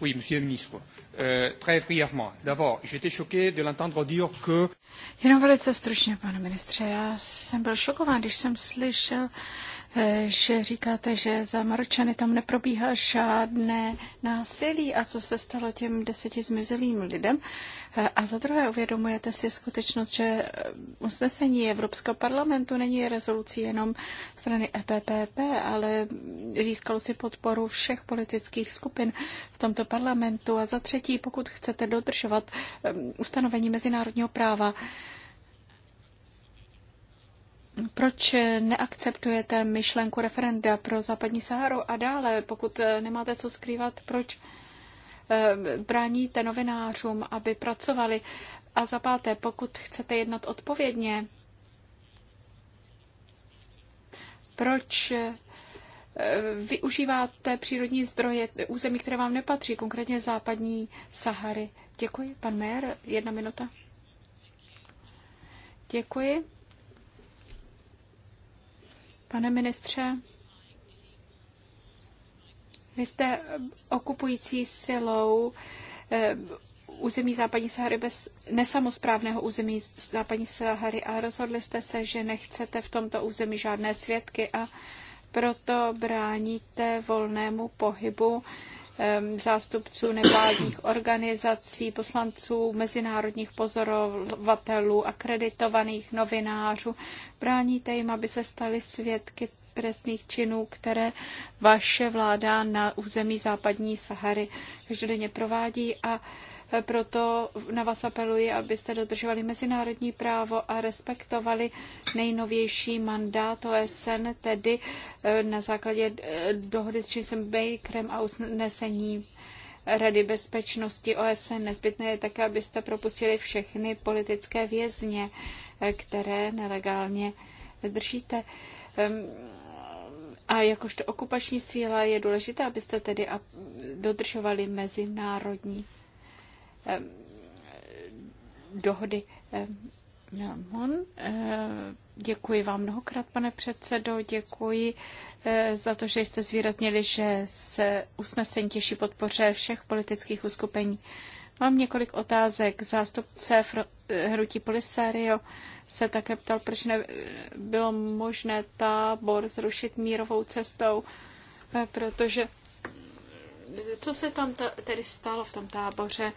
Speaker 2: Oui, Monsieur le Ministre, euh, très brièvement. D'abord, j'étais choqué de l'entendre dire que...
Speaker 3: Jenom velice stručně, pane ministře, já jsem byl šokován, když jsem slyšel, že říkáte, že za Maročany tam neprobíhá žádné násilí a co se stalo těm deseti zmizelým lidem. A za druhé uvědomujete si skutečnost, že usnesení Evropského parlamentu není rezolucí jenom strany EPPP, ale získalo si podporu všech politických skupin v tomto parlamentu. A za třetí, pokud chcete dodržovat um, ustanovení mezinárodního práva, proč neakceptujete myšlenku referenda pro západní Saharu a dále, pokud eh, nemáte co skrývat, proč eh, bráníte novinářům, aby pracovali? A za páté, pokud chcete jednat odpovědně, proč eh, využíváte přírodní zdroje území, které vám nepatří, konkrétně západní Sahary? Děkuji. Pan Mér, jedna minuta. Děkuji. Pane ministře, vy jste okupující silou eh, území západní Sahary bez nesamozprávného území západní Sahary a rozhodli jste se, že nechcete v tomto území žádné svědky a proto bráníte volnému pohybu zástupců nevládních organizací, poslanců, mezinárodních pozorovatelů, akreditovaných novinářů. Bráníte jim, aby se stali svědky trestných činů, které vaše vláda na území západní Sahary každodenně provádí a proto na vás apeluji, abyste dodržovali mezinárodní právo a respektovali nejnovější mandát OSN, tedy eh, na základě eh, dohody s Jimem Bakerem a usnesení Rady bezpečnosti OSN. Nezbytné je také, abyste propustili všechny politické vězně, eh, které nelegálně držíte. Ehm, a jakožto okupační síla je důležité, abyste tedy dodržovali mezinárodní Eh, dohody Milmon. Eh, eh, děkuji vám mnohokrát, pane předsedo, děkuji za to, že jste zvýraznili, že se usnesení těší podpoře všech politických uskupení. Mám několik otázek. Zástupce hrutí Polisario se také ptal, proč nebylo možné tábor zrušit mírovou cestou, protože co se tam tedy stalo v tom táboře?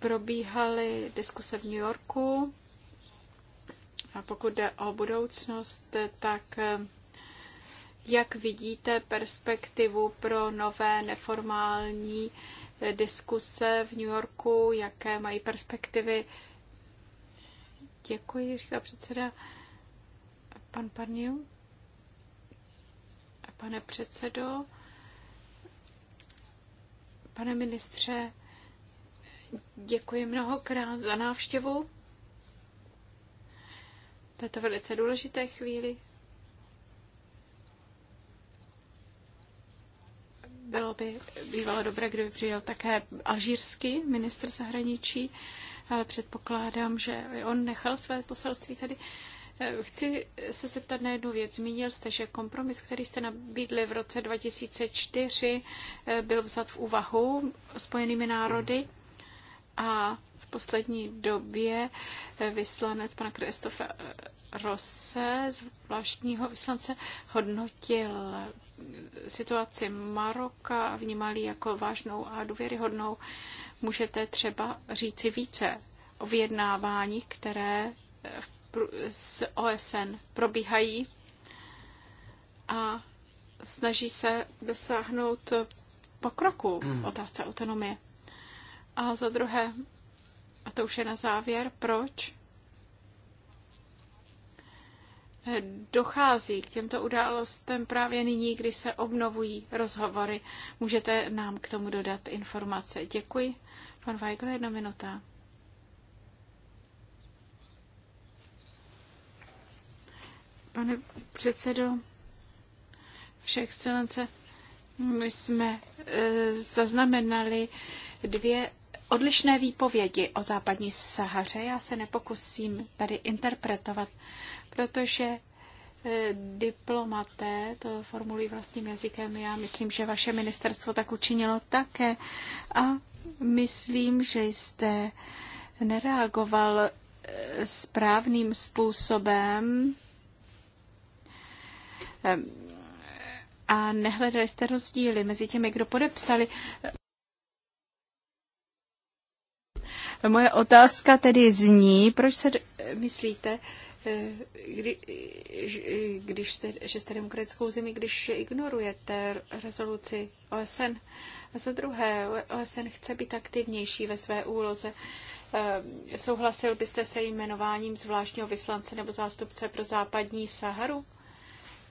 Speaker 3: probíhaly diskuse v New Yorku. A pokud jde o budoucnost, tak eh, jak vidíte perspektivu pro nové neformální eh, diskuse v New Yorku, jaké mají perspektivy? Děkuji, říká předseda pan Parniu. Pane předsedo, pane ministře, Děkuji mnohokrát za návštěvu této velice důležité chvíli. Bylo by bývalo dobré, kdyby přijel také alžírský ministr zahraničí, ale předpokládám, že on nechal své poselství tady. Eh, chci se zeptat na jednu věc. Zmínil jste, že kompromis, který jste nabídli v roce 2004, eh, byl vzat v úvahu Spojenými národy. A v poslední době vyslanec pana Kristofa Rose, zvláštního vyslance, hodnotil situaci Maroka a vnímal ji jako vážnou a důvěryhodnou. Můžete třeba říci více o vyjednávání, které s OSN probíhají a snaží se dosáhnout pokroku v otázce autonomie. A za druhé, a to už je na závěr, proč dochází k těmto událostem právě nyní, když se obnovují rozhovory. Můžete nám k tomu dodat informace. Děkuji. Pan Weigl, jedna minuta. Pane předsedo, vše excelence, my jsme e, zaznamenali dvě odlišné výpovědi o západní Sahaře. Já se nepokusím tady interpretovat, protože e, diplomaté to formulují vlastním jazykem. Já myslím, že vaše ministerstvo tak učinilo také a myslím, že jste nereagoval e, správným způsobem a nehledali jste rozdíly mezi těmi, kdo podepsali Moje otázka tedy zní, proč se myslíte, eh, kdy, když jste, že jste demokratickou zemi, když ignorujete rezoluci OSN. A za druhé, OSN chce být aktivnější ve své úloze. Eh, souhlasil byste se jmenováním zvláštního vyslance nebo zástupce pro západní Saharu?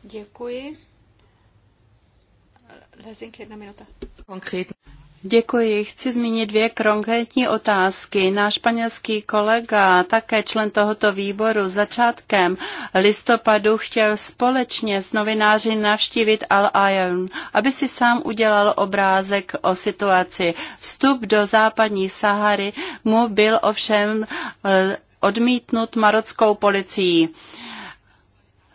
Speaker 3: Děkuji. Lezink, jedna minuta.
Speaker 1: Konkrétně. Děkuji. Chci zmínit dvě konkrétní otázky. Náš španělský kolega, také člen tohoto výboru, začátkem listopadu chtěl společně s novináři navštívit al ayun aby si sám udělal obrázek o situaci. Vstup do západní Sahary mu byl ovšem eh, odmítnut marockou policií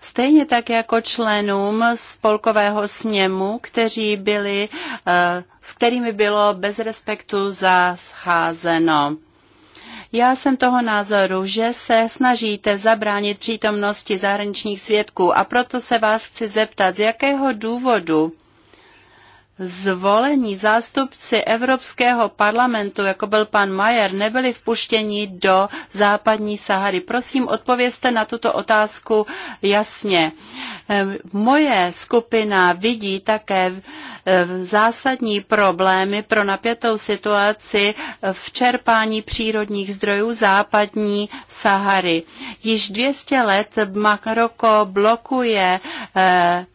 Speaker 1: stejně tak jako členům spolkového sněmu, kteří byli, eh, s kterými bylo bez respektu zascházeno, Já jsem toho názoru, že se snažíte zabránit přítomnosti zahraničních svědků a proto se vás chci zeptat, z jakého důvodu zvolení zástupci Evropského parlamentu, jako byl pan Majer, nebyli vpuštěni do západní Sahary. Prosím, odpovězte na tuto otázku jasně. Moje skupina vidí také zásadní problémy pro napětou situaci v čerpání přírodních zdrojů západní Sahary. Již 200 let Maroko blokuje eh,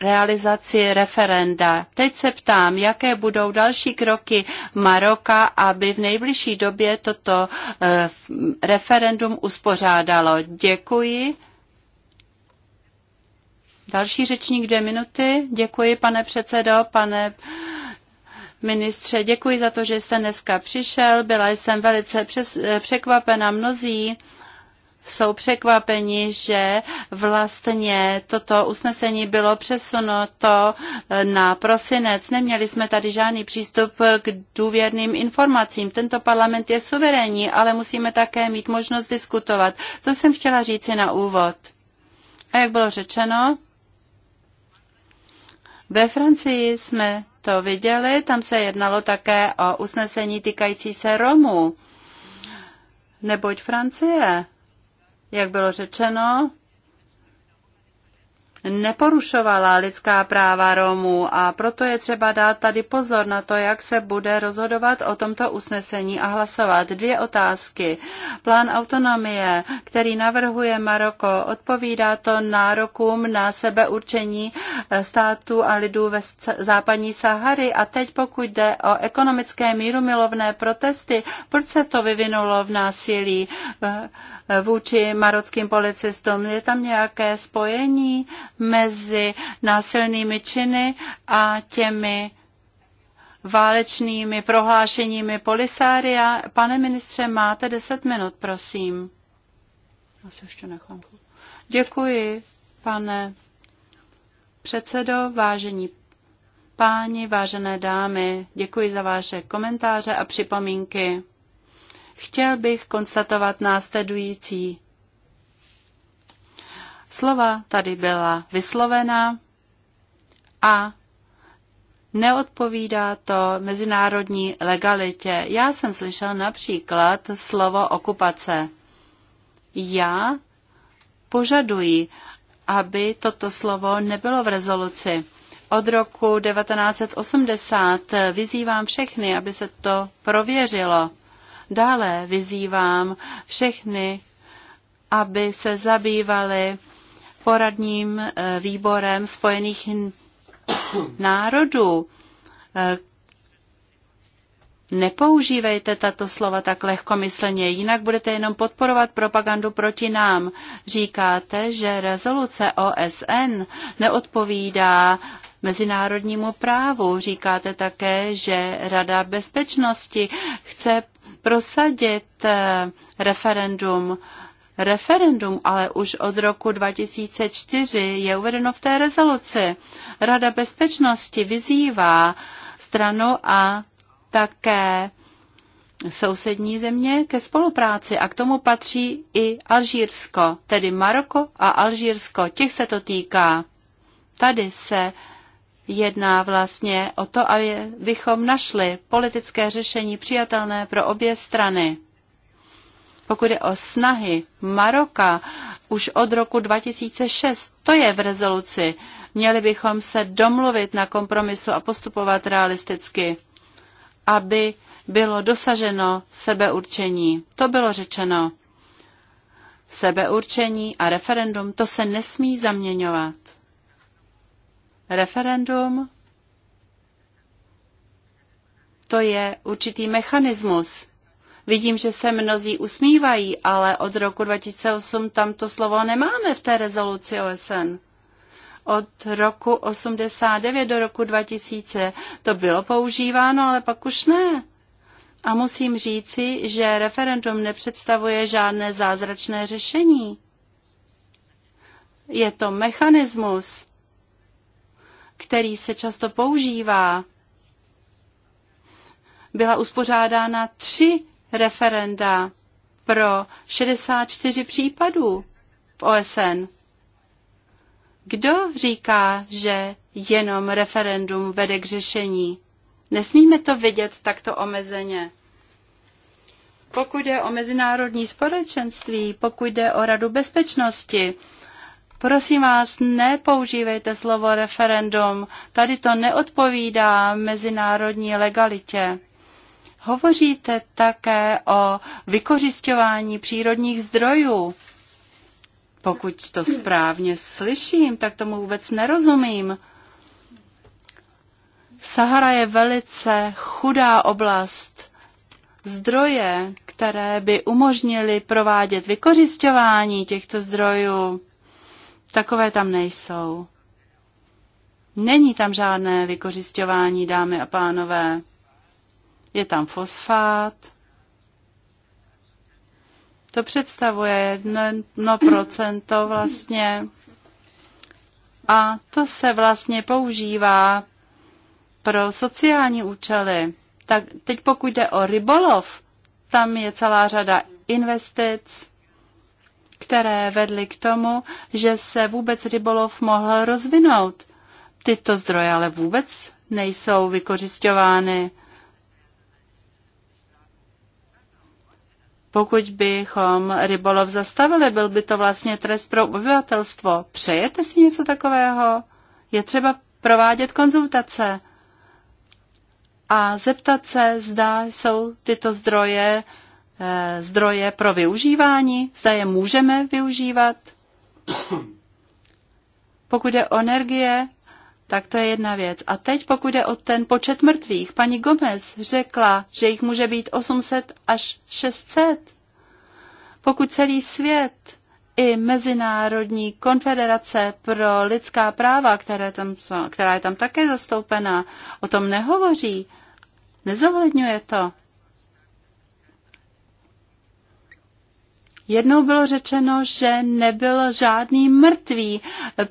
Speaker 1: realizaci referenda. Teď se ptám, jaké budou další kroky Maroka, aby v nejbližší době toto eh, referendum uspořádalo. Děkuji. Další řečník dvě minuty. Děkuji, pane předsedo, pane ministře, děkuji za to, že jste dneska přišel. Byla jsem velice přes, eh, překvapena mnozí jsou překvapeni, že vlastně toto usnesení bylo přesunuto na prosinec. Neměli jsme tady žádný přístup k důvěrným informacím. Tento parlament je suverénní, ale musíme také mít možnost diskutovat. To jsem chtěla říci na úvod. A jak bylo řečeno, ve Francii jsme to viděli, tam se jednalo také o usnesení týkající se Romů. Neboť Francie jak bylo řečeno, neporušovala lidská práva Romů a proto je třeba dát tady pozor na to, jak se bude rozhodovat o tomto usnesení a hlasovat. Dvě otázky. Plán autonomie, který navrhuje Maroko, odpovídá to nárokům na sebeurčení států a lidů ve západní Sahary a teď pokud jde o ekonomické míru milovné protesty, proč se to vyvinulo v násilí? vůči marockým policistům. Je tam nějaké spojení mezi násilnými činy a těmi válečnými prohlášeními Polisária. Pane ministře, máte 10 minut, prosím. Já si ještě nechám. Děkuji, pane předsedo, vážení páni, vážené dámy. Děkuji za vaše komentáře a připomínky chtěl bych konstatovat následující. Slova tady byla vyslovena a neodpovídá to mezinárodní legalitě. Já jsem slyšel například slovo okupace. Já požaduji, aby toto slovo nebylo v rezoluci. Od roku 1980 vyzývám všechny, aby se to prověřilo. Dále vyzývám všechny, aby se zabývali poradním eh, výborem Spojených národů. Eh, nepoužívejte tato slova tak lehkomyslně, jinak budete jenom podporovat propagandu proti nám. Říkáte, že rezoluce OSN neodpovídá mezinárodnímu právu. Říkáte také, že Rada bezpečnosti chce prosadit eh, referendum. Referendum ale už od roku 2004 je uvedeno v té rezoluci. Rada bezpečnosti vyzývá stranu a také sousední země ke spolupráci a k tomu patří i Alžírsko, tedy Maroko a Alžírsko. Těch se to týká. Tady se jedná vlastně o to, abychom našli politické řešení přijatelné pro obě strany. Pokud je o snahy Maroka už od roku 2006, to je v rezoluci, měli bychom se domluvit na kompromisu a postupovat realisticky, aby bylo dosaženo sebeurčení. To bylo řečeno. Sebeurčení a referendum, to se nesmí zaměňovat. Referendum to je určitý mechanismus. Vidím, že se mnozí usmívají, ale od roku 2008 tam to slovo nemáme v té rezoluci OSN. Od roku 89 do roku 2000 to bylo používáno, ale pak už ne. A musím říci, že referendum nepředstavuje žádné zázračné řešení. Je to mechanismus, který se často používá, byla uspořádána tři referenda pro 64 případů v OSN. Kdo říká, že jenom referendum vede k řešení? Nesmíme to vidět takto omezeně. Pokud jde o mezinárodní společenství, pokud jde o Radu bezpečnosti, Prosím vás, nepoužívejte slovo referendum. Tady to neodpovídá mezinárodní legalitě. Hovoříte také o vykořišťování přírodních zdrojů. Pokud to správně slyším, tak tomu vůbec nerozumím. Sahara je velice chudá oblast. Zdroje, které by umožnily provádět vykořišťování těchto zdrojů, takové tam nejsou. Není tam žádné vykořišťování, dámy a pánové. Je tam fosfát. To představuje jedno procento vlastně. A to se vlastně používá pro sociální účely. Tak teď pokud jde o rybolov, tam je celá řada investic, které vedly k tomu, že se vůbec rybolov mohl rozvinout. Tyto zdroje ale vůbec nejsou vykořišťovány. Pokud bychom rybolov zastavili, byl by to vlastně trest pro obyvatelstvo. Přejete si něco takového? Je třeba provádět konzultace a zeptat se, zda jsou tyto zdroje Eh, zdroje pro využívání, zda je můžeme využívat. Pokud je o energie, tak to je jedna věc. A teď pokud je o ten počet mrtvých, paní Gomez řekla, že jich může být 800 až 600. Pokud celý svět i Mezinárodní konfederace pro lidská práva, které tam jsou, která je tam také zastoupená, o tom nehovoří, nezohledňuje to. Jednou bylo řečeno, že nebyl žádný mrtvý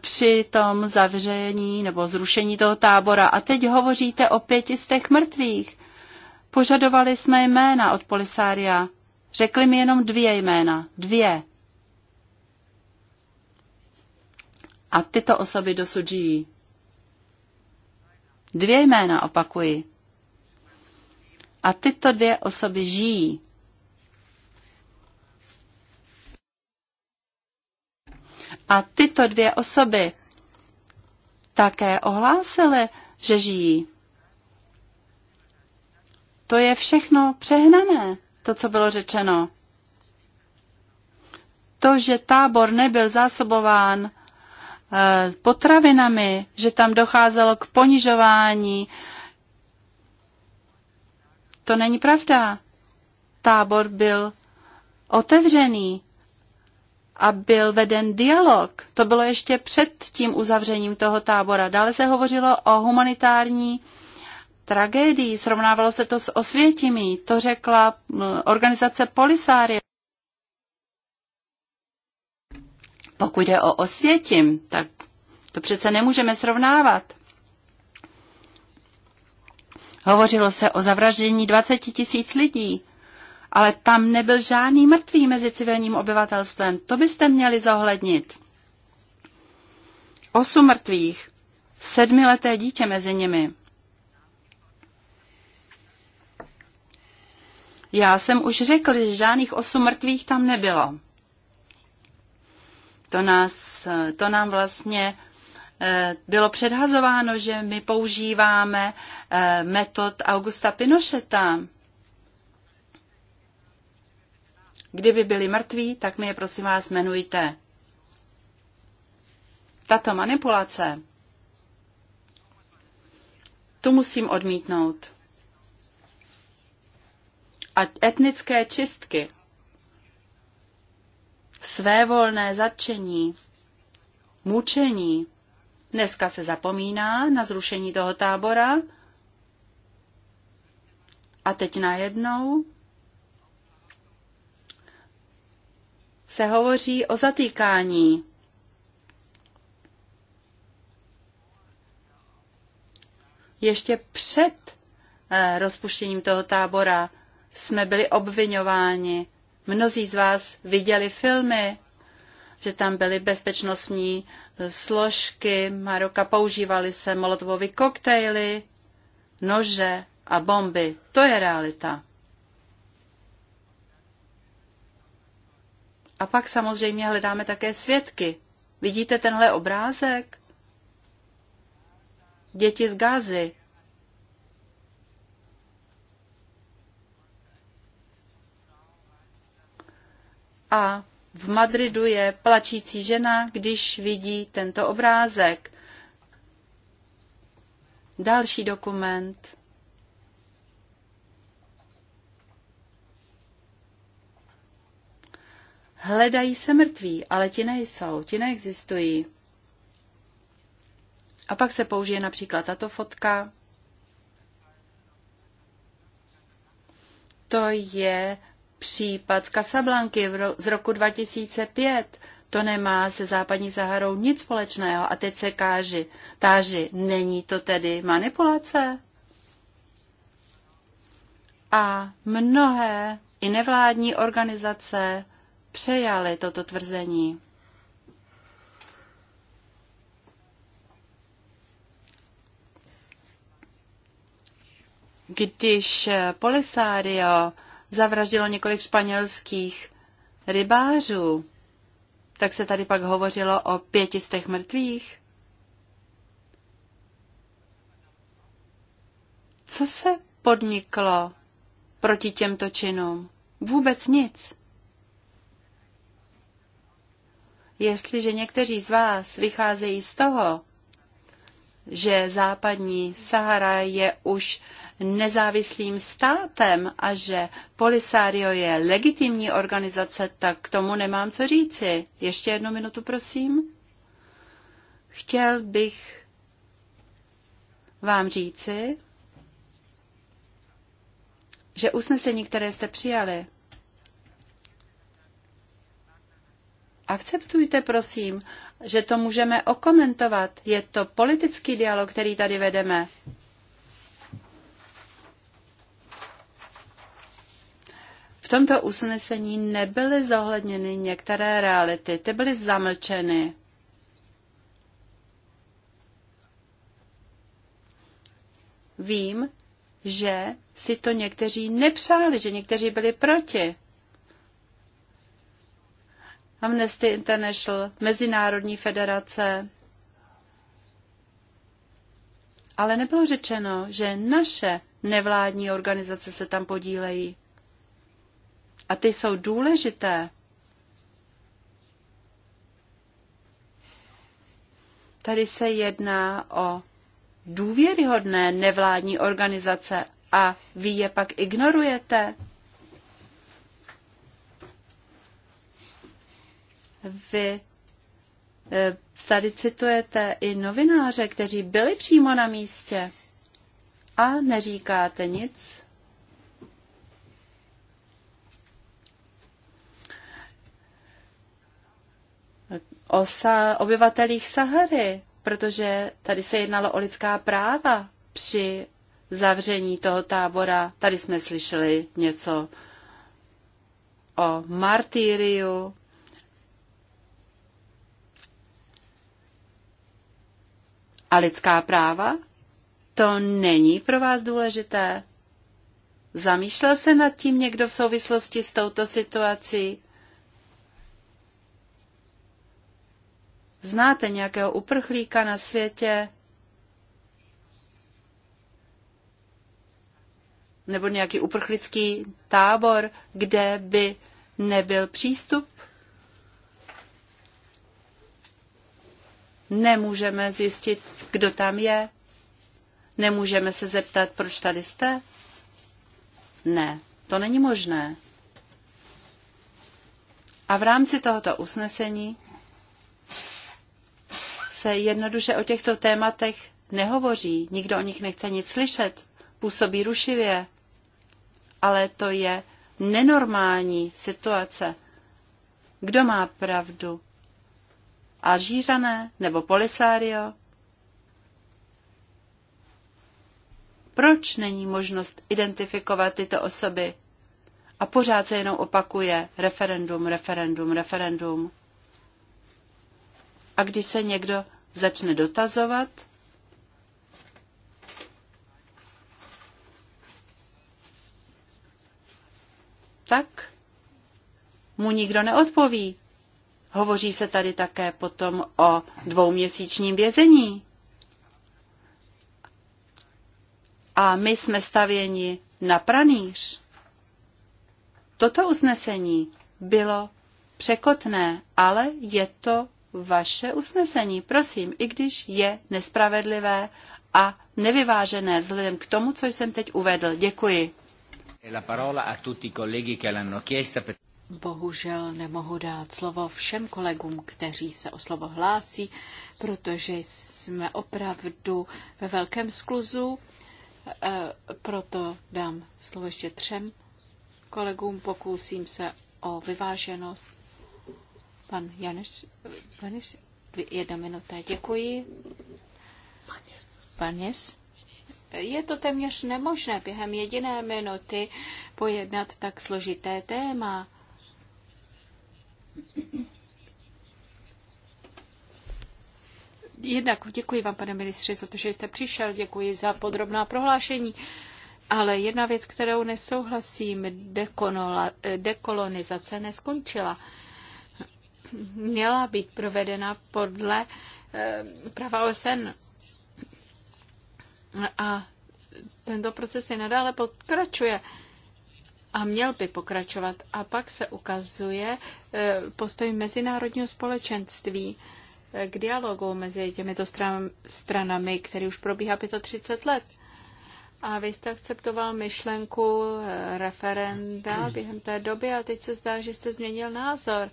Speaker 1: při tom zavření nebo zrušení toho tábora a teď hovoříte o pěti z těch mrtvých. Požadovali jsme jména od polisária. Řekli mi jenom dvě jména. Dvě. A tyto osoby dosud žijí. Dvě jména opakuji. A tyto dvě osoby žijí. A tyto dvě osoby také ohlásily, že žijí. To je všechno přehnané, to, co bylo řečeno. To, že tábor nebyl zásobován eh, potravinami, že tam docházelo k ponižování, to není pravda. Tábor byl otevřený a byl veden dialog. To bylo ještě před tím uzavřením toho tábora. Dále se hovořilo o humanitární tragédii, srovnávalo se to s osvětimí, to řekla organizace Polisárie. Pokud jde o osvětím, tak to přece nemůžeme srovnávat. Hovořilo se o zavraždění 20 tisíc lidí ale tam nebyl žádný mrtvý mezi civilním obyvatelstvem. To byste měli zohlednit. Osm mrtvých, sedmileté dítě mezi nimi. Já jsem už řekl, že žádných osm mrtvých tam nebylo. To, nás, to nám vlastně eh, bylo předhazováno, že my používáme eh, metod Augusta Pinocheta, Kdyby byli mrtví, tak mi je prosím vás jmenujte. Tato manipulace, tu musím odmítnout. A etnické čistky, svévolné zatčení, mučení. Dneska se zapomíná na zrušení toho tábora a teď najednou se hovoří o zatýkání. Ještě před eh, rozpuštěním toho tábora jsme byli obvinováni. Mnozí z vás viděli filmy, že tam byly bezpečnostní eh, složky Maroka, používali se molotovovy koktejly, nože a bomby. To je realita. A pak samozřejmě hledáme také svědky. Vidíte tenhle obrázek? Děti z Gázy. A v Madridu je plačící žena, když vidí tento obrázek. Další dokument. Hledají se mrtví, ale ti nejsou, ti neexistují. A pak se použije například tato fotka. To je případ z Casablanky z roku 2005. To nemá se západní Zaharou nic společného. A teď se káži, táži, není to tedy manipulace? A mnohé i nevládní organizace přejali toto tvrzení. Když Polisario zavraždilo několik španělských rybářů, tak se tady pak hovořilo o pětistech mrtvých. Co se podniklo proti těmto činům? Vůbec nic. Jestliže někteří z vás vycházejí z toho, že západní Sahara je už nezávislým státem a že Polisario je legitimní organizace, tak k tomu nemám co říci. Ještě jednu minutu, prosím. Chtěl bych vám říci, že usnesení, které jste přijali, akceptujte prosím, že to můžeme okomentovat. Je to politický dialog, který tady vedeme. V tomto usnesení nebyly zohledněny některé reality, ty byly zamlčeny. Vím, že si to někteří nepřáli, že někteří byli proti. Amnesty International, Mezinárodní federace. Ale nebylo řečeno, že naše nevládní organizace se tam podílejí. A ty jsou důležité. Tady se jedná o důvěryhodné nevládní organizace a vy je pak ignorujete. Vy e, tady citujete i novináře, kteří byli přímo na místě a neříkáte nic. O sa- obyvatelích Sahary, protože tady se jednalo o lidská práva při zavření toho tábora. Tady jsme slyšeli něco o martýriu A lidská práva? To není pro vás důležité? Zamýšlel se nad tím někdo v souvislosti s touto situací? Znáte nějakého uprchlíka na světě? Nebo nějaký uprchlický tábor, kde by nebyl přístup Nemůžeme zjistit, kdo tam je. Nemůžeme se zeptat, proč tady jste. Ne, to není možné. A v rámci tohoto usnesení se jednoduše o těchto tématech nehovoří. Nikdo o nich nechce nic slyšet. Působí rušivě. Ale to je nenormální situace. Kdo má pravdu? Alžířané nebo Polisario? Proč není možnost identifikovat tyto osoby? A pořád se jenom opakuje referendum, referendum, referendum. A když se někdo začne dotazovat, tak mu nikdo neodpoví. Hovoří se tady také potom o dvouměsíčním vězení. A my jsme stavěni na pranýř. Toto usnesení bylo překotné, ale je to vaše usnesení, prosím, i když je nespravedlivé a nevyvážené vzhledem k tomu, co jsem teď uvedl. Děkuji
Speaker 3: bohužel nemohu dát slovo všem kolegům, kteří se o slovo hlásí, protože jsme opravdu ve velkém skluzu. Eh, proto dám slovo ještě třem kolegům, pokusím se o vyváženost. Pan Janeš, Janeš jedna minuta, děkuji. Pan Jes? Je to téměř nemožné během jediné minuty pojednat tak složité téma Jednak děkuji vám, pane ministře, za to, že jste přišel, děkuji za podrobná prohlášení. Ale jedna věc, kterou nesouhlasím, dekonola, dekolonizace neskončila. Měla být provedena podle eh, prava OSN. A tento proces i nadále pokračuje. Eh, a měl by pokračovat. A pak se ukazuje eh, postoj mezinárodního společenství eh, k dialogu mezi těmito stranami, který už probíhá 35 let. A vy jste akceptoval myšlenku eh, referenda během té doby a teď se zdá, že jste změnil názor.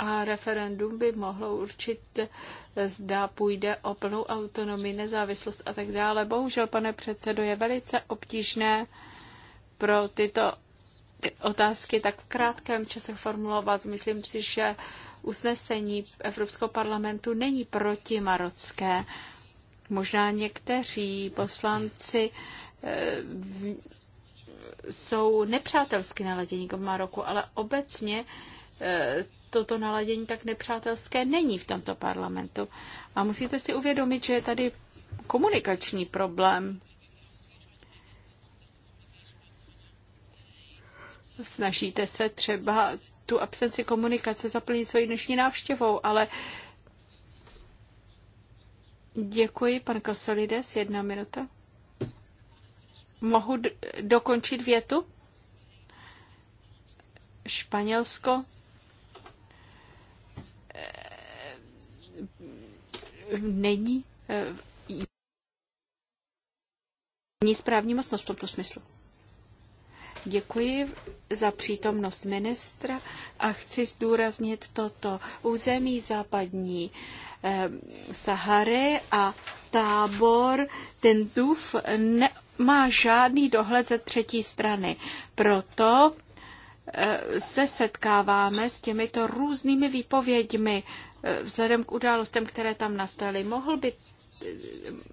Speaker 3: a referendum by mohlo určit, zda půjde o plnou autonomii, nezávislost a tak dále. Bohužel, pane předsedo, je velice obtížné pro tyto otázky tak v krátkém čase formulovat. Myslím si, že usnesení Evropského parlamentu není proti marocké. Možná někteří poslanci eh, jsou nepřátelsky naladění k Maroku, ale obecně eh, toto naladění tak nepřátelské není v tomto parlamentu. A musíte si uvědomit, že je tady komunikační problém. Snažíte se třeba tu absenci komunikace zaplnit svojí dnešní návštěvou, ale děkuji, pan Kosolides, jedna minuta. Mohu dokončit větu? Španělsko není, eh, není správní mocnost v tomto smyslu. Děkuji za přítomnost ministra a chci zdůraznit toto území západní eh, Sahary a tábor ten duf nemá žádný dohled ze třetí strany. Proto eh, se setkáváme s těmito různými výpověďmi eh, vzhledem k událostem, které tam nastaly. Mohl by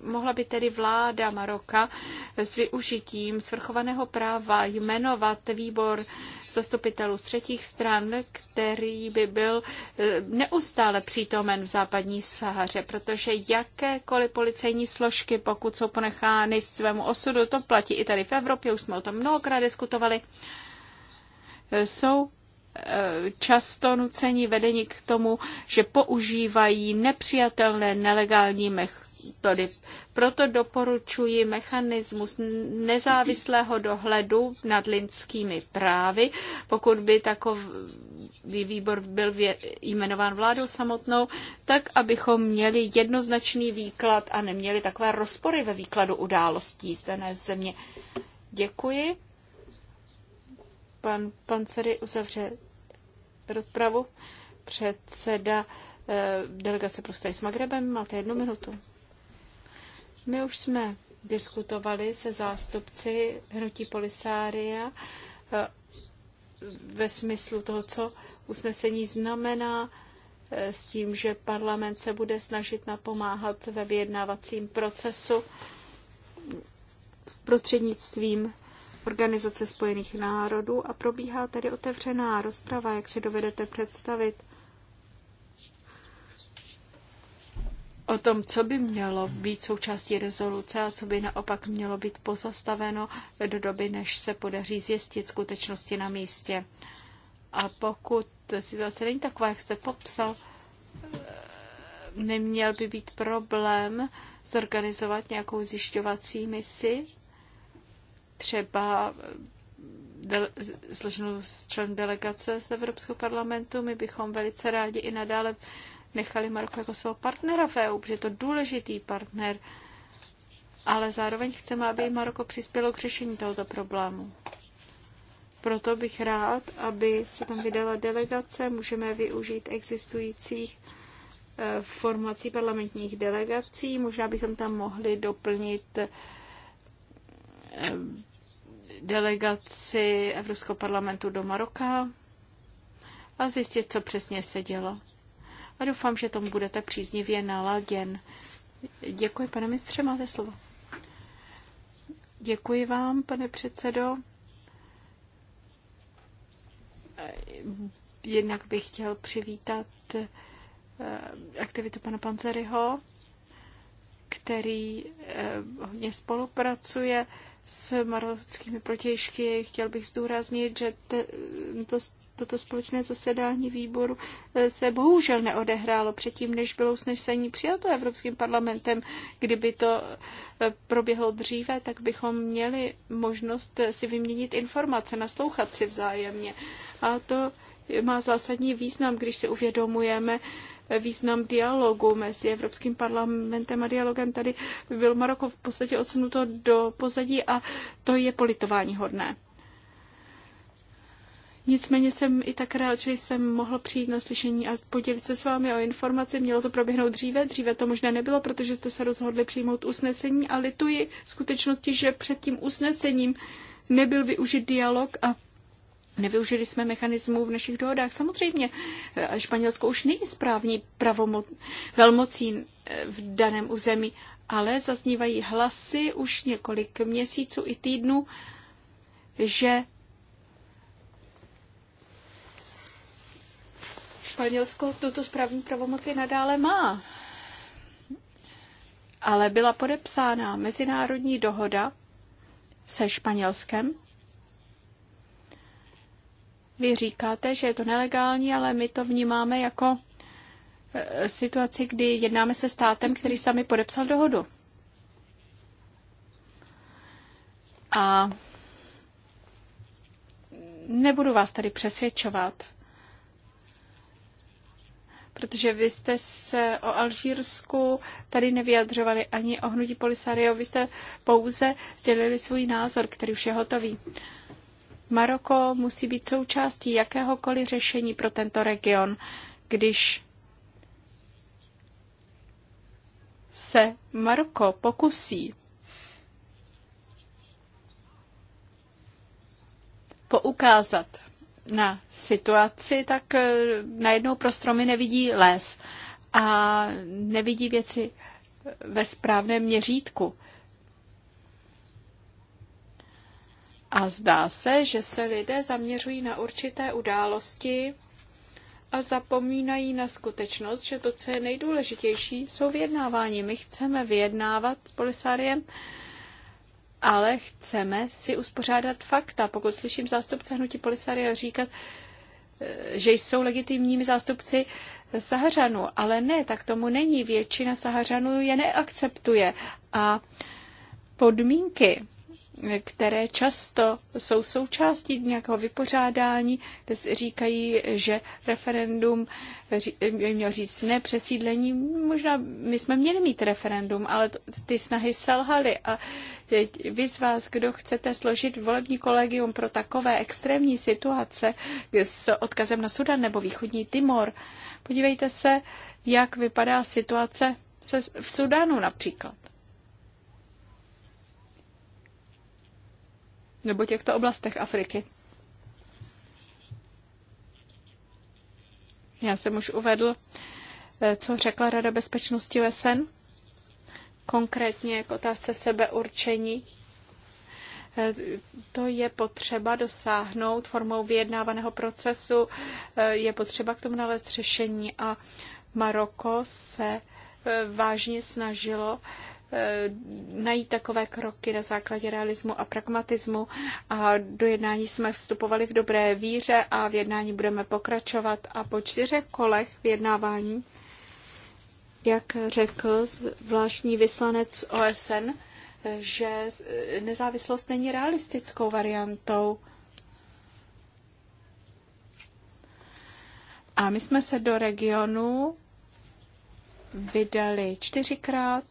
Speaker 3: mohla by tedy vláda Maroka s využitím svrchovaného práva jmenovat výbor zastupitelů z třetích stran, který by byl eh, neustále přítomen v západní Sahaře, protože jakékoliv policejní složky, pokud jsou ponechány svému osudu, to platí i tady v Evropě, už jsme o tom mnohokrát diskutovali, eh, jsou často nuceni vedení k tomu, že používají nepřijatelné nelegální metody. Proto doporučuji mechanismus nezávislého dohledu nad lidskými právy, pokud by takový výbor byl jmenován vládou samotnou, tak abychom měli jednoznačný výklad a neměli takové rozpory ve výkladu událostí z dané země. Děkuji. Pan Pancery uzavře rozpravu. Předseda eh, delegace pro s Magrebem, máte jednu minutu. My už jsme diskutovali se zástupci hnutí Polisária eh, ve smyslu toho, co usnesení znamená, eh, s tím, že parlament se bude snažit napomáhat ve vyjednávacím procesu prostřednictvím Organizace spojených národů a probíhá tedy otevřená rozprava, jak si dovedete představit. o tom, co by mělo být součástí rezoluce a co by naopak mělo být pozastaveno do doby, než se podaří zjistit skutečnosti na místě. A pokud situace není taková, jak jste popsal, neměl by být problém zorganizovat nějakou zjišťovací misi třeba složenou eh, z člen delegace z Evropského parlamentu. My bychom velice rádi i nadále nechali Maroko jako svého partnera v EU, protože je to důležitý partner, ale zároveň chceme, aby i Maroko přispělo k řešení tohoto problému. Proto bych rád, aby se tam vydala delegace, můžeme využít existujících eh, formací parlamentních delegací, možná bychom tam mohli doplnit eh, Eh, delegaci Evropského parlamentu do Maroka a zjistit, co přesně se dělo. A doufám, že tomu budete příznivě naladěn. Děkuji, pane mistře, máte slovo. Děkuji vám, pane předsedo. Eh, jednak bych chtěl přivítat eh, aktivitu pana Panzeryho, který hodně spolupracuje s marockými protěžky. Chtěl bych zdůraznit, že to, toto společné zasedání výboru eh, se bohužel neodehrálo předtím, než bylo usnesení přijato Evropským parlamentem. Kdyby to eh, proběhlo dříve, tak bychom měli možnost eh, si vyměnit informace, naslouchat si vzájemně. A to má zásadní význam, když si uvědomujeme, význam dialogu mezi Evropským parlamentem a dialogem. Tady byl Maroko v podstatě odsunuto do pozadí a to je politování hodné. Nicméně jsem i tak rád, že jsem mohl přijít na slyšení a podělit se s vámi o informaci. Mělo to proběhnout dříve, dříve to možná nebylo, protože jste se rozhodli přijmout usnesení a lituji skutečnosti, že před tím usnesením nebyl využit dialog a Nevyužili jsme mechanismů v našich dohodách. Samozřejmě, eh, Španělsko už není správní pravomo- velmocí eh, v daném území, ale zaznívají hlasy už několik měsíců i týdnů, že Španělsko tuto správní pravomoci nadále má. Ale byla podepsána mezinárodní dohoda se Španělskem, vy říkáte, že je to nelegální, ale my to vnímáme jako eh, situaci, kdy jednáme se státem, který s námi podepsal dohodu. A nebudu vás tady přesvědčovat, protože vy jste se o Alžírsku tady nevyjadřovali ani o hnutí Polisario, vy jste pouze sdělili svůj názor, který už je hotový. Maroko musí být součástí jakéhokoliv řešení pro tento region, když se Maroko pokusí poukázat na situaci, tak eh, najednou pro stromy nevidí les a nevidí věci eh, ve správném měřítku. A zdá se, že se lidé zaměřují na určité události a zapomínají na skutečnost, že to, co je nejdůležitější, jsou vyjednávání. My chceme vyjednávat s Polisariem, ale chceme si uspořádat fakta. Pokud slyším zástupce hnutí polisaria, říkat, eh, že jsou legitimními zástupci Sahařanů, ale ne, tak tomu není. Většina Sahařanů je neakceptuje. A podmínky které často jsou součástí nějakého vypořádání, kde říkají, že referendum by eh, měl říct ne přesídlení. Možná my jsme měli mít referendum, ale ty snahy selhaly a vy z vás, kdo chcete složit volební kolegium pro takové extrémní situace s odkazem na Sudan nebo východní Timor, podívejte se, jak vypadá situace v Sudanu například. nebo těchto oblastech Afriky. Já jsem už uvedl, eh, co řekla Rada bezpečnosti OSN, konkrétně k otázce sebeurčení. Eh, to je potřeba dosáhnout formou vyjednávaného procesu, eh, je potřeba k tomu nalézt řešení a Maroko se vážně snažilo Eh, najít takové kroky na základě realismu a pragmatismu a do jednání jsme vstupovali v dobré víře a v jednání budeme pokračovat a po čtyřech kolech vyjednávání, jak řekl zvláštní vyslanec OSN, že nezávislost není realistickou variantou. A my jsme se do regionu vydali čtyřikrát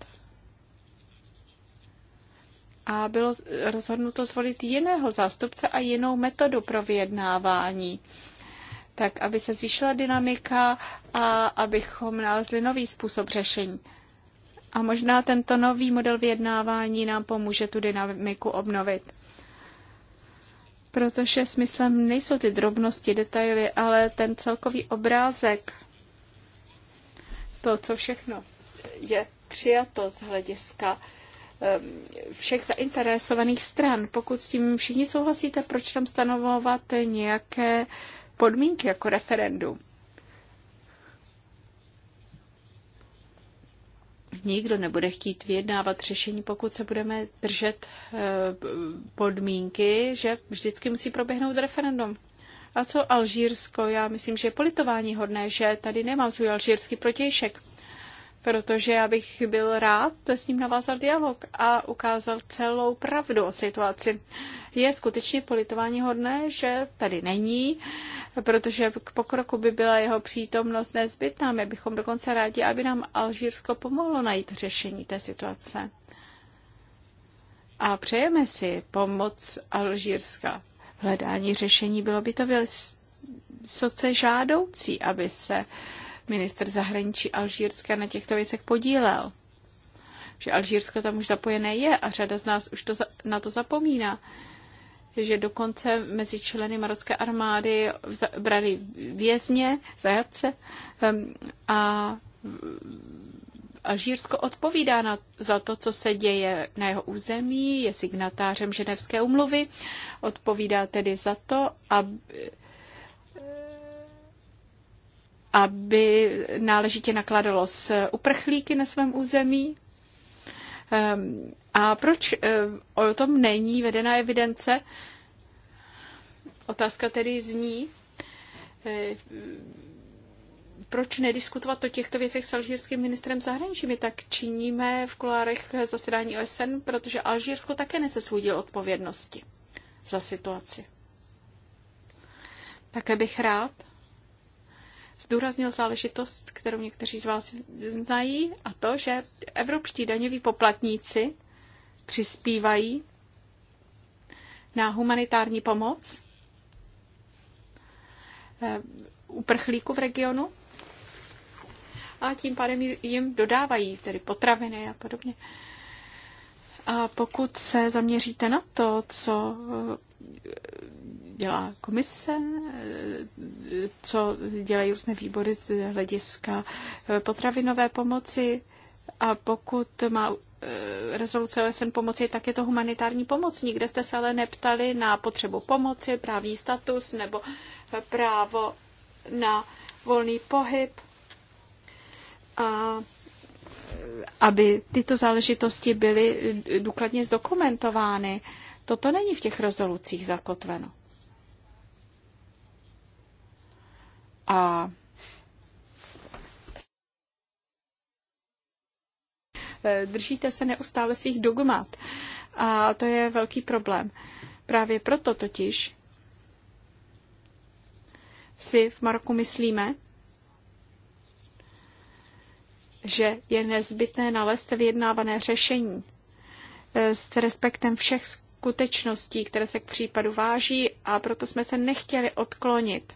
Speaker 3: a bylo rozhodnuto zvolit jiného zástupce a jinou metodu pro vyjednávání tak aby se zvýšila dynamika a abychom nalezli nový způsob řešení. A možná tento nový model vyjednávání nám pomůže tu dynamiku obnovit. Protože smyslem nejsou ty drobnosti, detaily, ale ten celkový obrázek, to, co všechno je přijato z hlediska Eh, všech zainteresovaných stran. Pokud s tím všichni souhlasíte, proč tam stanovovat nějaké podmínky jako referendum? nikdo nebude chtít vyjednávat řešení, pokud se budeme držet eh, podmínky, že vždycky musí proběhnout referendum. A co Alžírsko? Já myslím, že je politování hodné, že tady nemám svůj alžírský protějšek protože já bych byl rád s ním navázal dialog a ukázal celou pravdu o situaci. Je skutečně politování hodné, že tady není, protože k pokroku by byla jeho přítomnost nezbytná. My bychom dokonce rádi, aby nám Alžírsko pomohlo najít řešení té situace. A přejeme si pomoc Alžírska. V hledání řešení bylo by to vysoce žádoucí, aby se uh, minister zahraničí Alžírska na těchto věcech podílel. Že Alžírsko tam už zapojené je a řada z nás už to na to zapomíná že dokonce mezi členy marocké armády brali vězně, zajatce um, a Alžírsko odpovídá na, za to, co se děje na jeho území, je signatářem Ženevské umluvy, odpovídá tedy za to, aby aby náležitě nakladalo s uprchlíky na svém území. Ehm, a proč eh, o tom není vedená evidence? Otázka tedy zní, eh, proč nediskutovat o těchto věcech s alžírským ministrem zahraničí? My tak činíme v kulárech zasedání OSN, protože Alžírsko také nese svůj díl odpovědnosti za situaci. Také bych rád, zdůraznil záležitost, kterou někteří z vás znají, a to, že evropští daňoví poplatníci přispívají na humanitární pomoc eh, uprchlíku v regionu a tím pádem jim dodávají tedy potraviny a podobně. A pokud se zaměříte na to, co eh, dělá komise, eh, co dělají různé výbory z hlediska eh, potravinové pomoci, a pokud má rezoluce OSN pomoci, tak je to humanitární pomoc. Nikde jste se ale neptali na potřebu pomoci, právní status nebo právo na volný pohyb. A aby tyto záležitosti byly důkladně zdokumentovány. Toto není v těch rezolucích zakotveno. A držíte se neustále svých dogmat. A to je velký problém. Právě proto totiž si v Maroku myslíme, že je nezbytné nalézt vyjednávané řešení e, s respektem všech skutečností, které se k případu váží a proto jsme se nechtěli odklonit.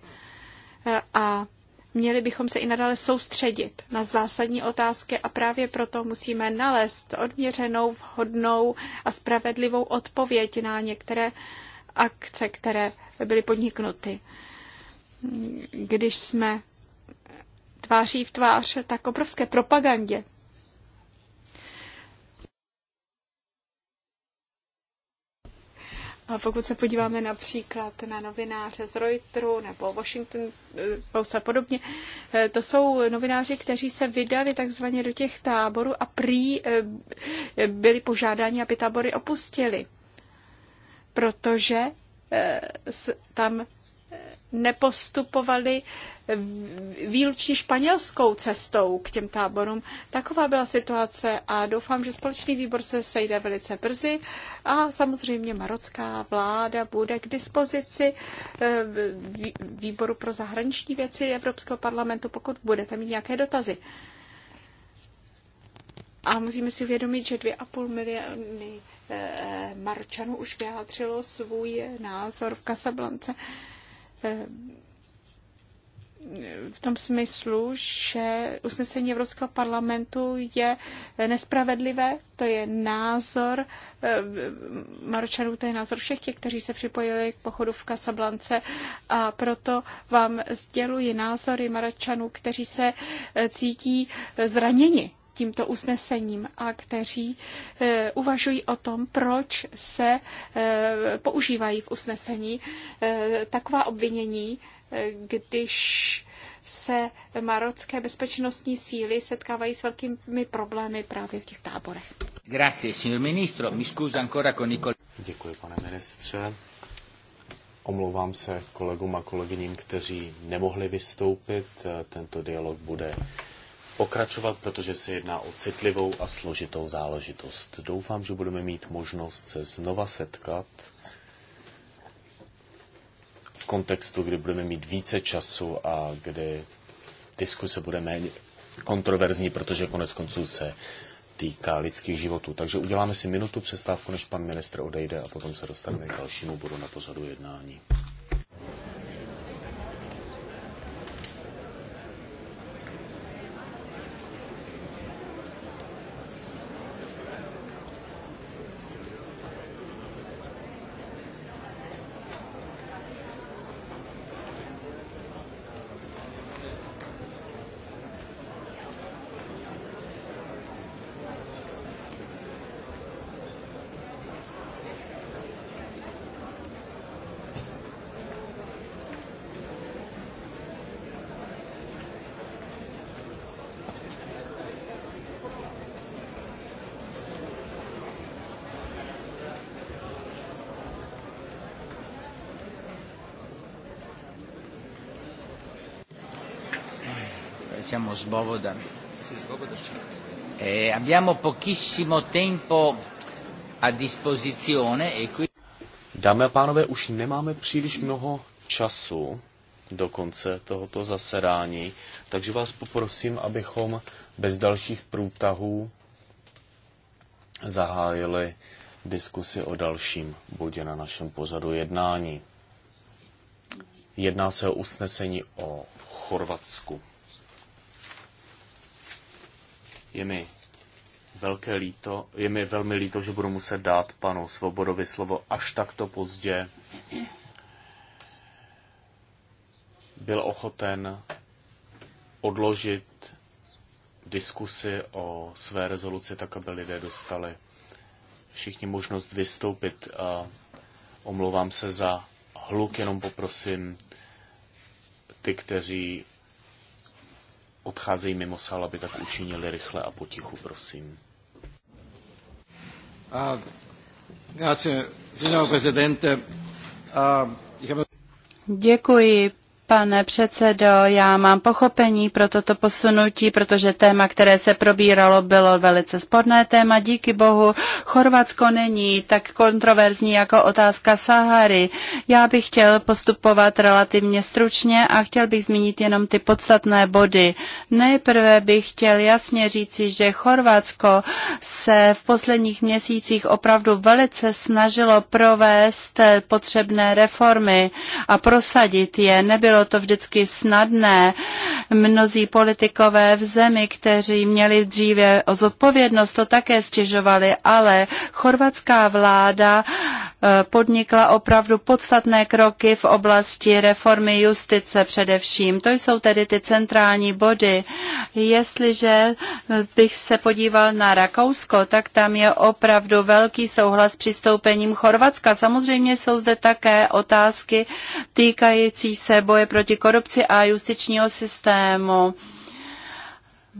Speaker 3: E, a měli bychom se i nadále soustředit na zásadní otázky a právě proto musíme nalézt odměřenou, vhodnou a spravedlivou odpověď na některé akce, které byly podniknuty. Když jsme tváří v tvář tak obrovské propagandě. A pokud se podíváme například na novináře z Reutersu nebo Washington eh, Post a podobně, eh, to jsou novináři, kteří se vydali takzvaně do těch táborů a prý eh, byli požádáni, aby tábory opustili, protože tam nepostupovali výlučně španělskou cestou k těm táborům. Taková byla situace a doufám, že společný výbor se sejde velice brzy a samozřejmě marocká vláda bude k dispozici eh, výboru pro zahraniční věci Evropského parlamentu, pokud budete mít nějaké dotazy. A musíme si uvědomit, že dvě a půl miliony eh, Marčanů už vyjádřilo svůj názor v Kasablance v tom smyslu, že usnesení Evropského parlamentu je nespravedlivé. To je názor eh, Maročanů, to je názor všech těch, kteří se připojili k pochodu v Kasablance. A proto vám sděluji názory Maročanů, kteří se eh, cítí eh, zraněni tímto usnesením a kteří eh, uvažují o tom, proč se eh, používají v usnesení eh, taková obvinění, když se marocké bezpečnostní síly setkávají s velkými problémy právě v těch táborech. Grazie, signor ministro.
Speaker 2: Mi scusa ancora con Nicol... Děkuji, pane ministře. Omlouvám se kolegům a kolegyním, kteří nemohli vystoupit. Tento dialog bude pokračovat, protože se jedná o citlivou a složitou záležitost. Doufám, že budeme mít možnost se znova setkat v kontextu, kdy budeme mít více času a kdy diskuse bude méně kontroverzní, protože konec konců se týká lidských životů. Takže uděláme si minutu přestávku, než pan ministr odejde a potom se dostaneme k dalšímu bodu na pořadu jednání.
Speaker 1: ringraziamo Svoboda. E abbiamo pochissimo tempo
Speaker 2: a disposizione e qui... Dámy a pánové, už nemáme příliš mnoho času do konce tohoto zasedání, takže vás poprosím, abychom bez dalších průtahů zahájili diskusi o dalším bodě na našem pořadu jednání. Jedná se o usnesení o Chorvatsku. Je mi velké líto, je mi velmi líto, že budu muset dát panu Svobodovi slovo až takto pozdě. Byl ochoten odložit diskusy o své rezoluci tak, aby lidé dostali všichni možnost vystoupit. A omlouvám se za hluk, jenom poprosím ty, kteří odcházejí mimo sál, aby tak učinili rychle a potichu, prosím.
Speaker 1: Děkuji, Pane předsedo, já mám pochopení pro toto posunutí, protože téma, které se probíralo, bylo velice sporné téma. Díky bohu, Chorvatsko není tak kontroverzní jako otázka Sahary. Já bych chtěl postupovat relativně stručně a chtěl bych zmínit jenom ty podstatné body. Nejprve bych chtěl jasně říci, že Chorvatsko se v posledních měsících opravdu velice snažilo provést potřebné reformy a prosadit je. Nebylo nebylo to vždycky snadné. Mnozí politikové v zemi, kteří měli dříve o zodpovědnost, to také stěžovali, ale chorvatská vláda podnikla opravdu podstatné kroky v oblasti reformy justice především. To jsou tedy ty centrální body. Jestliže bych se podíval na Rakousko, tak tam je opravdu velký souhlas s přistoupením Chorvatska. Samozřejmě jsou zde také otázky týkající se boje proti korupci a justičního systému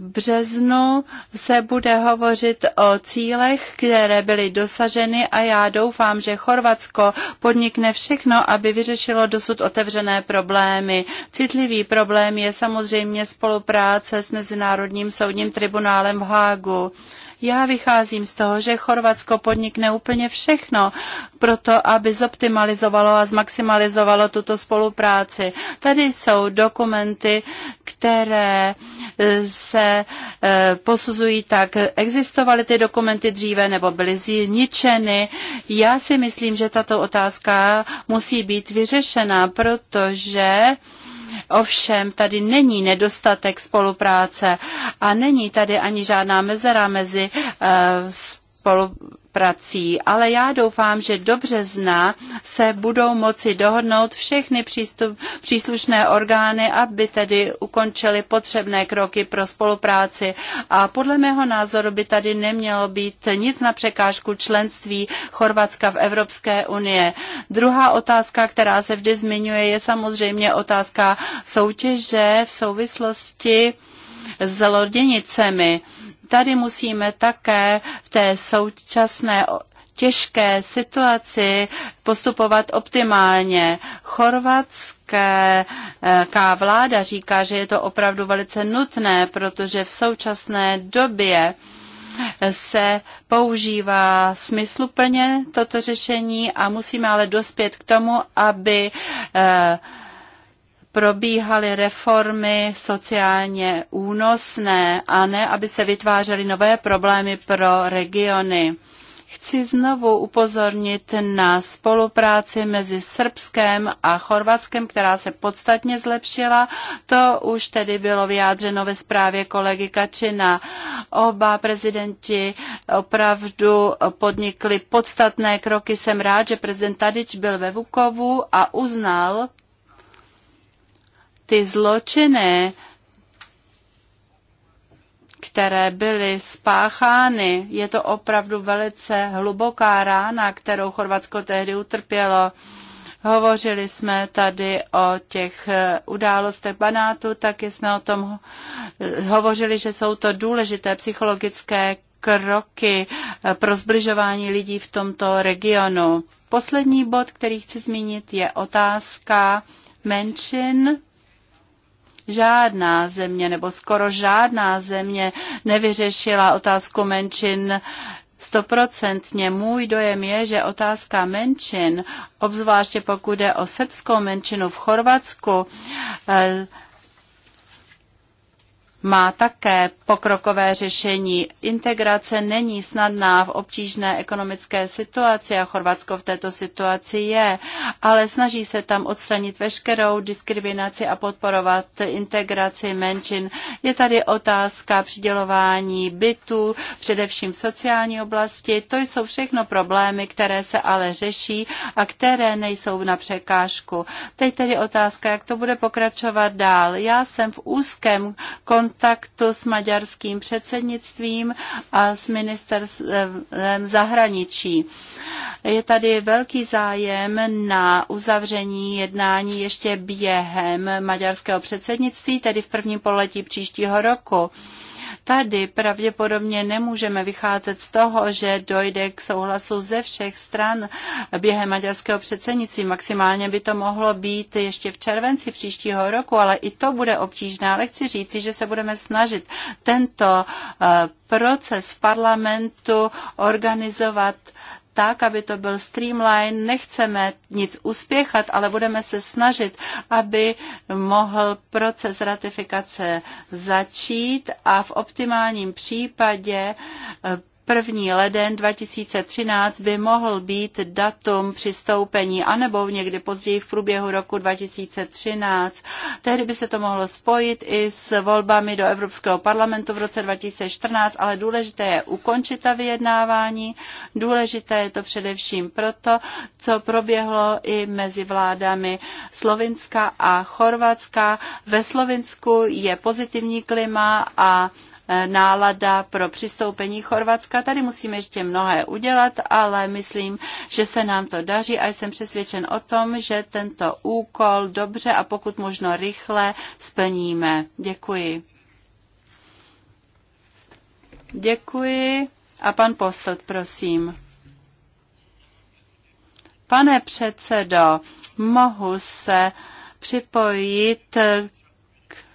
Speaker 1: březnu se bude hovořit o cílech, které byly dosaženy a já doufám, že Chorvatsko podnikne všechno, aby vyřešilo dosud otevřené problémy. Citlivý problém je samozřejmě spolupráce s Mezinárodním soudním tribunálem v Hágu. Já vycházím z toho, že Chorvatsko podnikne úplně všechno pro to, aby zoptimalizovalo a zmaximalizovalo tuto spolupráci. Tady jsou dokumenty, které e, se e, posuzují tak, existovaly ty dokumenty dříve nebo byly zničeny. Já si myslím, že tato otázka musí být vyřešena, protože Ovšem tady není nedostatek spolupráce a není tady ani žádná mezera mezi eh, spolupráce prací, ale já doufám, že do března se budou moci dohodnout všechny přístup, příslušné orgány, aby tedy ukončili potřebné kroky pro spolupráci. A podle mého názoru by tady nemělo být nic na překážku členství Chorvatska v Evropské unie. Druhá otázka, která se vždy zmiňuje, je samozřejmě otázka soutěže v souvislosti s loděnicemi. Tady musíme také v té současné těžké situaci postupovat optimálně. Chorvatská eh, vláda říká, že je to opravdu velice nutné, protože v současné době se používá smysluplně toto řešení a musíme ale dospět k tomu, aby eh, probíhaly reformy sociálně únosné a ne, aby se vytvářely nové problémy pro regiony. Chci znovu upozornit na spolupráci mezi Srbskem a Chorvatskem, která se podstatně zlepšila. To už tedy bylo vyjádřeno ve zprávě kolegy Kačina. Oba prezidenti opravdu podnikli podstatné kroky. Jsem rád, že prezident Tadič byl ve Vukovu a uznal ty zločiny, které byly spáchány, je to opravdu velice hluboká rána, kterou Chorvatsko tehdy utrpělo. Hovořili jsme tady o těch eh, událostech Banátu, taky jsme o tom eh, hovořili, že jsou to důležité psychologické kroky eh, pro zbližování lidí v tomto regionu. Poslední bod, který chci zmínit, je otázka menšin žádná země nebo skoro žádná země nevyřešila otázku menšin stoprocentně. Můj dojem je, že otázka menšin, obzvláště pokud jde o srbskou menšinu v Chorvatsku, eh, má také pokrokové řešení. Integrace není snadná v obtížné ekonomické situaci a Chorvatsko v této situaci je, ale snaží se tam odstranit veškerou diskriminaci a podporovat integraci menšin. Je tady otázka přidělování bytů, především v sociální oblasti. To jsou všechno problémy, které se ale řeší a které nejsou na překážku. Teď tedy otázka, jak to bude pokračovat dál. Já jsem v úzkém kontaktu kontaktu s maďarským předsednictvím a s ministerstvem zahraničí. Je tady velký zájem na uzavření jednání ještě během maďarského předsednictví, tedy v prvním poletí příštího roku. Tady pravděpodobně nemůžeme vycházet z toho, že dojde k souhlasu ze všech stran během maďarského předsednictví. Maximálně by to mohlo být ještě v červenci příštího roku, ale i to bude obtížné. Ale chci říci, že se budeme snažit tento eh, proces v parlamentu organizovat tak, aby to byl streamline. Nechceme nic uspěchat, ale budeme se snažit, aby mohl proces ratifikace začít a v optimálním případě eh, První leden 2013 by mohl být datum přistoupení, anebo někdy později v průběhu roku 2013. Tehdy by se to mohlo spojit i s volbami do Evropského parlamentu v roce 2014, ale důležité je ukončit ta vyjednávání. Důležité je to především proto, co proběhlo i mezi vládami Slovinska a Chorvatska. Ve Slovinsku je pozitivní klima a Eh, nálada pro přistoupení Chorvatska. Tady musíme ještě mnohé udělat, ale myslím, že se nám to daří a jsem přesvědčen o tom, že tento úkol dobře a pokud možno rychle splníme. Děkuji. Děkuji. A pan posled, prosím. Pane předsedo, mohu se připojit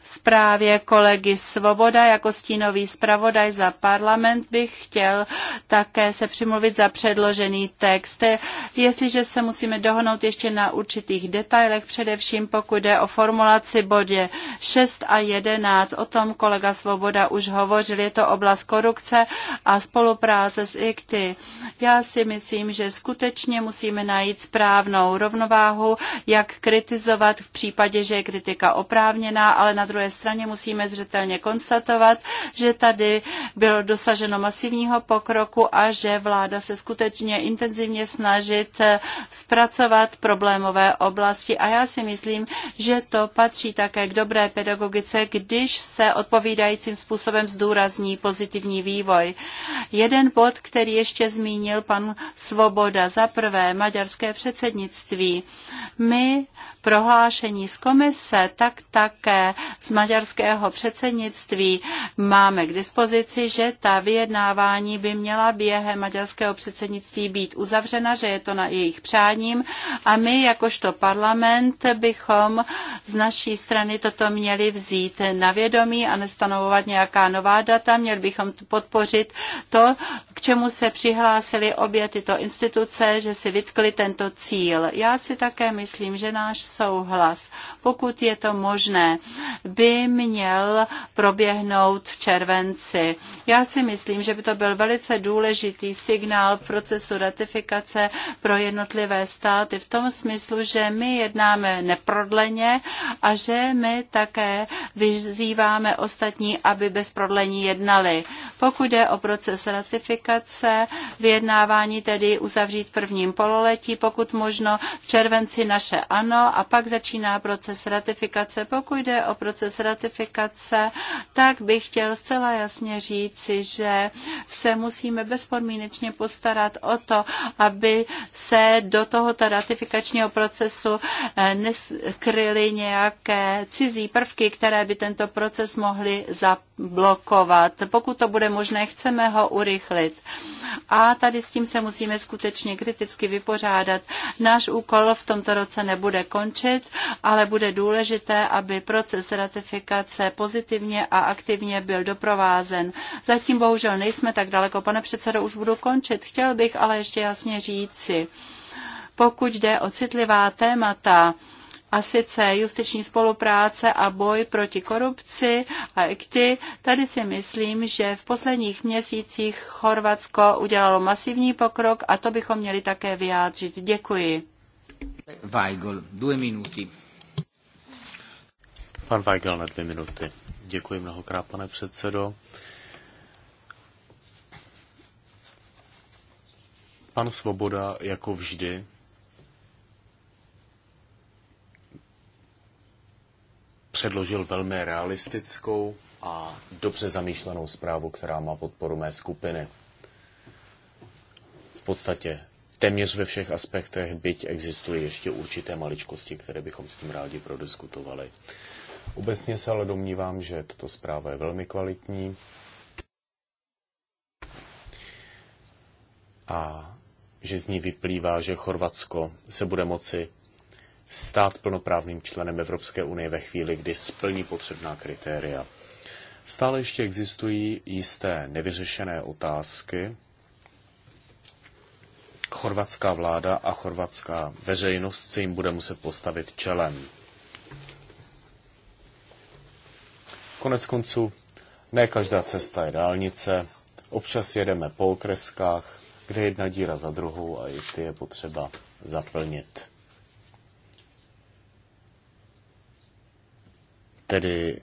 Speaker 1: zprávě kolegy Svoboda jako stínový zpravodaj za parlament bych chtěl také se přimluvit za předložený text. Jestliže se musíme dohnout ještě na určitých detailech, především pokud jde o formulaci bodě 6 a 11, o tom kolega Svoboda už hovořil, je to oblast korupce a spolupráce s IKTY. Já si myslím, že skutečně musíme najít správnou rovnováhu, jak kritizovat v případě, že je kritika oprávněná, ale na druhou druhé straně musíme zřetelně konstatovat, že tady bylo dosaženo masivního pokroku a že vláda se skutečně intenzivně snažit eh, zpracovat problémové oblasti. A já si myslím, že to patří také k dobré pedagogice, když se odpovídajícím způsobem zdůrazní pozitivní vývoj. Jeden bod, který ještě zmínil pan Svoboda. Za prvé, maďarské předsednictví. My prohlášení z komise, tak také z maďarského předsednictví máme k dispozici, že ta vyjednávání by měla během maďarského předsednictví být uzavřena, že je to na jejich přáním a my jakožto parlament bychom z naší strany toto měli vzít na vědomí a nestanovovat nějaká nová data. Měli bychom podpořit to, čemu se přihlásili obě tyto instituce, že si vytkli tento cíl. Já si také myslím, že náš souhlas pokud je to možné, by měl proběhnout v červenci. Já si myslím, že by to byl velice důležitý signál v procesu ratifikace pro jednotlivé státy v tom smyslu, že my jednáme neprodleně a že my také vyzýváme ostatní, aby bez prodlení jednali. Pokud jde o proces ratifikace, vyjednávání tedy uzavřít v prvním pololetí, pokud možno v červenci naše ano a pak začíná proces proces ratifikace. Pokud jde o proces ratifikace, tak bych chtěl zcela jasně říci, že se musíme bezpodmínečně postarat o to, aby se do tohoto ratifikačního procesu eh, neskryly nějaké cizí prvky, které by tento proces mohly zablokovat. Pokud to bude možné, chceme ho urychlit. A tady s tím se musíme skutečně kriticky vypořádat. Náš úkol v tomto roce nebude končit, ale bude bude důležité, aby proces ratifikace pozitivně a aktivně byl doprovázen. Zatím bohužel nejsme tak daleko. Pane předsedo, už budu končit. Chtěl bych ale ještě jasně říci, pokud jde o citlivá témata, a sice justiční spolupráce a boj proti korupci a ekty. Tady si myslím, že v posledních měsících Chorvatsko udělalo masivní pokrok a to bychom měli také vyjádřit. Děkuji.
Speaker 2: Weigl, dvě minuty. Pan Weigel na dvě minuty. Děkuji mnohokrát, pane předsedo. Pan Svoboda, jako vždy, předložil velmi realistickou a dobře zamýšlenou zprávu, která má podporu mé skupiny. V podstatě téměř ve všech aspektech, byť existují ještě určité maličkosti, které bychom s tím rádi prodiskutovali. Obecně se ale domnívám, že tato zpráva je velmi kvalitní a že z ní vyplývá, že Chorvatsko se bude moci stát plnoprávným členem Evropské unie ve chvíli, kdy splní potřebná kritéria. Stále ještě existují jisté nevyřešené otázky. Chorvatská vláda a chorvatská veřejnost se jim bude muset postavit čelem. Konec konců, ne každá cesta je dálnice, občas jedeme po okreskách, kde jedna díra za druhou a i ty je potřeba zaplnit. Tedy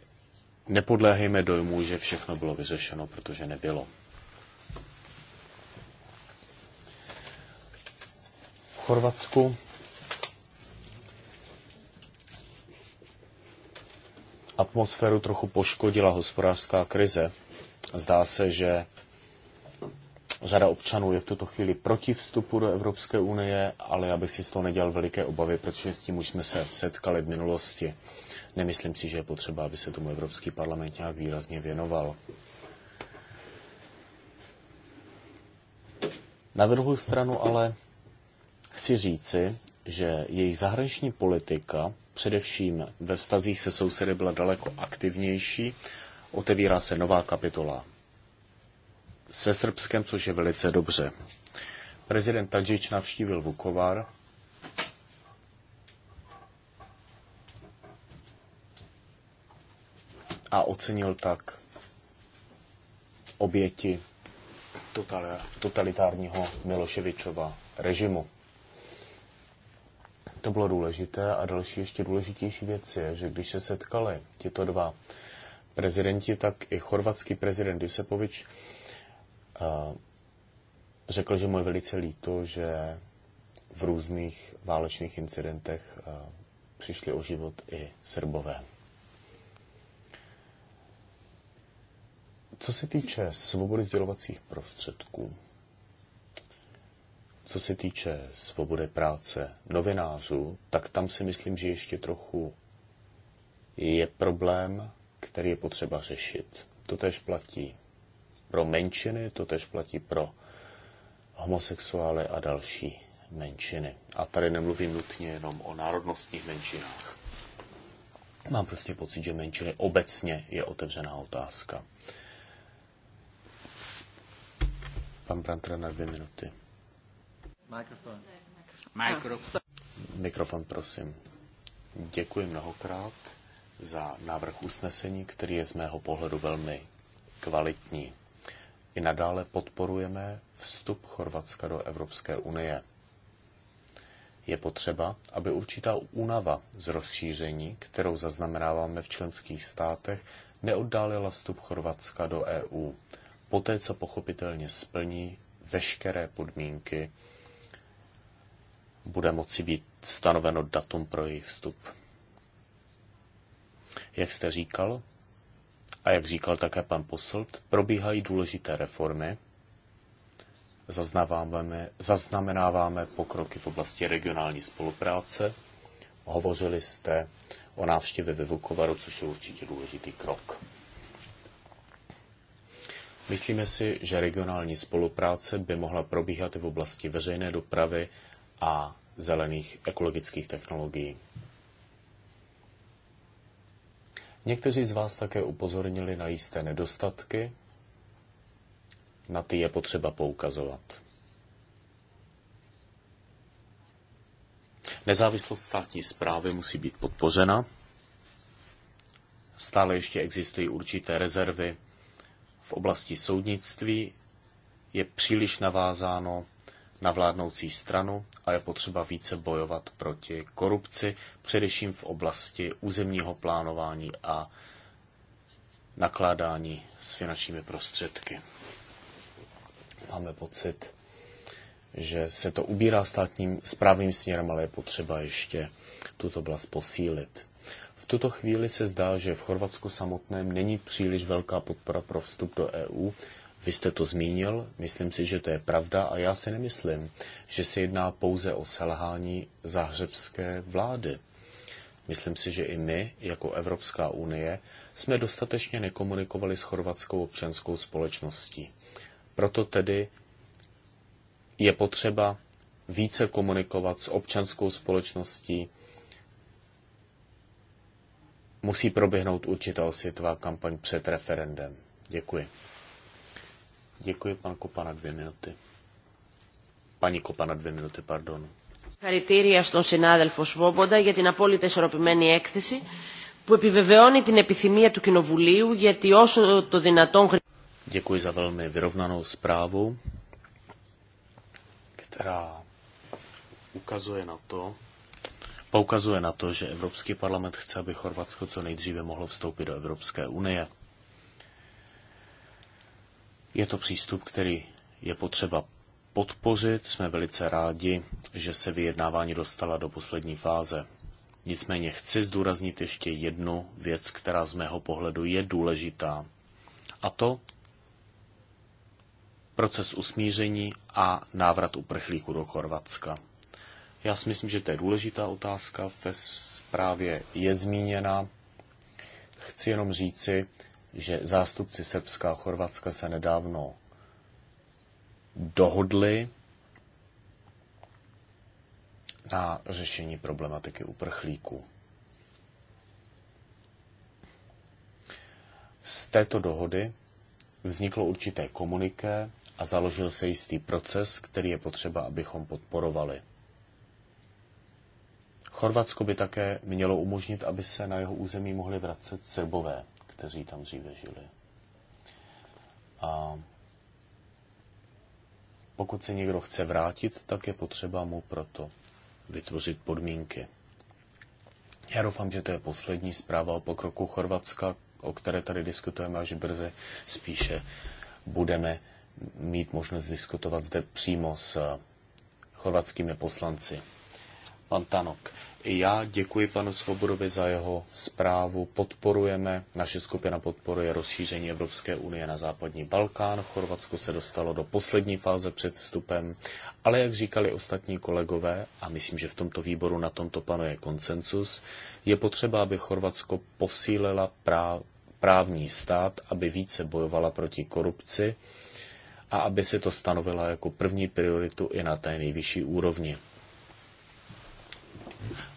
Speaker 2: nepodléhejme dojmu, že všechno bylo vyřešeno, protože nebylo. V Chorvatsku atmosféru trochu poškodila hospodářská krize. Zdá se, že řada občanů je v tuto chvíli proti vstupu do Evropské unie, ale já bych si z toho nedělal veliké obavy, protože s tím už jsme se setkali v minulosti. Nemyslím si, že je potřeba, aby se tomu Evropský parlament nějak výrazně věnoval. Na druhou stranu ale chci říci, že jejich zahraniční politika především ve vztazích se sousedy byla daleko aktivnější. Otevírá se nová kapitola se Srbskem, což je velice dobře. Prezident Tadžič navštívil Vukovar. A ocenil tak oběti totalitárního Miloševičova režimu. To bylo důležité a další ještě důležitější věc je, že když se setkali tito dva prezidenti, tak i chorvatský prezident Josepovič eh, řekl, že mu je velice líto, že v různých válečných incidentech eh, přišli o život i Srbové. Co se týče svobody sdělovacích prostředků, co se týče svobody práce novinářů, tak tam si myslím, že ještě trochu je problém, který je potřeba řešit. To tež platí pro menšiny, to tež platí pro homosexuály a další menšiny. A tady nemluvím nutně jenom o národnostních menšinách. Mám prostě pocit, že menšiny obecně je otevřená otázka. Pan Brantra na dvě minuty.
Speaker 1: Mikrofon. Mikrofon.
Speaker 2: Mikrofon, prosím. Děkuji mnohokrát za návrh usnesení, který je z mého pohledu velmi kvalitní. I nadále podporujeme vstup Chorvatska do Evropské unie. Je potřeba, aby určitá únava z rozšíření, kterou zaznamenáváme v členských státech, neoddálila vstup Chorvatska do EU, poté co pochopitelně splní veškeré podmínky, bude moci být stanoveno datum pro její vstup. Jak jste říkal, a jak říkal také pan Posolt, probíhají důležité reformy. Zaznaváme, zaznamenáváme pokroky v oblasti regionální spolupráce. Hovořili jste o návštěvě ve Vukovaru, což je určitě důležitý krok. Myslíme si, že regionální spolupráce by mohla probíhat i v oblasti veřejné dopravy a zelených ekologických technologií. Někteří z vás také upozornili na jisté nedostatky, na ty je potřeba poukazovat. Nezávislost státní zprávy musí být podpořena. Stále ještě existují určité rezervy v oblasti soudnictví. Je příliš navázáno na vládnoucí stranu a je potřeba více bojovat proti korupci, především v oblasti územního plánování a nakládání s finančními prostředky. Máme pocit, že se to ubírá státním správným směrem, ale je potřeba ještě tuto oblast posílit. V tuto chvíli se zdá, že v Chorvatsku samotném není příliš velká podpora pro vstup do EU, vy jste to zmínil, myslím si, že to je pravda a já si nemyslím, že se jedná pouze o selhání záhřebské vlády. Myslím si, že i my, jako Evropská unie, jsme dostatečně nekomunikovali s chorvatskou občanskou společností. Proto tedy je potřeba více komunikovat s občanskou společností, musí proběhnout určitá osvětová kampaň před referendem. Děkuji. Děkuji, pan Kopana, dvě minuty. Paní Kopana, dvě minuty, pardon.
Speaker 1: Χαρητήρια στον συνάδελφο Σβόμποντα για την απόλυτα ισορροπημένη έκθεση που επιβεβαιώνει την επιθυμία του Κοινοβουλίου γιατί όσο το δυνατόν...
Speaker 2: Děkuji za velmi vyrovnanou zprávu,
Speaker 1: která
Speaker 2: ukazuje na to, poukazuje na to, že Evropský parlament chce, aby Chorvatsko co nejdříve mohlo vstoupit do Evropské unie. Je to přístup, který je potřeba podpořit. Jsme velice rádi, že se vyjednávání dostala do poslední fáze. Nicméně chci zdůraznit ještě jednu věc, která z mého pohledu je důležitá. A to proces usmíření a návrat uprchlíků do Chorvatska. Já si myslím, že to je důležitá otázka, ve zprávě je zmíněna. Chci jenom říci, že zástupci Srbska a Chorvatska se nedávno dohodli na řešení problematiky uprchlíků. Z této dohody vzniklo určité komuniké a založil se jistý proces, který je potřeba, abychom podporovali. Chorvatsko by také mělo umožnit, aby se na jeho území mohli vracet Srbové kteří tam dříve žili. A pokud se někdo chce vrátit, tak je potřeba mu proto vytvořit podmínky. Já doufám, že to je poslední zpráva o pokroku Chorvatska, o které tady diskutujeme až brzy. Spíše budeme mít možnost diskutovat zde přímo s chorvatskými poslanci. Pan Tanok. I já děkuji panu Svobodovi za jeho zprávu. Podporujeme, naše skupina podporuje rozšíření Evropské unie na západní Balkán. Chorvatsko se dostalo do poslední fáze před vstupem, ale jak říkali ostatní kolegové, a myslím, že v tomto výboru na tomto panuje konsensus, je potřeba, aby Chorvatsko posílila práv, právní stát, aby více bojovala proti korupci a aby se to stanovila jako první prioritu i na té nejvyšší úrovni.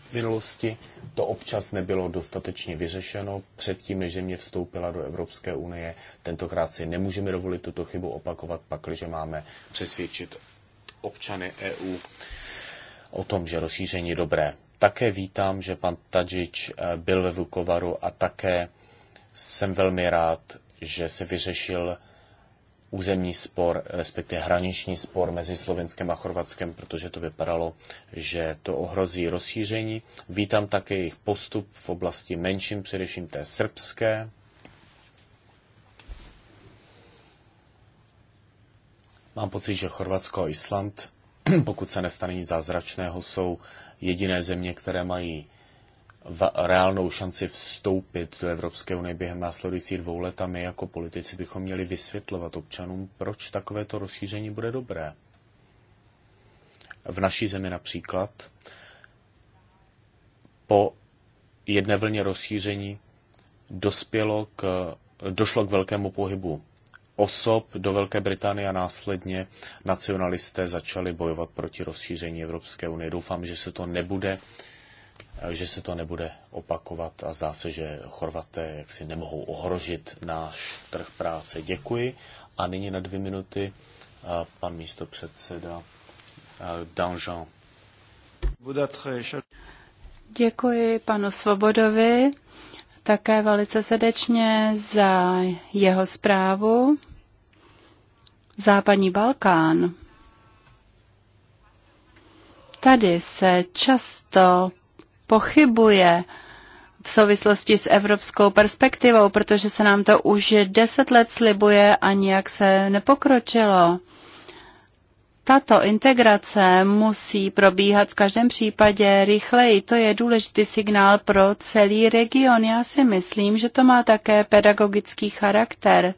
Speaker 2: V minulosti to občas nebylo dostatečně vyřešeno. Předtím, než země vstoupila do Evropské unie, tentokrát si nemůžeme dovolit tuto chybu opakovat, pakliže máme přesvědčit občany EU o tom, že rozšíření je dobré. Také vítám, že pan Tadžič eh, byl ve Vukovaru a také jsem velmi rád, že se vyřešil územní spor, respektive hraniční spor mezi Slovenskem a Chorvatskem, protože to vypadalo, že to ohrozí rozšíření. Vítám také jejich postup v oblasti menším především té srbské. Mám pocit, že Chorvatsko a Island, pokud se nestane nic zázračného, jsou jediné země, které mají v reálnou šanci vstoupit do Evropské unie během následujících dvou let a my jako politici bychom měli vysvětlovat občanům, proč takovéto rozšíření bude dobré. V naší zemi například po jedné vlně rozšíření dospělo k, došlo k velkému pohybu osob do Velké Británie a následně nacionalisté začali bojovat proti rozšíření Evropské unie. Doufám, že se to nebude Eh, že se to nebude opakovat a zdá se, že Chorvaté jaksi nemohou ohrožit náš trh práce. Děkuji. A nyní na dvě minuty eh, pan místo předseda eh,
Speaker 3: Danjean.
Speaker 1: Děkuji panu Svobodovi také velice srdečně za jeho zprávu. Západní Balkán. Tady se často pochybuje v souvislosti s evropskou perspektivou, protože se nám to už deset let slibuje a nijak se nepokročilo. Tato integrace musí probíhat v každém případě rychleji. To je důležitý signál pro celý region. Já si myslím, že to má také pedagogický charakter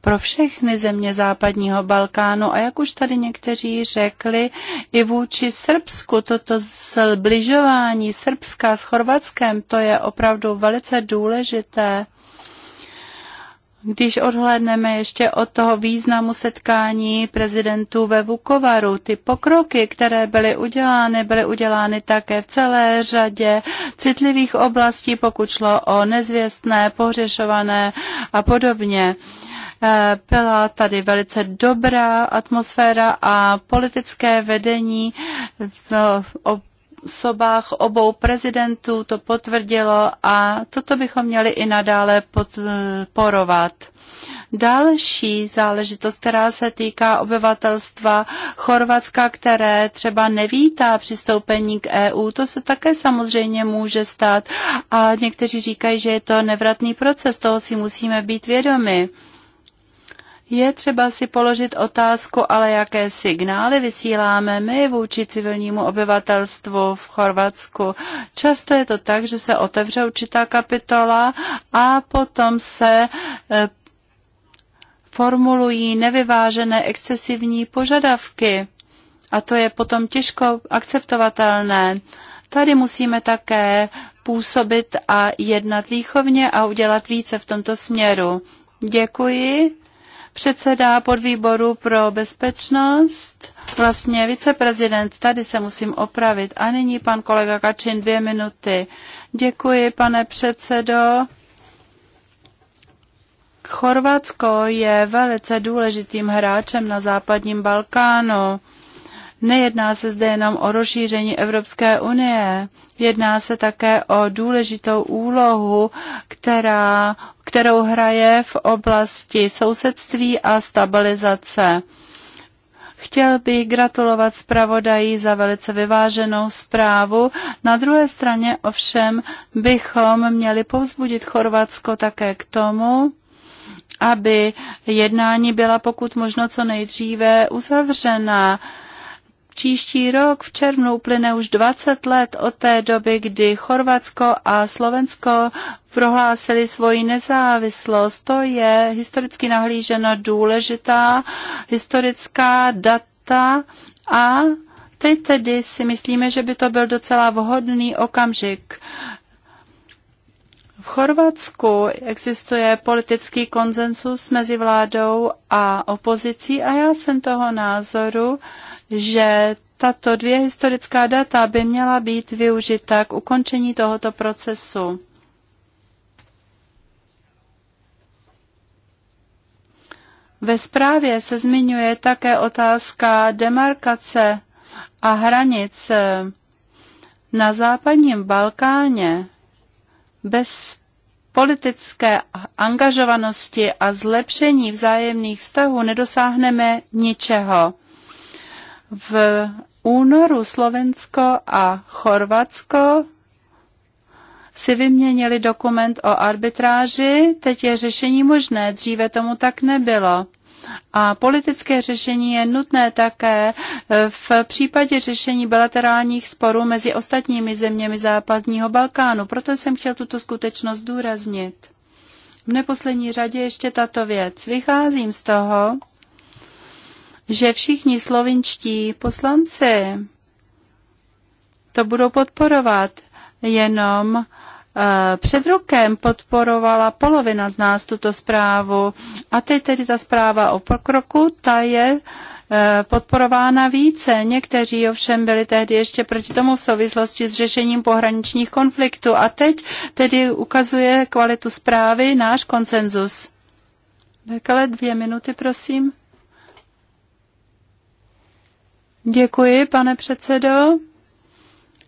Speaker 1: pro všechny země západního Balkánu a jak už tady někteří řekli, i vůči Srbsku toto zbližování Srbska s Chorvatskem, to je opravdu velice důležité když odhlédneme ještě od toho významu setkání prezidentů ve Vukovaru, ty pokroky, které byly udělány, byly udělány také v celé řadě citlivých oblastí, pokud šlo o nezvěstné, pohřešované a podobně eh, byla tady velice dobrá atmosféra a politické vedení v osobách obou prezidentů to potvrdilo a toto bychom měli i nadále podporovat. Další záležitost, která se týká obyvatelstva Chorvatska, které třeba nevítá přistoupení k EU, to se také samozřejmě může stát. A někteří říkají, že je to nevratný proces, toho si musíme být vědomi. Je třeba si položit otázku, ale jaké signály vysíláme my vůči civilnímu obyvatelstvu v Chorvatsku. Často je to tak, že se otevře určitá kapitola a potom se eh, formulují nevyvážené excesivní požadavky. A to je potom těžko akceptovatelné. Tady musíme také působit a jednat výchovně a udělat více v tomto směru. Děkuji předseda podvýboru pro bezpečnost, vlastně viceprezident, tady se musím opravit. A nyní pan kolega Kačin, dvě minuty. Děkuji, pane předsedo. Chorvatsko je velice důležitým hráčem na západním Balkánu. Nejedná se zde jenom o rozšíření Evropské unie, jedná se také o důležitou úlohu, která, kterou hraje v oblasti sousedství a stabilizace. Chtěl bych gratulovat zpravodají za velice vyváženou zprávu. Na druhé straně ovšem bychom měli povzbudit Chorvatsko také k tomu, aby jednání byla pokud možno co nejdříve uzavřena. Příští rok v červnu uplyne už 20 let od té doby, kdy Chorvatsko a Slovensko prohlásili svoji nezávislost. To je historicky nahlíženo důležitá historická data a teď tedy si myslíme, že by to byl docela vhodný okamžik. V Chorvatsku existuje politický konsensus mezi vládou a opozicí a já jsem toho názoru, že tato dvě historická data by měla být využita k ukončení tohoto procesu. Ve zprávě se zmiňuje také otázka demarkace a hranic na západním Balkáně bez politické angažovanosti a zlepšení vzájemných vztahů nedosáhneme ničeho. V únoru Slovensko a Chorvatsko si vyměnili dokument o arbitráži, teď je řešení možné, dříve tomu tak nebylo. A politické řešení je nutné také e, v případě řešení bilaterálních sporů mezi ostatními zeměmi západního Balkánu. Proto jsem chtěl tuto skutečnost zdůraznit. V neposlední řadě ještě tato věc. Vycházím z toho, že všichni slovinští poslanci to budou podporovat. Jenom eh, před rokem podporovala polovina z nás tuto zprávu a teď tedy ta zpráva o pokroku, ta je eh, podporována více. Někteří ovšem byli tehdy ještě proti tomu v souvislosti s řešením pohraničních konfliktů a teď tedy ukazuje kvalitu zprávy náš konsenzus. Bekele, dvě minuty, prosím. Děkuji, pane předsedo.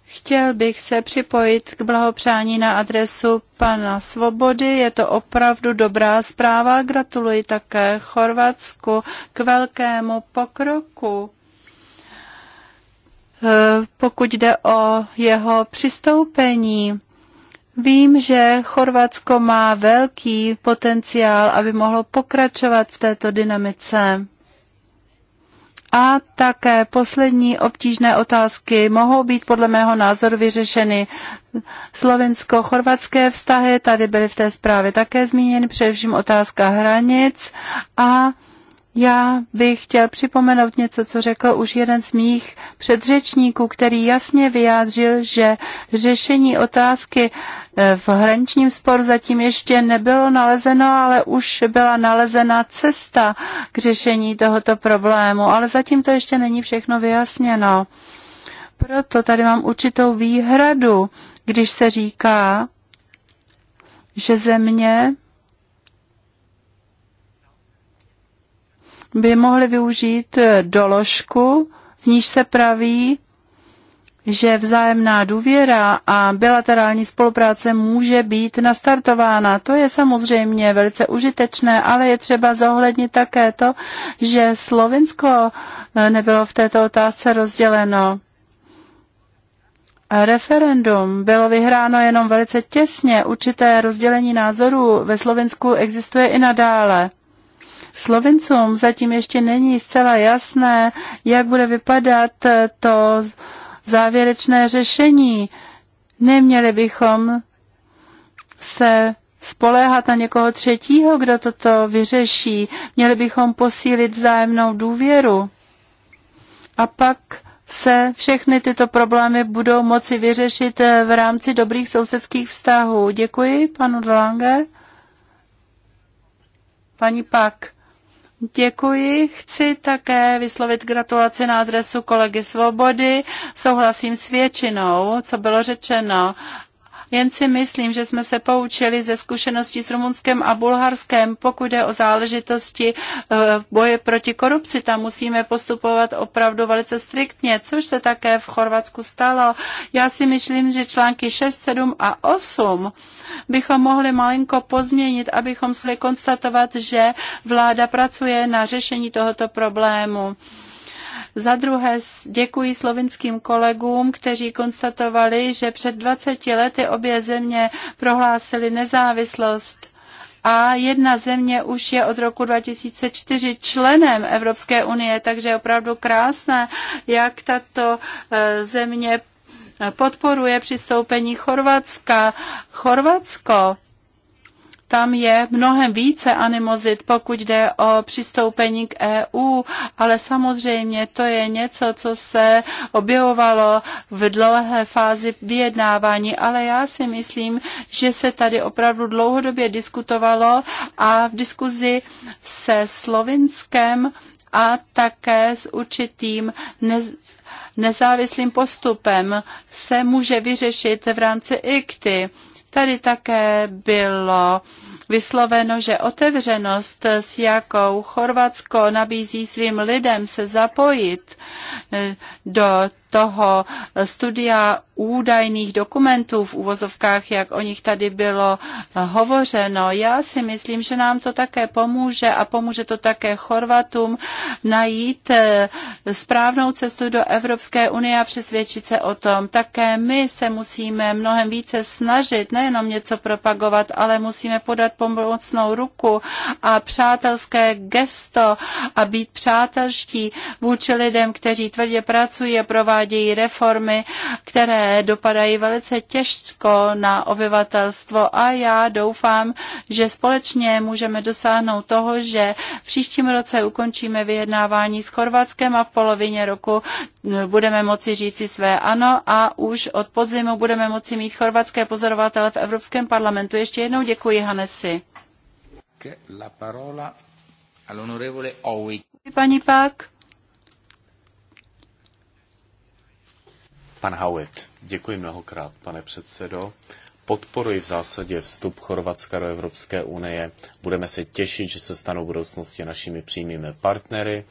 Speaker 1: Chtěl bych se připojit k blahopřání na adresu pana Svobody. Je to opravdu dobrá zpráva. Gratuluji také Chorvatsku k velkému pokroku. E, pokud jde o jeho přistoupení, Vím, že Chorvatsko má velký potenciál, aby mohlo pokračovat v této dynamice. A také poslední obtížné otázky mohou být podle mého názoru vyřešeny. Slovensko-chorvatské vztahy tady byly v té zprávě také zmíněny, především otázka hranic a já bych chtěl připomenout něco, co řekl už jeden z mých předřečníků, který jasně vyjádřil, že řešení otázky v hraničním sporu zatím ještě nebylo nalezeno, ale už byla nalezena cesta k řešení tohoto problému, ale zatím to ještě není všechno vyjasněno. Proto tady mám určitou výhradu, když se říká, že země by mohly využít doložku, v níž se praví, že vzájemná důvěra a bilaterální spolupráce může být nastartována. To je samozřejmě velice užitečné, ale je třeba zohlednit také to, že Slovinsko eh, nebylo v této otázce rozděleno. Referendum bylo vyhráno jenom velice těsně. Určité rozdělení názorů ve Slovensku existuje i nadále. Slovincům zatím ještě není zcela jasné, jak bude vypadat to závěrečné řešení. Neměli bychom se spoléhat na někoho třetího, kdo toto vyřeší. Měli bychom posílit vzájemnou důvěru. A pak se všechny tyto problémy budou moci vyřešit eh, v rámci dobrých sousedských vztahů. Děkuji panu Dlange. Paní Pak. Děkuji. Chci také vyslovit gratulaci na adresu kolegy Svobody. Souhlasím s většinou, co bylo řečeno. Jen si myslím, že jsme se poučili ze zkušeností s Rumunskem a Bulharskem, pokud je o záležitosti eh, boje proti korupci. Tam musíme postupovat opravdu velice striktně, což se také v Chorvatsku stalo. Já si myslím, že články 6, 7 a 8 bychom mohli malinko pozměnit, abychom si konstatovat, že vláda pracuje na řešení tohoto problému. Za druhé děkuji slovinským kolegům, kteří konstatovali, že před 20 lety obě země prohlásily nezávislost a jedna země už je od roku 2004 členem Evropské unie, takže je opravdu krásné, jak tato eh, země podporuje přistoupení Chorvatska. Chorvatsko tam je mnohem více animozit, pokud jde o přistoupení k EU, ale samozřejmě to je něco, co se objevovalo v dlouhé fázi vyjednávání, ale já si myslím, že se tady opravdu dlouhodobě diskutovalo a v diskuzi se Slovinskem a také s určitým nez- nezávislým postupem se může vyřešit v rámci IKTY. Tady také bylo vysloveno, že otevřenost, s jakou Chorvatsko nabízí svým lidem se zapojit Eh, do toho studia údajných dokumentů v úvozovkách, jak o nich tady bylo eh, hovořeno. Já si myslím, že nám to také pomůže a pomůže to také Chorvatům najít eh, správnou cestu do Evropské unie a přesvědčit se o tom. Také my se musíme mnohem více snažit, nejenom něco propagovat, ale musíme podat pomocnou ruku a přátelské gesto a být přátelští vůči lidem, kteří kteří tvrdě pracují a provádějí reformy, které dopadají velice těžko na obyvatelstvo a já doufám, že společně můžeme dosáhnout toho, že v příštím roce ukončíme vyjednávání s Chorvatskem a v polovině roku budeme moci říci své ano a už od podzimu budeme moci mít chorvatské pozorovatele v Evropském parlamentu. Ještě jednou děkuji Hanesi. Paní Pak.
Speaker 2: Pan děkuji mnohokrát, pane předsedo. Podporuji v zásadě vstup Chorvatska do Evropské unie. Budeme se těšit, že se stanou v budoucnosti našimi přímými partnery.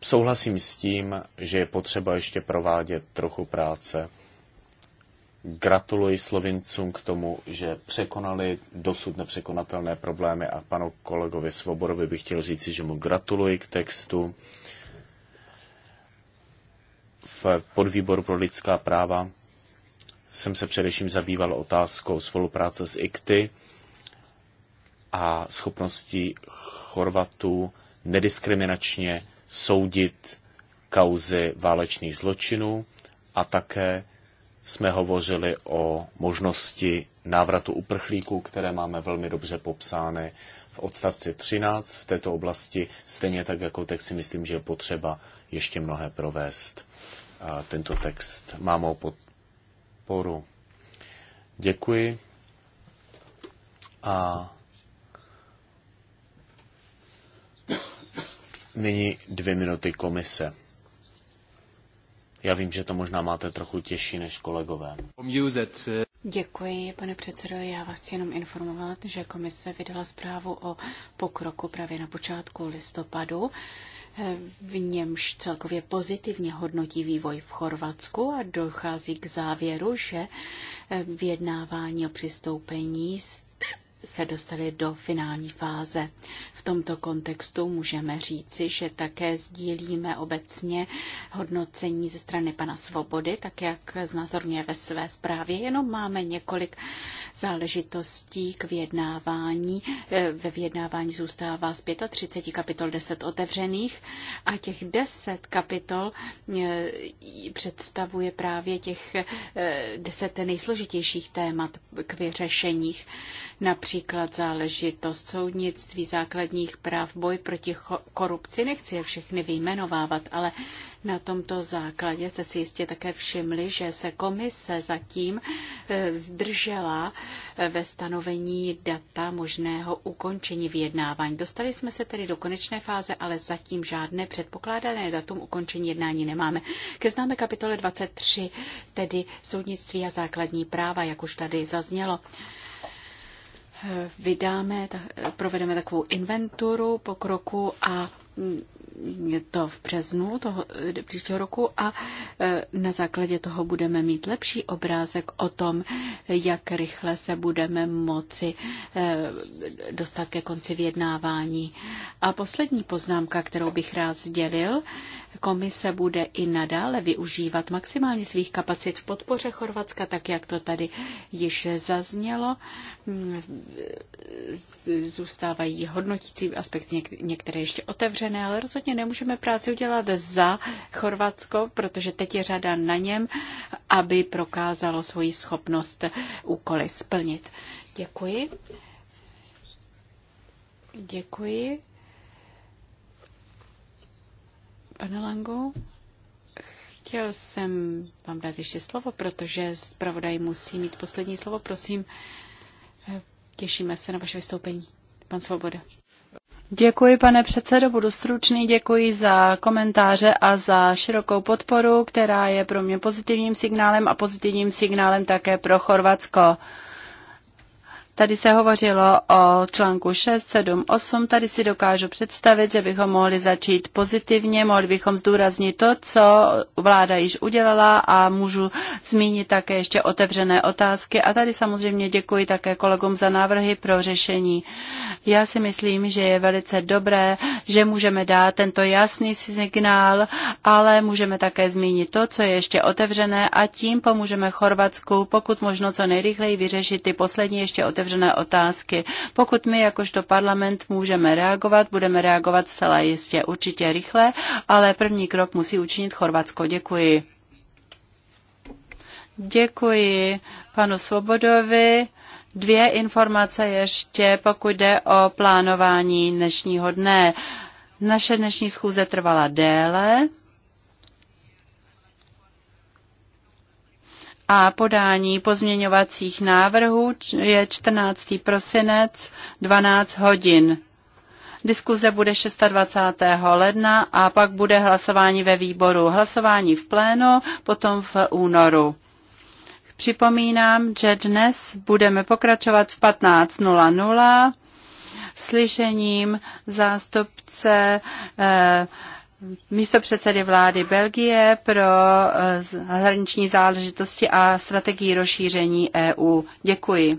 Speaker 2: Souhlasím s tím, že je potřeba ještě provádět trochu práce. Gratuluji Slovincům k tomu, že překonali dosud nepřekonatelné problémy a panu kolegovi Svoborovi bych chtěl říci, že mu gratuluji k textu v podvýboru pro lidská práva jsem se především zabýval otázkou spolupráce s ICTY a schopností Chorvatů nediskriminačně soudit kauzy válečných zločinů a také jsme hovořili o možnosti návratu uprchlíků, které máme velmi dobře popsány v odstavci 13 v této oblasti, stejně tak jako tak si myslím, že je potřeba ještě mnohé provést tento text má mou podporu. Děkuji a nyní dvě minuty komise. Já vím, že to možná máte trochu těžší než kolegové.
Speaker 3: Děkuji, pane předsedo. Já vás chci jenom informovat, že komise vydala zprávu o pokroku právě na počátku listopadu v němž celkově pozitivně hodnotí vývoj v Chorvatsku a dochází k závěru, že eh, vyjednávání o přistoupení se dostali do finální fáze. V tomto kontextu můžeme říci, že také sdílíme obecně hodnocení ze strany pana Svobody, tak jak znázorňuje ve své zprávě. Jenom máme několik záležitostí k vyjednávání. Eh, ve vyjednávání zůstává z 35 kapitol 10 otevřených a těch 10 kapitol eh, představuje právě těch 10 eh, nejsložitějších témat k vyřešeních. Například například záležitost soudnictví, základních práv, boj proti korupci. Nechci je všechny vyjmenovávat, ale na tomto základě jste si jistě také všimli, že se komise zatím eh, zdržela eh, ve stanovení data možného ukončení vyjednávání. Dostali jsme se tedy do konečné fáze, ale zatím žádné předpokládané datum ukončení jednání nemáme. Ke známe kapitole 23, tedy soudnictví a základní práva, jak už tady zaznělo vydáme, provedeme takovou inventuru pokroku a je to v březnu toho příštího roku a e, na základě toho budeme mít lepší obrázek o tom, jak rychle se budeme moci e, dostat ke konci vyjednávání. A poslední poznámka, kterou bych rád sdělil, Komise bude i nadále využívat maximálně svých kapacit v podpoře Chorvatska, tak jak to tady již zaznělo. Zůstávají hodnotící aspekty některé ještě otevřené, ale rozhodně nemůžeme práci udělat za Chorvatsko, protože teď je řada na něm, aby prokázalo svoji schopnost úkoly splnit. Děkuji. Děkuji. Pane Langu, chtěl jsem vám dát ještě slovo, protože zpravodaj musí mít poslední slovo. Prosím, eh, těšíme se na vaše vystoupení. Pan Svoboda.
Speaker 1: Děkuji, pane předsedo, budu stručný. Děkuji za komentáře a za širokou podporu, která je pro mě pozitivním signálem a pozitivním signálem také pro Chorvatsko. Tady se hovořilo o článku 6, 7, 8. Tady si dokážu představit, že bychom mohli začít pozitivně, mohli bychom zdůraznit to, co vláda již udělala a můžu zmínit také ještě otevřené otázky. A tady samozřejmě děkuji také kolegům za návrhy pro řešení. Já si myslím, že je velice dobré, že můžeme dát tento jasný signál, ale můžeme také zmínit to, co je ještě otevřené a tím pomůžeme Chorvatsku, pokud možno co nejrychleji vyřešit ty poslední ještě otevřené otevřené otázky. Pokud my jakožto parlament můžeme reagovat, budeme reagovat zcela jistě, určitě rychle, ale první krok musí učinit Chorvatsko. Děkuji. Děkuji panu Svobodovi. Dvě informace ještě, pokud jde o plánování dnešního dne. Naše dnešní schůze trvala déle. a podání pozměňovacích návrhů je 14. prosinec 12 hodin. Diskuze bude 26. ledna a pak bude hlasování ve výboru. Hlasování v plénu, potom v únoru. Připomínám, že dnes budeme pokračovat v 15.00 slyšením zástupce eh, místo předsedy vlády Belgie pro eh, zahraniční záležitosti a strategii rozšíření EU. Děkuji.